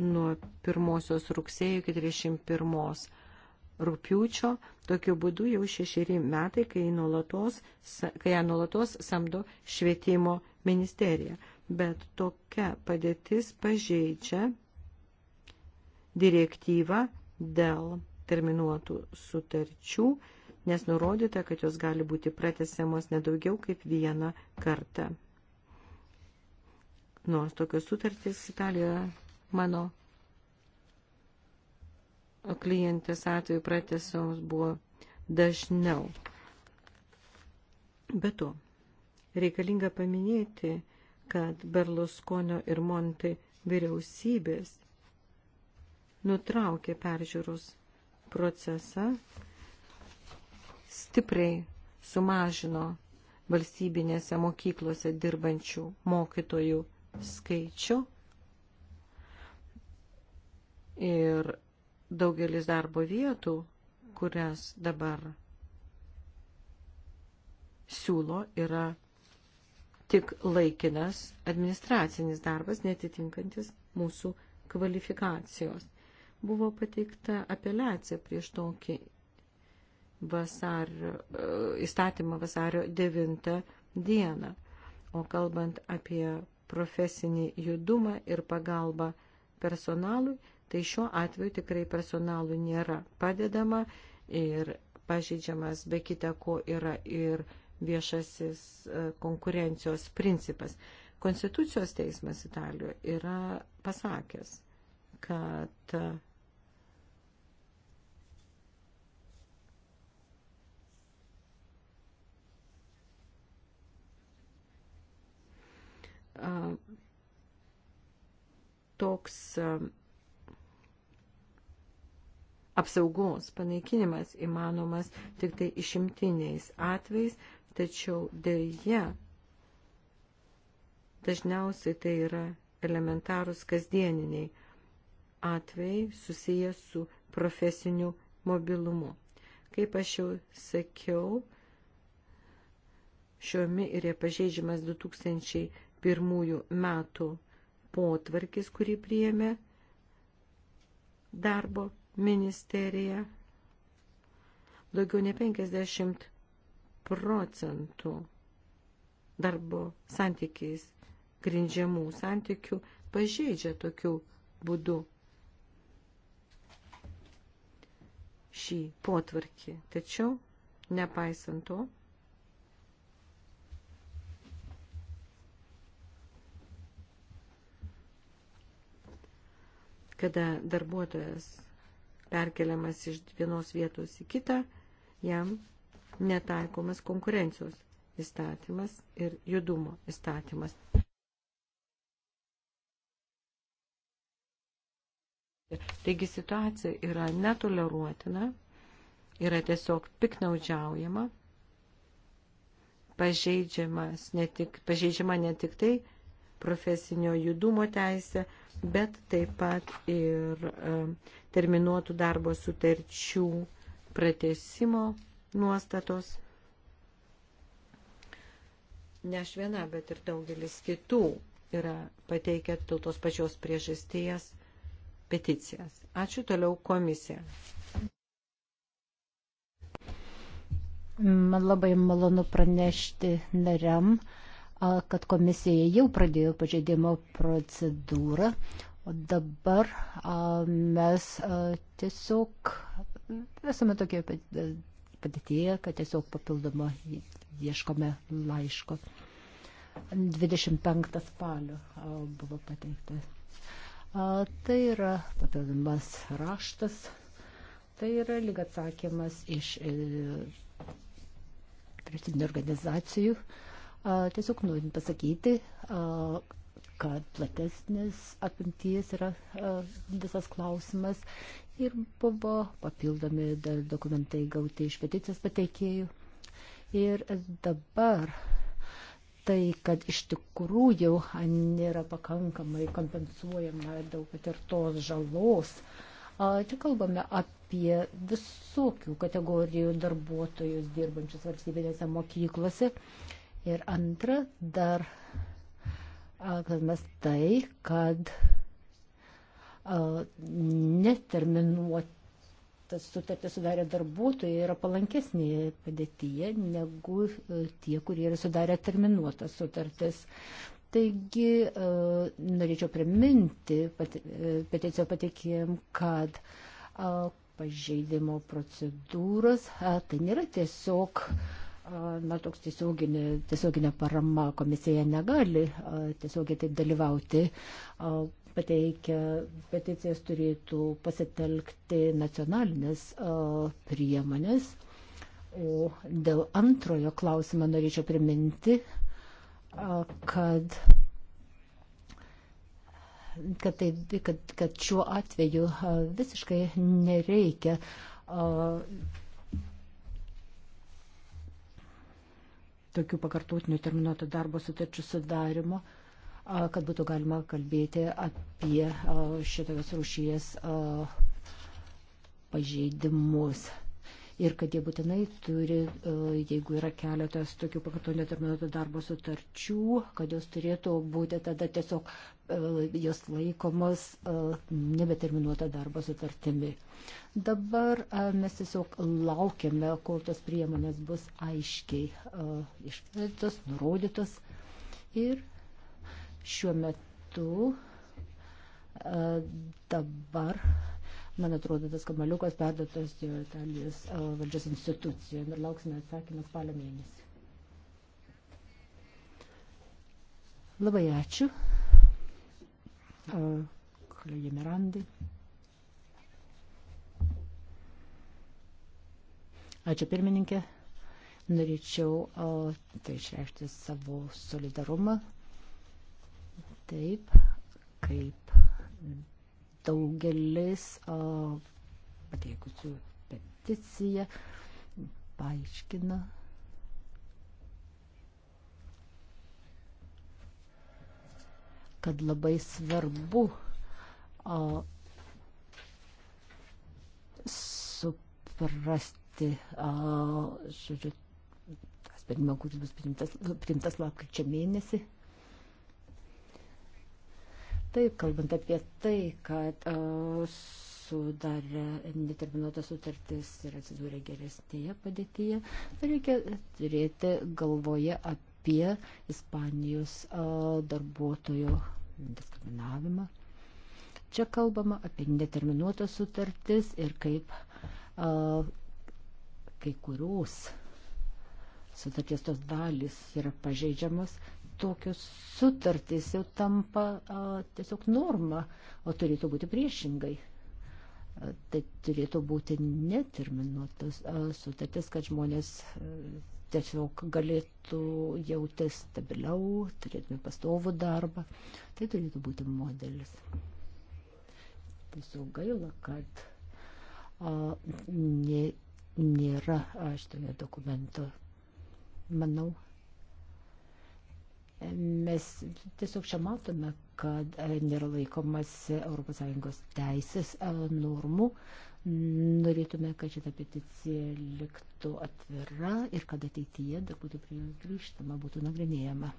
nuo 1 rugsėjo iki 31 rūpiučio. Tokiu būdu jau šešeri metai, kai, nulatos, kai ją nulatos samdo švietimo ministerija. Bet tokia padėtis pažeidžia direktyvą dėl terminuotų sutarčių, nes nurodyta, kad jos gali būti pratesiamos nedaugiau kaip vieną kartą. Nors tokios sutartys Italijoje mano klientės atveju pratesoms buvo dažniau. Be to, reikalinga paminėti, kad Berlusconio ir Monti vyriausybės nutraukė peržiūros procesą, stipriai sumažino valstybinėse mokyklose dirbančių mokytojų skaičių Ir daugelis darbo vietų, kurias dabar siūlo, yra tik laikinas administracinis darbas, netitinkantis mūsų kvalifikacijos. Buvo pateikta apeliacija prieš tokį vasar, e, įstatymą vasario 9 dieną. O kalbant apie profesinį judumą ir pagalbą personalui, tai šiuo atveju tikrai personalų nėra padedama ir pažeidžiamas be kita ko yra ir viešasis e, konkurencijos principas. Konstitucijos teismas Italijoje yra pasakęs, kad e, toks e, apsaugos panaikinimas įmanomas tik tai išimtiniais atvejais, tačiau dėja dažniausiai tai yra elementarūs kasdieniniai atvejai susiję su profesiniu mobilumu. Kaip aš jau sakiau, šiomi yra pažeidžiamas 2001 metų potvarkis, kurį priėmė darbo ministerija daugiau ne 50 procentų darbo santykiais grindžiamų santykių pažeidžia tokiu būdu šį potvarkį. Tačiau, nepaisant to, kada darbuotojas perkeliamas iš vienos vietos į kitą, jam netaikomas konkurencijos įstatymas ir judumo įstatymas. Taigi situacija yra netoleruotina, yra tiesiog piknaudžiaujama, pažeidžiamas ne tik, pažeidžiama ne tik tai profesinio judumo teisę, bet taip pat ir e, terminuotų darbo sutarčių pratesimo nuostatos. Ne aš viena, bet ir daugelis kitų yra pateikę dėl tos pačios priežasties peticijas. Ačiū toliau komisija. Man labai malonu pranešti nariam, kad komisija jau pradėjo pažeidimo procedūrą, o dabar mes tiesiog esame tokie padėtyje, kad tiesiog papildomą ieškome laiško. 25 spalio buvo pateiktas. Tai yra papildomas raštas, tai yra lyg atsakymas iš e, prietinių organizacijų. E, Tiesiog norim pasakyti, kad platesnis apimties yra visas klausimas ir buvo papildomi dar dokumentai gauti iš peticijos pateikėjų. Ir dabar tai, kad iš tikrųjų nėra pakankamai kompensuojama daug patirtos žalos. Čia kalbame apie visokių kategorijų darbuotojus dirbančius valstybinėse mokyklose. Ir antra, dar klausimas tai, kad neterminuotas sutartis sudarė darbuotojai yra palankesnėje padėtyje negu e, tie, kurie yra sudarę terminuotas sutartis. Taigi, e, norėčiau priminti e, peticiją patikėjim, kad pažeidimo procedūros tai nėra tiesiog uh, na, toks tiesioginė, tiesioginė parama komisija negali tiesiogiai taip dalyvauti. Pateikia, peticijas turėtų pasitelkti nacionalinės priemonės. O dėl antrojo klausimo norėčiau priminti, kad kad, tai, kad, kad šiuo atveju visiškai nereikia tokių pakartotinių terminuotų darbo sutarčių sudarimo, kad būtų galima kalbėti apie šitokios rūšies pažeidimus ir kad jie būtinai turi, e, jeigu yra keletas tokių pakartotinio terminuoto darbo sutarčių, kad jos turėtų būti tada tiesiog e, jos laikomos e, nebeterminuota darbo sutartimi. Dabar mes tiesiog laukiame, kol tos priemonės bus aiškiai išvedytos, nurodytos ir šiuo metu dabar Man atrodo, tas kamaliukas perdotas jau Italijos e, valdžios institucijom ir lauksime atsakymą spalio mėnesį. Labai ačiū. E, kolegė Mirandai. Ačiū pirmininkė. Norėčiau o, e, tai išreikšti savo solidarumą. Taip, kaip daugelis pateikusių peticiją paaiškina. kad labai svarbu a, suprasti, a, žodžiu, tas sprendimas, kuris bus priimtas, priimtas lapkričio mėnesį, Taip, kalbant apie tai, kad e, sudarę neterminuotas sutartis ir atsidūrė geresnėje padėtyje, tai reikia turėti galvoje apie Ispanijos e, darbuotojo diskriminavimą. Čia kalbama apie neterminuotas sutartis ir kaip e, kai kurios sutarties tos dalys yra pažeidžiamos tokios sutartys jau tampa a, tiesiog norma, o turėtų būti priešingai. A, tai turėtų būti neterminuotas sutartis, kad žmonės a, tiesiog galėtų jautis stabiliau, turėtume pastovų darbą. Tai turėtų būti modelis. Tiesiog gaila, kad a, nė, nėra šitoje dokumento. Manau, Mes tiesiog čia matome, kad e, nėra laikomas ES teisės e, normų. Norėtume, kad šita peticija liktų atvira ir kad ateityje dar būtų prie jos grįžtama, būtų nagrinėjama.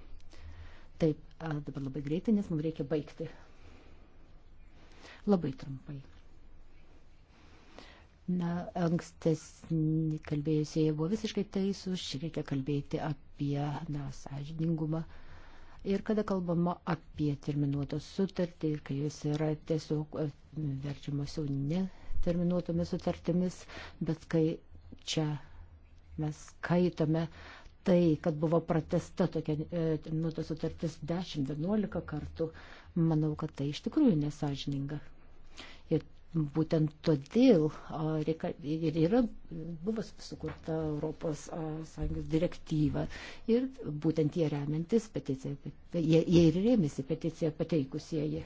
Taip, dabar labai greitai, nes mums reikia baigti. Labai trumpai. Na, ankstesnį kalbėjusieji buvo visiškai teisūs, čia reikia kalbėti apie, na, sąžiningumą. Uh, Ir kada kalbama apie terminuotą sutartį, kai jos yra tiesiog e, verčiamos jau neterminuotomis sutartimis, bet kai čia mes skaitome tai, kad buvo pratesta tokia e, terminuota sutartis 10-11 kartų, manau, kad tai iš tikrųjų nesažininga. Ir Būtent todėl ir yra, buvo sukurta Europos Sąjungos direktyva ir būtent jie remiantis peticiją, jie, jie ir rėmėsi peticiją pateikusieji.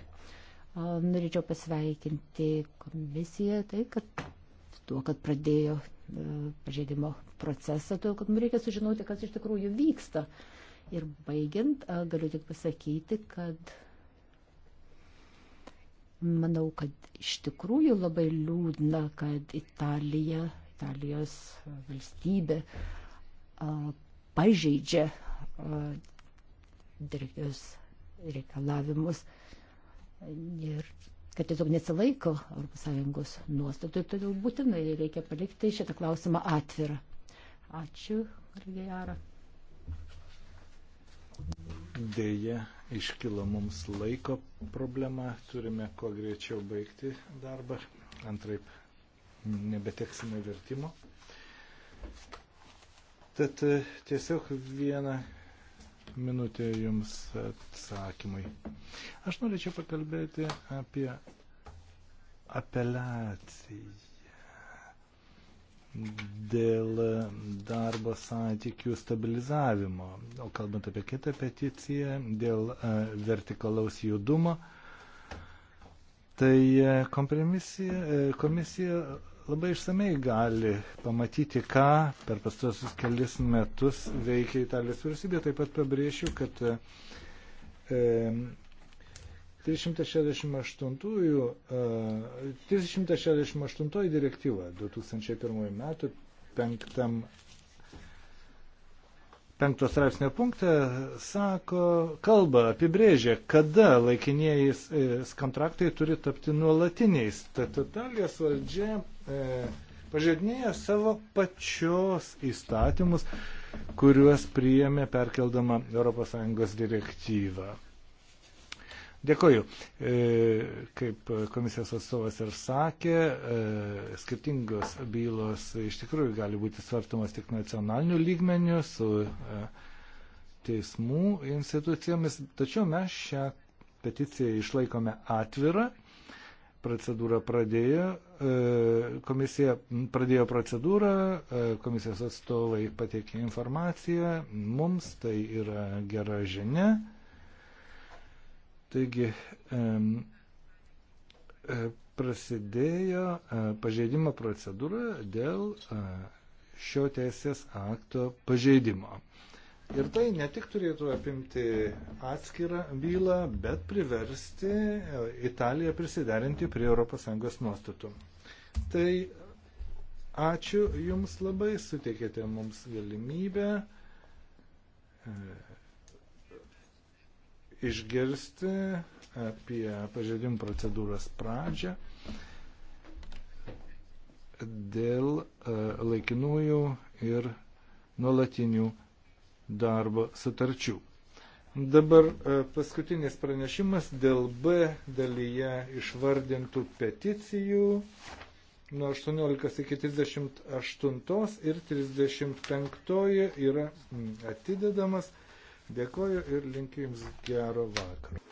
Norėčiau pasveikinti komisiją tai, kad tuo, kad pradėjo e, pažeidimo procesą, todėl kad mums reikia sužinoti, kas iš tikrųjų vyksta. Ir baigiant, galiu tik pasakyti, kad Manau, kad iš tikrųjų labai liūdna, kad Italija, Italijos valstybė pažeidžia direktyvos reikalavimus ir kad tiesiog nesilaiko ES nuostatų ir todėl būtinai reikia palikti šitą klausimą atvirą. Ačiū, Garbėjara. Deja, Iškilo mums laiko problema, turime kuo greičiau baigti darbą, antraip nebeteksime vertimo. Tad e, tiesiog vieną minutė jums atsakymai. Aš norėčiau pakalbėti apie apeliaciją dėl darbo santykių stabilizavimo. O kalbant apie kitą peticiją, dėl e, vertikalaus judumo, tai e, e, komisija labai išsamei gali pamatyti, ką per pastosius kelis metus veikia Italijos vyriausybė. Taip pat pabrėšiu, kad e, 368, 368 e, direktyva 2001 metų 5, 5 straipsnio punktą sako, kalba apibrėžia, kada laikinieji e, kontraktai turi tapti nuolatiniais. Tad Italijos valdžia e, pažeidinėja savo pačios įstatymus, kuriuos priėmė perkeldama ES direktyvą. Dėkoju. E, kaip komisijos atstovas ir sakė, e, skirtingos bylos iš tikrųjų gali būti svartumas tik nacionaliniu lygmeniu su e, teismų institucijomis, tačiau mes šią peticiją išlaikome atvirą procedūrą pradėjo, komisija pradėjo procedūrą, komisijos atstovai pateikė informaciją, mums tai yra gera žinia. Taigi e, prasidėjo e, pažeidimo procedūra dėl e, šio teisės akto pažeidimo. Ir tai ne tik turėtų apimti atskirą bylą, bet priversti Italiją prisiderinti prie ES nuostatų. Tai ačiū Jums labai, suteikėte mums galimybę išgirsti apie pažeidimų procedūros pradžią dėl e, laikinųjų ir nuolatinių darbo sutarčių. Dabar e, paskutinis pranešimas dėl B dalyje išvardintų peticijų nuo 18 iki 38 ir 35 yra atidedamas Dėkoju ir linkiu Jums gero vakaro.